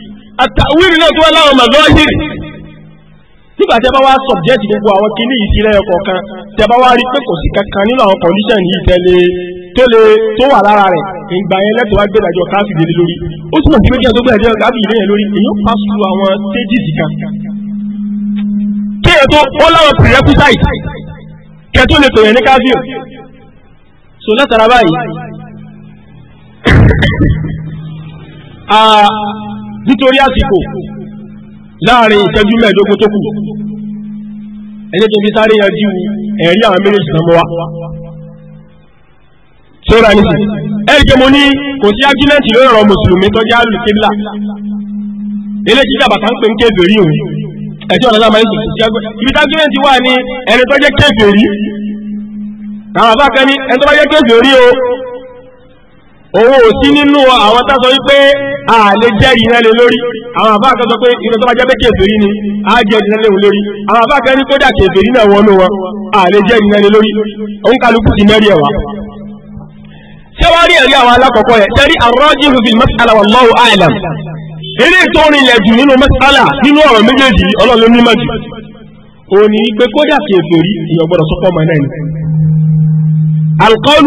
Speaker 3: àtàwírì náà tó wá láwọn màdọ́ yìí nígbà tí a bá wá subject gbogbo àwọn kìíní yìí sí lẹ́yọ kọ̀ọ̀kan tí a bá wá rí pé kò sí kankan nínú àwọn condition yìí tẹ́lẹ̀ tó lè tó wà lára rẹ̀ ìgbà yẹn lẹ́tọ̀ wá gbẹ́dájọ́ káàfì délé lórí ó túmọ̀ sí méjì àtúgbà ẹ̀jẹ̀ káàfì ilé yẹn lórí èyí ó pa su àwọn stages kan. kéèyàn tó ó láwọn prerequisite kẹ tó lè pè yẹn ní káàfì o so látara báyìí. Ah, nítorí àsìkò láàrin ìṣẹ́jú mẹ́ẹ̀ẹ́dógún tó kù ẹjẹ́ kí n fi sáré yanjú ẹ̀rí àwọn méjèèjì tán mọ́ wa tí ó ra ní sí ẹ̀rí pé mo ní kò sí ágímẹ́ǹtì lórí ọ̀rọ̀ mùsùlùmí tó jẹ́ àlù kíbla eléjì dàbà kan pé ń kébèrí òun ẹ̀jọ́ ọ̀nà náà máa ń sùn sí ibi tágímẹ́ǹtì wà ní ẹni tó jẹ́ kébèrí àwọn àbá kan ní ẹni tó bá jẹ́ kébèrí o òun ò sí nínú àwọn tá sọ wípé a lè jẹ́ ìrìnlẹ̀ lórí àwọn àbá kan sọ pé ìrìn tó bá jẹ́ pé kèfèrí ni a jẹ́ ìrìnlẹ̀ lórí àwọn àbá kan ní kódà kèfèrí náà wọnú wọn a jẹ́ ìrìnlẹ̀ lórí òun kálukú ti mẹ́rí ẹ̀wà ṣé wá rí ẹ̀rí àwọn alákọ̀ọ́kọ́ yẹn tẹ́rí àrọ́jì fífi mas'ala wallahu a'lam eré tó rinlẹ̀ jù nínú mas'ala nínú ọ̀rọ̀ méjèèjì ọlọ́run ní mọ̀jù òní pé kódà kèfèrí ìyọ̀gbọ́dọ̀ sọ́kọ́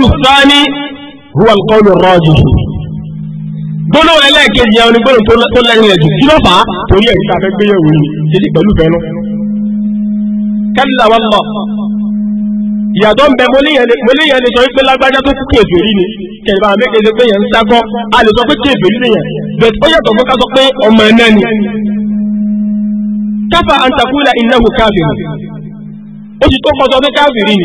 Speaker 3: mọ́ huwa alqawlu rajih gbóná ẹlẹ́ẹ̀kejì yẹn onígbóná tó lẹ́yìn ẹ̀jù kí ló fà á torí ẹ̀jù tá a fẹ́ gbé yẹ̀wò ni èyí pẹ̀lú bẹ́ẹ̀ lọ. kalla wallah ìyàtọ̀ nbẹ mo léyìn ẹni sọ wípé lágbájá tó kú kèfèrí ni kẹ̀lẹ́bà mi kéde pé yẹn ń sákọ́ a lè sọ pé kèfèrí ni yẹn bẹ̀t ó yàtọ̀ fún ká sọ pé ọmọ ẹ̀nà ni. káfà an taqula innahu káfíìn ó ti tó kọ́ sọ pé káfíìn ni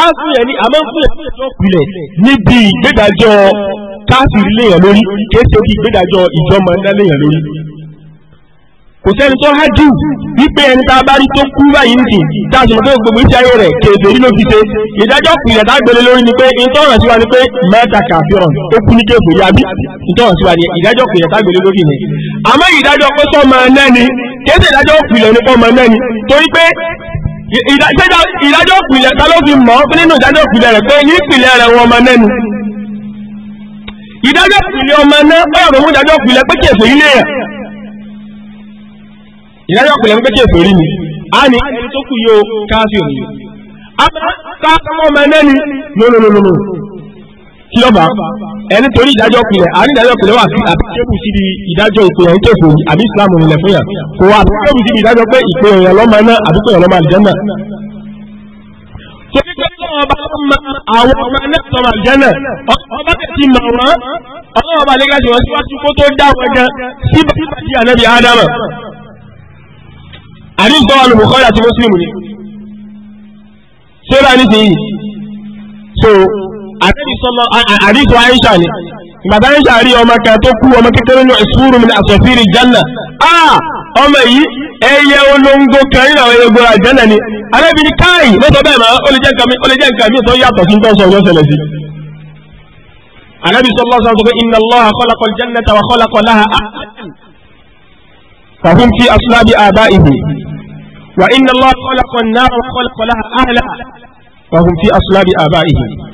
Speaker 3: á fún yẹn ní àmọ́ fún yẹn tó pilẹ̀ níbi ìgbédájọ́ káfíìrì léèyàn lórí kìí bí ìgbédájọ́ ìjọmọ ẹ̀dá lórí. kò sẹ́ni tó hájú wípé ẹni tá a bá rí tó kú báyìí nìkì tá a pé gbogbo iṣẹ́ ayé rẹ̀ kéde nínú fi ṣe ìdájọ́ pilẹ̀ tá a gbélé lórí ni pé sí wa ni pé mẹ́ta ó kú ní kéèkó yá bí ìdájọ́ ìpìlẹ̀ ta ló fi mọ̀ nínú ìdájọ́ ìpìlẹ̀ rẹ̀ pé ní ìpìlẹ̀ rẹ̀ wọn ọmọ nẹ́nu ìdájọ́ ìpìlẹ̀ ọmọ náà ó yàtọ̀ fún ìdájọ́ ìpìlẹ̀ pé kí èso ilé yẹn ìdájọ́ ìpìlẹ̀ pé kí èso rí ni a ní ẹni tó kù yóò káàsì òní. a bá ká ọmọ nẹ́ni lónìí lónìí tí ọba ẹni torí ìdájọ́ pilẹ̀ àní ìdájọ́ pilẹ̀ wà àbíkébù sí di ìdájọ́ ìpè ẹ̀yìn tòfò àbí ìsìlámù nílẹ̀ fún yà kò wà àbíkébù sí di ìdájọ́ pé ìpè ẹ̀yìn lọ́mọ náà àbíkò ẹ̀yìn lọ́mọ àlìjẹ́nà.
Speaker 2: torí pé ọlọ́wọ́ bá ma àwọn
Speaker 3: ọmọ ẹlẹ́tọ̀ àlìjẹ́nà ọba tẹ̀ ti mọ̀ wọ́n ọlọ́wọ́ bá lè gàdì wọn síwájú kó tó dá wọn gan síbàtí ànábì ádámà. àdìsọ́ wa lùmùkọ́ àdìsọ Aisha ni ìgbàdá Aisha rí ọmọ kan tó kú ọmọ kékeré ní ìṣúrù mi àsọfíìrì jánà ọmọ yìí ẹyẹ olóńgbò kan nínú àwọn ẹgbẹ́ àjánà ni arábìnrin káàyì lọ́sọ̀ bẹ́ẹ̀ máa ó lè jẹ́ nǹkan mi ó lè jẹ́ nǹkan mi tó yàtọ̀ sí tó ń sọ ọjọ́ ṣẹlẹ̀ sí. Ànábì sallallahu alaihi wasallam inna Allaha khalaqa al-jannata wa khalaqa laha ahlan fa hum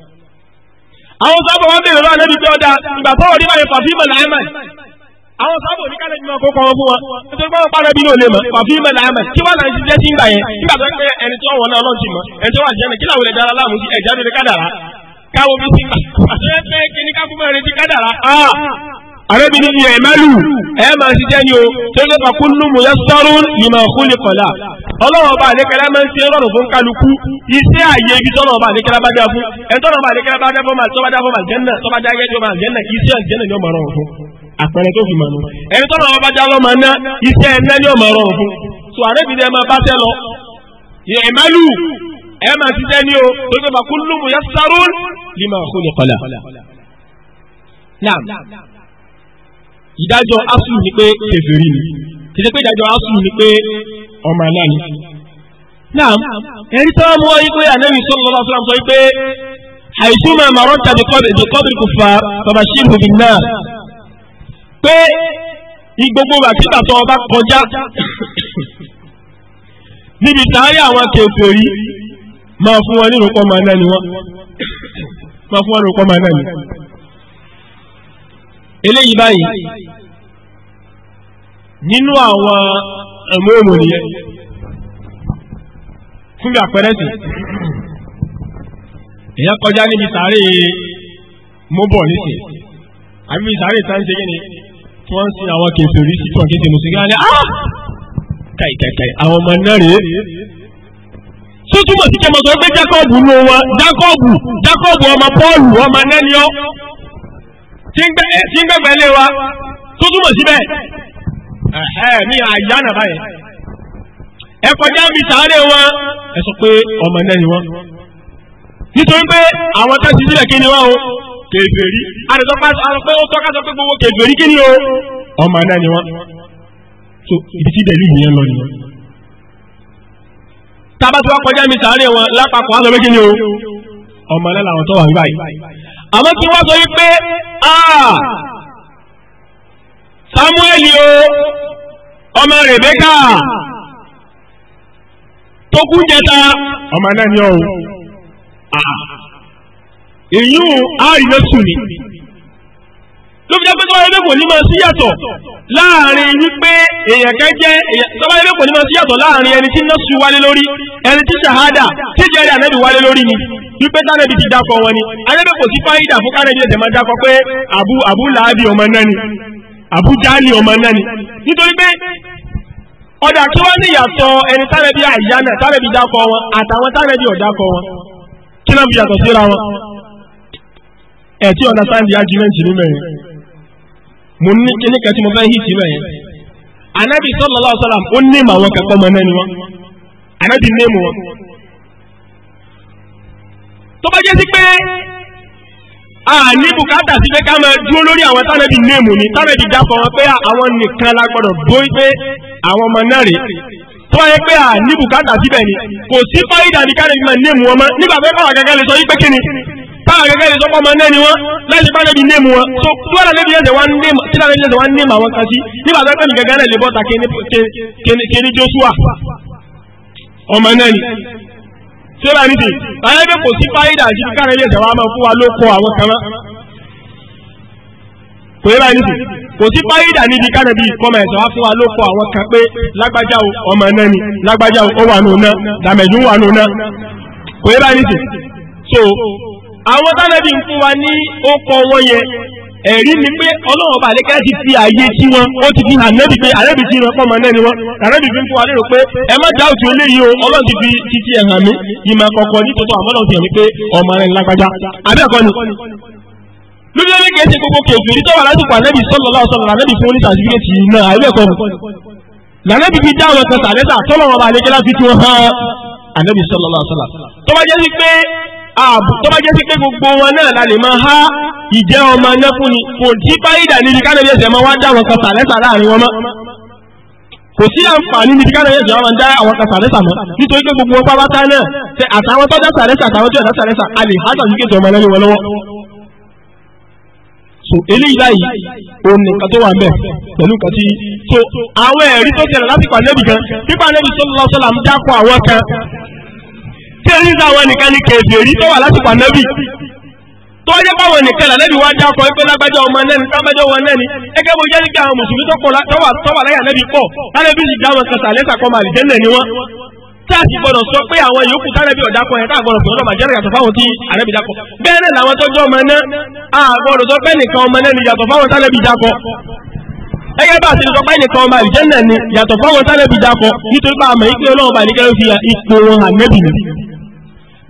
Speaker 2: àwọn sábà wọn bèèrè lọ́wọ́ lẹ́bi tí ọ̀dà ìgbà tọ́wọ́ ní báyìí fàfíìmọ̀ làámẹ̀
Speaker 3: àwọn sábà òní kálẹ̀ jùmọ̀ kókó wọn fún wọn nítorí pé wọn pàrọ̀ bí ní òlé mọ̀ fàfíìmọ̀ làámẹ̀ kí wọn náà ti jẹ́ sí ìgbà yẹn nígbà tó ń pẹ́ ẹni tó wọn náà lọ́ọ̀tì mọ̀ ẹni tó wà jẹ́ kí làwọn ẹ̀dá aláàmú sí ẹ̀já lórí kádàrá káwọn bí sí àti ẹ arábìnrin ni ẹ̀mẹ́lù ẹ máa ṣiṣẹ́ ni o tó lè fàkúnnú mú yẹ sọ́rún ìmọ̀ òkúlẹ̀ kọ̀lá ọlọ́wọ́ bá àdékẹ́lá máa ń ṣe rọrùn fún kálukú iṣẹ́ àyè ibi tọ́nà bá àdékẹ́lá bá dá fún ẹ̀tọ́nà bá àdékẹ́lá bá dá fún màá tọ́ba dá fún màá jẹ́nà tọ́ba dá gẹ́gẹ́ fún jẹ́nà iṣẹ́ àjẹ́nà ni ó máa rọrùn fún àpẹẹrẹ tó fi mọ̀ nù ẹni tọ́nà bá dá lọ́mọ ná iṣẹ́ ẹ máa bá ìdájọ́ asùn ni pé kèfèrí ni kì í ṣe pé ìdájọ́ asùn ni pé ọmọ náà ni. náà ẹni tí wọ́n mú ọ yìí pé ànábì sallallahu alaihi wasallam sọ pé àìsùnmọ̀ màrọ́ tàbí kọ́bìrì kò fà bàbá sí ìhùbì náà pé gbogbo bàtíkà tó ọba kọjá níbi tààrí àwọn kèfèrí máa fún wọn nínú kọ́ máa náà ni wọ́n máa fún wọn nínú kọ́ máa náà ni wọ́n eléyìí báyìí nínú àwọn ẹ̀mọ́ èmò nìyẹn fún bí àpẹẹrẹ sí èyàn kọjá níbi sàárè mọ́bọ̀ nísìn àbí bí sàárè tá ń ṣe kíni tí wọ́n ń sin àwọn kèfèrí sí tọ̀ kéde mùsùlùmí alẹ́ ah kàìkàìkàì àwọn ọmọ náà rèé tó túmọ̀ sí kẹmọ̀ sọ pé Jákọ́ọ̀bù nù wọn Jákọ́ọ̀bù Jákọ́ọ̀bù ọmọ Pọ́ọ̀lù ọmọ náà ni ọ́ tí ń gbẹ̀gbẹ̀ lé wa tó túmọ̀ síbẹ̀ mi àyà nà báyìí ẹ kọjá mi sáré wọn ẹ sọ pé ọmọ náà ni wọn nítorí pé àwọn tó ti sílẹ̀ kí ni wọn o kèfèrí àdìsọ́pá sọ pé ó tọ́ka sọ pé gbogbo kèfèrí kí ni o ọmọ náà ni wọn so ibi tí dẹ̀lú yìnyẹn lọ nìyẹn tábà wa, wọn kọjá mi sáré wọn lápapọ̀ àwọn ọmọ méjì ni o ọmọ náà làwọn tó wà ń àmọ́ kí wọ́n sọ wípé ah, Samuel o ọmọ Rebeka tó kú jẹta
Speaker 2: ọmọ náà ni ọ̀hún.
Speaker 3: Ah, ìyún àìyésù ni ló fi jẹ́ pé tọ́wọ́ ẹgbẹ́ kò ní máa sí yàtọ̀ láàrin wípé èèyàn kan jẹ́ tọ́wọ́ ẹgbẹ́ kò ní máa sí yàtọ̀ láàrin ẹni tí nọ́ọ̀sù wálé lórí ẹni tí ṣàhádà tí jẹ́rìí ànábì wálé lórí ni wípé tánàbì ti dákọ̀ wọn ni ànábì kò sí fáyídà fún kánàbì ẹ̀jẹ̀ máa dákọ̀ pé àbú àbú làábì ọmọ náà ni àbú jáàlì ọmọ náà ni nítorí pé ọ̀dà kí wọ́n ní ìyàtọ̀ ẹni tánàbì àyánà tánàbì dákọ̀ wọn àtàwọn tánàbì ọ̀dákọ̀ understand the argument ní mo ní kíní kan tí mo fẹ́ hìtì náà yẹn anabi sallallahu alaihi wasallam ó ní mà wọn kakọ́ ọmọ náà ni wọn anabi ní mu wọn. tó bá jẹ́ sí pé a ní bùkátà sí pé ká máa dúró lórí àwọn tánàbí néèmù ni tánàbí dákọ̀ wọn pé àwọn nìkan la gbọ́dọ̀ bóyí pé àwọn ọmọ náà rèé tó wáyé pé a ní bùkátà síbẹ̀ ni kò sí fáyidà ní kánàbí máa néèmù wọn mọ́ nígbà pé káwọn gẹ́gẹ́ lè sọ yí pé kíni táwọn gẹ́gẹ́ lè sọ́kọ́ nẹ́ni wọn láti bá lẹ́bi néèmù wọn tó wọ́n lè lẹ́bi ẹ̀sẹ̀ wọn néèmù wọn kan sí nígbà tó pẹ̀lú gẹ́gẹ́ lè bọ́ta kéni Joshua ọmọ nẹ́ni sẹ́lá níbi báyẹ̀ pé kò sí fáyidà àti káàrẹ̀ ilé ẹ̀sẹ̀ wọn máa fún wa ló kọ àwọn kan kò yẹ báyìí níbi kò sí fáyidà níbi káàrẹ̀ bíi kọ́mọ ẹ̀sẹ̀ wa fún wa ló kọ àwọn kan pé lágbájá so àwọn tánàbí ń fún wa ní okọ̀ wọn yẹn ẹ̀rí ni pé ọlọ́run ọba àlékẹ́ ti fi ààyè tí wọn ó ti fi hàn nẹ́bi pé àrẹ́bì tí wọn pọ́nmọ́ náà wọn àrẹ́bì fi ń fún wa lérò pé ẹ má dá òtún eléyìí o ọlọ́run ti fi títí ẹ̀ hàn ìmọ̀ kọ̀ọ̀kan nítòótọ́ àmọ́ náà fi hàn mí pé ọmọ rẹ̀ lágbájá abẹ́ẹ̀kọ́ ni lórí ẹni kìí gbogbo kèfì rí tọ́wà lásìkò ànẹ́bì sọ́lọ́ lọ́wọ́ sọ́lọ́ ààbò tó bá jẹ́ sí pé gbogbo wọn náà la lè máa há ìjẹ́ ọmọ náà fún ni kò sí fáyidà níbi kánàbí ẹ̀sẹ̀ máa wá dá àwọn kan sàlẹ́sà láàrin wọn mọ́ kò sí àǹfààní níbi kánàbí ẹ̀sẹ̀ máa dá àwọn kan sàlẹ́sà mọ́ nítorí pé gbogbo wọn náà tẹ àtàwọn tó dá àtàwọn tó dá sàlẹ́sà a lè há sàdúkẹ́tì ọmọ lẹ́yìn wọn lọ́wọ́ so eléyìí báyìí òun tí ẹni sáwọn nìkan ní kèèdè rí tó wà lásìkò ànábì tó wáyé báwọn nìkan lànàbì wá já ọkọ̀ ẹgbẹ́ lágbájá ọmọ nẹ́ni tábẹ́jọ́ wọn nẹ́ni ẹgẹ́ bó jẹ́ ní kí àwọn mùsùlùmí tó pọ̀ tọ́wà láyà nẹ́bi pọ̀ lálẹ́bí sì dáwọn kan sàlẹ́sà kọ́ màlì jẹ́ nẹ́ni wọn tí a sì gbọdọ̀ sọ pé àwọn yòókù tárẹ́bí ọ̀dàkọ̀ ẹ̀ tá a gbọdọ̀ fi ọlọ́mà jẹ́rẹ̀ yàtọ̀ fáwọn tí àrẹ́bí dákọ̀ bẹ́ẹ̀ ni yàtọ̀ fáwọn tárẹ́bí dákọ̀ gẹ́gẹ́ bá a ti sọ pé nìkan ọmọ àlìjẹ́nà ni yàtọ̀ fáwọn tárẹ́bí dákọ̀ nítorí pé àmọ̀ ìpín ọlọ́mọba nìkan fi ipò wọn àmẹ́bì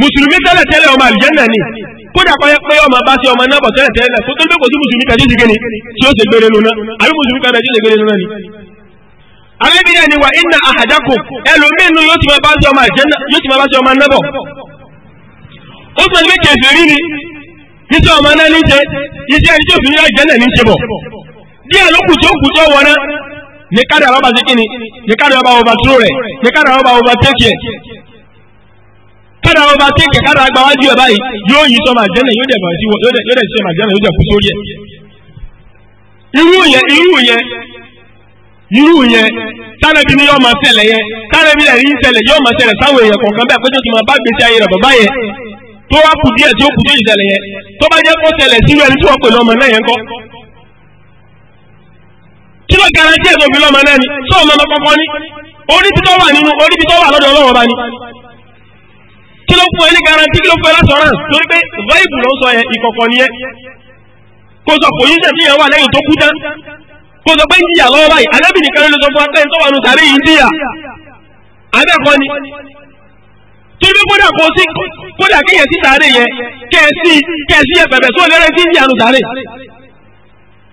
Speaker 3: mùsùlùmí tẹ́lẹ̀ tẹ́lẹ̀ ọmọ àlùjẹ́nà ni kódà kọ́ yẹ pé ọmọ bá sí ọmọ náà bọ̀ tẹ́lẹ̀ tẹ́lẹ̀ kó tó lé kò sí mùsùlùmí kan jíjì gẹ́ni tí ó ṣe gbére lónà àbí mùsùlùmí kan jíjì gbére lónà ni. arábìnrin ni wà iná àhàjákò ẹlòmíín nu yóò ti máa bá sí ọmọ àlùjẹ́nà yóò ti máa bá sí ó sọ pé kẹfì rí ni iṣẹ́ ọmọ náà ní ṣe iṣẹ́ ẹni tó fi ní àlùjẹ́nà ní ṣe bọ̀ díẹ̀ ló kù tó kù tó wọ náà ní kádà ọba sí kíni ní kádà ọba ọba tó rẹ̀ ní kádà ọba ọba tẹ́kì ẹ̀ kára ọba tẹ́kẹ̀ kára agba wájú ẹ̀ báyìí yóò yí sọmọ àjẹ́nà yóò dẹ̀ bọ̀ sí yóò dẹ̀ sẹ́mọ àjẹ́nà yóò dẹ̀ kú sórí ẹ̀. irú yẹn irú yẹn irú yẹn tánàbí ni yóò máa ṣẹlẹ̀ yẹn tánàbí rẹ̀ yín ṣẹlẹ̀ yóò máa ṣẹlẹ̀ sáwọn èèyàn kọ̀ọ̀kan bẹ́ẹ̀ pẹ́jọ́ ti máa bá gbèsè ayé rẹ̀ bàbá yẹn tó wá kù díẹ̀ tí ó kù tó ìṣẹ̀lẹ̀ yẹn kí ló fún ẹ ní garanti kí ló fún ẹ lásọ̀rọ̀ torí pé báyìbù ló ń sọ yẹn ìkọ̀kọ̀ nìyẹn kó sọ kò yín sẹ́ni yẹn wà lẹ́yìn tó kú tán kó sọ pé ń jìyà lọ́wọ́ báyìí alábì nìkan ló sọ fún akẹ́yìn tó wà nù sàárè yìí ń jìyà abẹ́kọ́ ni torí pé kódà kó sí kódà kéèyàn sí sàárè yẹn kẹ́ẹ̀sì kẹ́ẹ̀sì yẹn pẹ̀pẹ̀ sóò lẹ́rẹ́ sí ń jìyà nù sàárè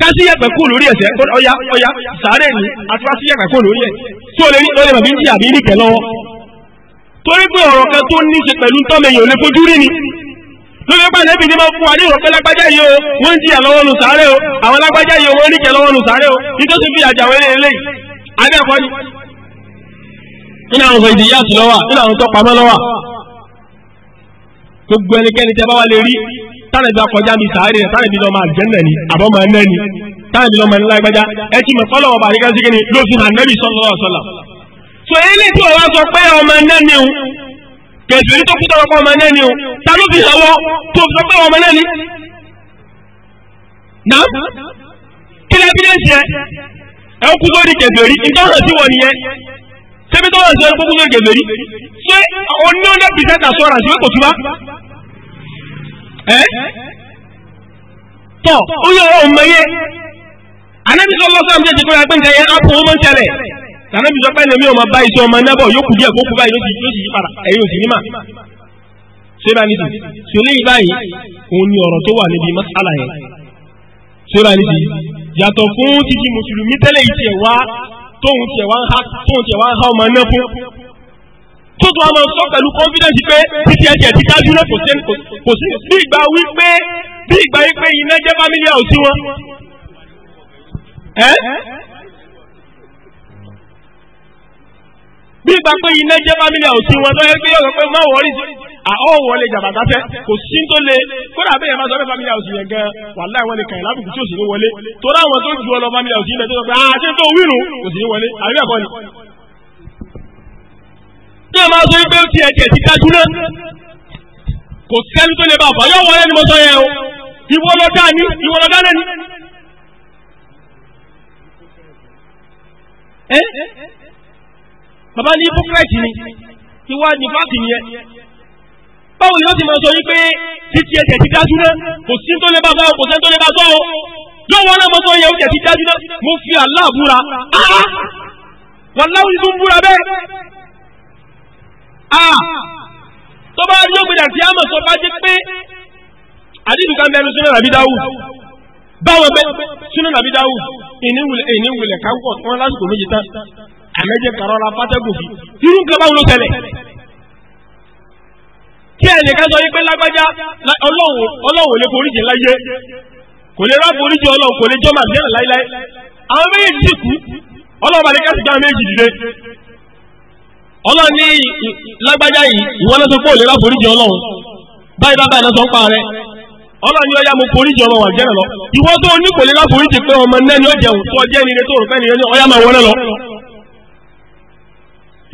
Speaker 3: kásí yẹ̀pẹ̀ kú lórí ẹ̀sẹ̀ ọya ọya sàárè ni àti wá sí yẹ̀pẹ̀ kú lórí ẹ̀ sóò lè rí lórí màbí ń jìyà bí torí pé ọ̀rọ̀ kan tó ní ṣe pẹ̀lú tọ́mẹ̀yìn ò lè fojú rí ni lórí pé àlẹ́bí ní máa fún wa ní ìrọ̀pẹ́ lágbájá yìí o wọ́n ń jìyà lọ́wọ́ nù sáré o àwọn lágbájá yìí o wọ́n ń ríkẹ̀ lọ́wọ́ nù sáré o nítorí fi àjàwé lè lè abẹ́ ẹ̀kọ́ ni. nínú àwọn ìdí yàtú lọ́wà nínú àwọn tó pamọ́ lọ́wà gbogbo ẹnikẹ́ni tẹ́ bá wà lè rí tánàbí akọjá mi sáré rẹ̀ tánàbí lọ́mọ àjẹ́nà ni àbọ̀ máa ń nẹ́ni tánàbí lọ́mọ so ilé tí wọ́n wá sọ pé ọmọ náà ni o kẹ̀sì ní tó kú sọ́kọ́ ọmọ náà ni o ta ló fi hàn wọ́n tó sọ pé ọmọ náà ni. nà kí lẹ́ bí lẹ́sì ẹ ẹ kú sórí kẹ̀sì rí nǹkan hàn sí wọn nìyẹn sẹ́mi tó hàn sí ẹ kó kú sórí kẹ̀sì rí ṣé oní ọ̀nà pìtẹ́tà sọ̀rọ̀ àti wípé kò túbá ẹ́ tọ́ ó ọmọ yẹ anábìsọ̀ lọ́sàn-án tẹ̀sí pé agbẹ́ǹkà yẹn á pọ̀ ó mọ̀ tàbí ibi sọpẹ́ lèmi ọmọ bá iṣẹ́ ọmọ nábọ̀ yóò kù díẹ̀ kó kú báyìí yóò sì yí padà ẹ̀yin òsì nímà ṣé bá nìsí
Speaker 2: ṣé léyìí báyìí
Speaker 3: òun ni ọ̀rọ̀ tó wà níbi masala yẹn ṣé bá nìsí yàtọ̀ fún títí mùsùlùmí tẹ́lẹ̀ yìí tiẹ̀ wá tóun tiẹ̀ wá ń ha tóun tiẹ̀ wá ń ha ọmọ náà fún tó tún ọmọ sọ pẹ̀lú confidence pé títí ẹ̀jẹ̀ ti dájú náà kò sí bí ìgbà wípé bí ìgbà wípé iná jẹ́ family house wọn. bí ìgbà pé iná jẹ́ family house wọn tó yẹ pé yóò pé má wọrí àọ́ wọlé jàbàtà tẹ kò sí tó le kódà bẹ́ẹ̀ máa sọ pé family house yẹn gan wàláì wọlé kàn lábùkù tí ò sì ní wọlé torí àwọn tó ju ọlọ family house yìí bẹ tó sọ pé àti ah, tó wíru kò sì ní wọlé àbí ẹ̀kọ́ ni. tí a máa sọ pé ó ti ẹ̀jẹ̀ ti dájú náà kò sẹ́ni tó lè bá àbáyọ wọlé ni mo sọ yẹn o ìwọ bàbá ní hypocrite ni ìwà ní fáàkì nìyẹn báwo ni wọ́n ti máa sọ yí pé títí ẹsẹ̀ ti dájú náà kò sí tó lè bá sọ kò sẹ́ni tó lè bá sọ o lọ́wọ́ náà mo sọ yẹ oúnjẹ ti dájú náà mo fi Allah búra áá wà láwùjọ tó ń búra bẹ́ẹ̀ áá ah! tó bá rí ògbèdà tí a mọ̀ sọ bá jẹ́ pé àdínú ká mẹ́rin sínú nàbí dáwù báwo bẹ́ sínú nàbí dáwù ìníwulẹ̀ ìníwulẹ̀ káwọ́ wọn lásìkò méjì tán àmẹ́jẹ kàrọ́ra fátẹ́gùn fi irú nǹkan báwo ló tẹ̀lẹ̀ kí ẹnìkan sọ yìí pé lágbájá ọlọ́wọ̀ lè forí jẹ láyé kò lè ọlọ́wọ̀ kò lè àwọn méjì sì kú ọlọ́wọ̀ bàlẹ́ kẹ́sì gbá méjì dìde lágbájá yìí pé ò lè ọlọ́wọ̀ báyìí bá báyìí ń pa rẹ mo forí jẹ ọlọ́wọ̀ lọ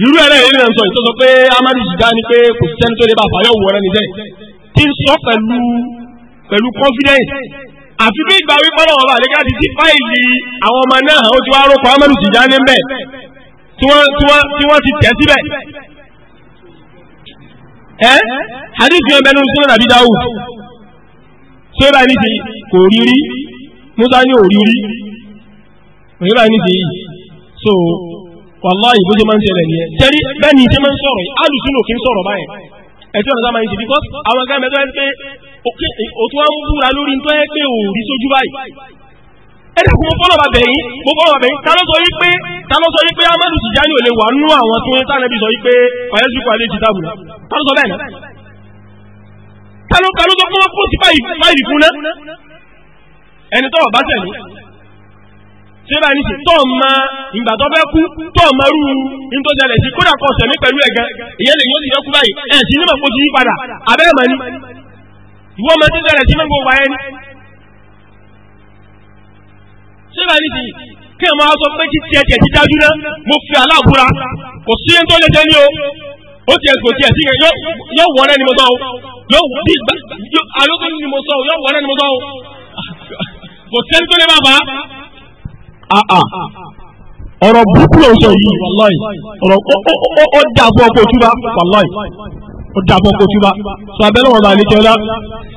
Speaker 3: irú ẹ̀rẹ́ yìí náà sọ yìí tó sọ pé amadu jìdá ni pé kò sẹ́ni tó lè bá fàyọ̀ wọ̀ rẹ níjẹ́ tí ń sọ pẹ̀lú pẹ̀lú confidence àfi bí ìgbà wípé ọlọ́wọ́ bá lè káàdì sí fáìlì àwọn ọmọ náà ó ti wá rọ́pò amadu jìdá ní bẹ́ẹ̀ tí wọ́n ti tẹ̀ síbẹ̀ ẹ́ àdìsí ọmọ ẹnu sínú nàbí dáwù tí ó bá ní ti kò rí rí musa ní òrí rí òní bá ní ti yìí so wàláhì bó ṣe máa ń ṣẹlẹ̀ nìyẹn jẹ́rí bẹ́ẹ̀ ni ṣe máa ń sọ̀rọ̀ yìí alùsùnù kì í sọ̀rọ̀ báyẹn ẹ̀sìn ọ̀nà sábà ń ṣe because àwọn ẹgbẹ́ mẹ́tọ́ ẹ pé òtún wọn búra lórí tó ẹ pé ò rí sójú báyìí ẹ dẹ̀ kún fọlọ́ bàbẹ̀ yín mo fọlọ́ bàbẹ̀ yín ta ló sọ yí pé ta ló sọ yí pé amadu tijani ò lè wà nú àwọn tó ń sànẹ́bí sọ yí pé ọ̀yẹ́sù kọ́ alẹ́ ti dábù náà ta ṣé bá ní sí tọ́ ma ìgbà tó fẹ́ kú tọ́ ma rú ní tó ṣẹlẹ̀ sí kódà kọ́ sẹ̀mí pẹ̀lú ẹ̀gán ìyẹn lè yóò ti yọkú báyìí ẹ̀ sí nímọ̀ kó ti yí padà abẹ́rẹ́ mọ̀ ní ìwọ ma ti ṣẹlẹ̀ sí ní gbogbo ayé ni. ṣé bá ní sí kí ẹ̀ máa sọ pé kí tiẹ̀ tiẹ̀ ti dájú ná mo fi aláàbúra kò sí ẹni tó lè tẹ́ ní o ó tiẹ̀ kò tiẹ̀ sí yóò wọlé ni mo sọ o yóò bí àyókù ni mo o yóò wọlé ni mo sọ o kò sẹ́ni tó
Speaker 2: àà ah, ah. ọ̀rọ̀ burúkú ló ń sọ yìí wàláì ọ̀rọ̀
Speaker 3: ó dàbọ̀ ọkọ̀ òtúbá wàláì ó dàbọ̀ ọkọ̀ òtúbá sọ abẹ́rẹ́ wọn bá lè jọlá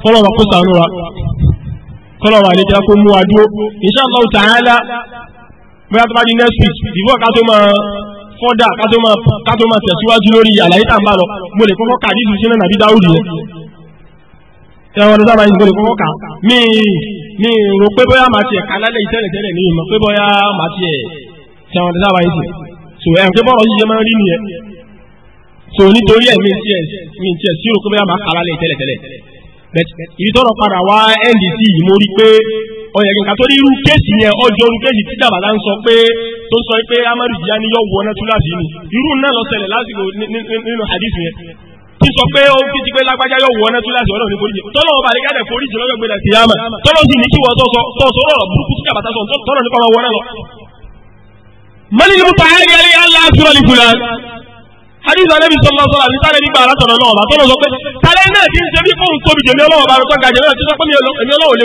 Speaker 2: kọ́lọ̀ wà kó sànú wa
Speaker 3: kọ́lọ̀ wà lè jọlá kó mú wa dúró insha Allah ta'ala bóyá tó bá di next week before ká tó máa fọ́dà ká tó máa tẹ̀síwájú lórí àlàyé tá à ń bá lọ mo lè kọ́kọ́ kà ẹ̀rọ ọdún sábà ìgbòrò kọ́kọ́ kan mi mi rò pé bóyá màá tiẹ̀ kan lálẹ́ ìtẹ́lẹ̀ tẹ́lẹ̀ mi mọ̀ pé bóyá màá tiẹ̀ ẹ̀rọ ọdún sábà ìsìn so ẹ̀rọ pé bọ́ọ̀rọ̀ yíyẹ máa ń rí nìyẹn so nítorí ẹ̀ mi tiẹ̀ mi tiẹ̀ sí rò pé bóyá màá kan lálẹ́ ìtẹ́lẹ̀ tẹ́lẹ̀ ibi tọ́rọ̀ padà wá ndc yìí mo rí pé ọ̀yẹ̀ kìkà tó rí irú kéèsì yẹn ọjọ́ irú kéèsì tí dàbàlá ń sọ pé tó ń sọ pé amadu jiyani yọ wọ náà túláàsì ni irú náà lọ ṣẹlẹ̀ lásìkò nínú hadith yẹn kí sọ pé ó fi ti pé lágbájá yóò wọ ọ́nà tó láti ọlọ́run ní foríjì tọ́lọ́ ọba àlẹ́ gádẹ̀ foríjì lọ́jọ́ gbé láti yáàmà tọ́lọ́ sì ní kí wọ́n sọ́sọ́ sọ́sọ́ lọ́rọ̀ burúkú sí kàbàtà sọ tọ́lọ́ nípa wọn wọ́nà lọ. mọ́nìlì mú tàyà yẹlé allah sọ́rọ̀ ní fúlàn. hadith anabi sọlá sọlá ní sáré nígbà alátọ̀nà náà ọba tọ́lọ́ sọ pé tàlẹ́ náà ti ń ṣe bí fóun tóbi jẹ̀mí ọlọ́wọ́ bá rọ́tọ́ gàjẹ́ náà ti sọ pé èmi ọlọ́wọ́ lè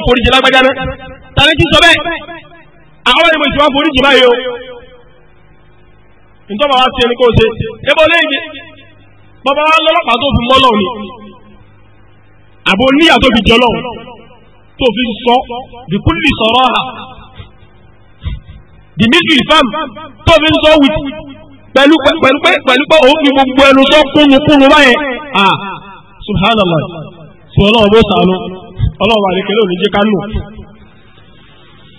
Speaker 3: foríjì lágbájá bàbá wa lọ́lọ́pàá tó fi mọ́lọ́ ni àbò níyà tó fi jọlọ́ tó fi sọ dìkúlì sọ̀rọ̀ ha dimitri fam tó fi sọ wìtì pẹ̀lú pẹ̀lú pẹ̀lú pé òun gbogbo ẹnu sọ kúnnu báyẹn à subhanallah sùn ọlọ́run bó sànú ọlọ́run bá nìkẹ́ lónìí jẹ́ kánú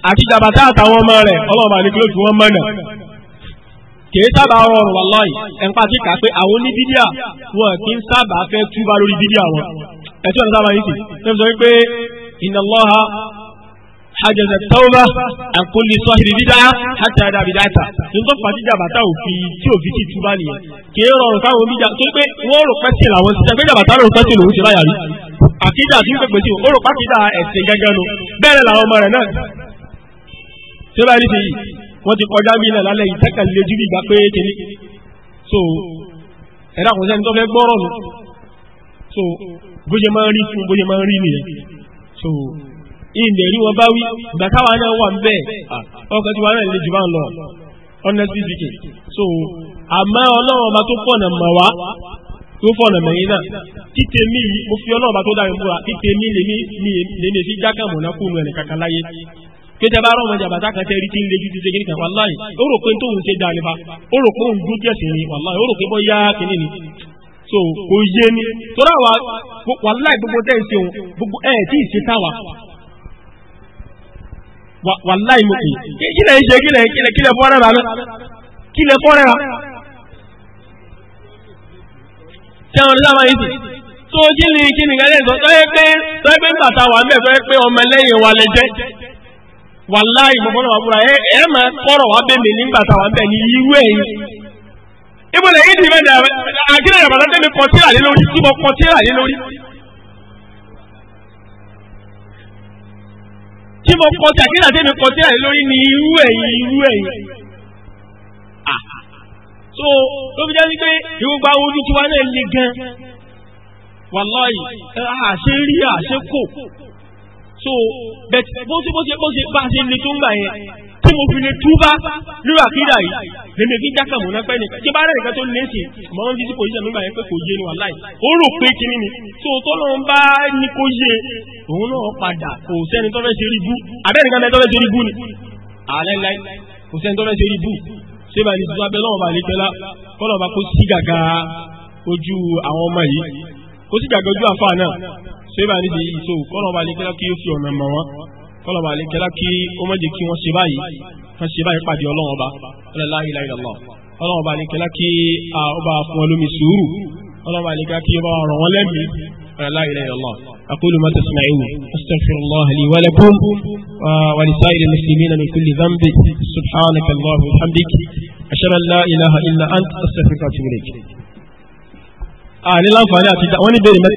Speaker 3: àti jàbátá àtàwọn ọmọ rẹ̀ ọlọ́run bá nìkẹ́ lónìí wọ́n mọ̀nà kìí sábà rọrùn wàláì ẹ̀ǹpa ti kà pé àwọn ní bídíà wọn kì í sábà fẹ́ túbà lórí bídíà wọn ẹ̀tí ọ̀nà sábà yìí sì ṣe sọ pé inna Allaha hajjaza tawba an kulli sahibi bídá hatta yada bidata ní tó fà jíjà bàtà òfin tí òfin ti túbà nìyẹn kìí rọrùn káwọn bídíà tó pé wọ́n rò pẹ́ sí làwọn sí ẹgbẹ́ jàbàtà rò pẹ́ sí lòun ṣe rí àkídà tí ń pèpè sí òun wọ́n ti kọjá bí ilẹ̀ lálẹ́ ìtẹ́kẹ̀ jú bí ìgbà pé so ẹ̀dá kò sẹ́ni tó so bó ṣe máa ń rí so ilẹ̀ rí wọn bá wí ìgbà táwa náà wà ń so àmọ́ ọlọ́run ọba tó fọ̀nà mọ̀ wá tó fọ̀nà mọ̀ yín náà títe mí mo fi ọlọ́run ọba tó dára múra títe mí lèmi lèmi fi jákàmù náà kúnnú ẹnì kankan kéde bá rọrùn ọjà bàtà kan rí tí ń lejú ti ṣe kíníkan wàláyé ó rò pé tóun ṣe dá nípa ó rò pé òun dúró sí ni ó rò pé bọ́ yá ni so kò yé ni gbogbo tẹ́ ń ṣe gbogbo ẹ̀ tí ì ṣe mo kì í kílẹ̀ ń ṣe kílẹ̀ kílẹ̀ kílẹ̀ fọ́rẹ́ rà kílẹ̀ fọ́rẹ́ wàláì mo fọ́nà wàbúra ẹ ẹ mọ̀ kọ́rọ̀ wá bẹ́ẹ̀ mi nígbà tá wà bẹ́ẹ̀ ní irú ẹ̀ yìí. ibo lè yín ti fẹ́ dàbẹ́ àkínà yàrá tẹ́lẹ̀ kọ́ tíra lé lórí tí mo kọ́ tíra lé lórí. tí mo kọ́ tí àkínà tẹ́lẹ̀ kọ́ tíra lé lórí ní irú ẹ̀ yìí irú ẹ̀ yìí. so ló fi jẹ́ pé ìwúgba ojú tiwa náà le gan wàláì àṣírí àṣekò so bẹ́ẹ̀ bó ṣe bó ṣe bó ṣe bá ṣe le tó ń gbà yẹn tí mo fi lè túbá lórí àkídà yìí lèmi kí jákà mọ̀ nápẹ́ ni tí bá rẹ̀ nìkan tó lè ṣe mọ̀ ń fisi pòṣíṣàn nígbà yẹn pé kò yé ni wà láì ó rò pé kíní ni tó tó lọ ń bá ní kó yé òun náà padà kò sẹ́ni tó fẹ́ ṣe rí bú àbẹ́nìkan tó fẹ́ ṣe rí bú ni àlẹ́ láì kò sẹ́ni tó fẹ́ ṣe rí bú ṣé bá ní tuntun abẹ́ náà bá lè pẹ́lá kọ́nà bá kó sí gàgà ojú àwọn ọmọ yìí kó sí gàgà ojú àfa náà ṣé bá níbi ìṣó kọ́nà bá lékelá kí ó fi ọ̀nà mọ̀ wọn kọ́nà bá lékelá kí ó má jẹ́ kí wọ́n ṣe báyìí wọ́n ṣe báyìí pàdé ọlọ́run ọba la ilaha illallah ọlọ́run ọba lékelá kí ọba fún wọn lómi sùúrù ọlọ́run ọba lékelá kí ọba ràn wọ́n lẹ́mí la ilaha illallah أقول ما تسمعون أستغفر الله لي ولكم ولسائر المسلمين من كل ذنب سبحانك الله وبحمدك أشهد أن لا إله إلا أنت أستغفرك وأتوب إليك. أهل الله فلا تدعوني بين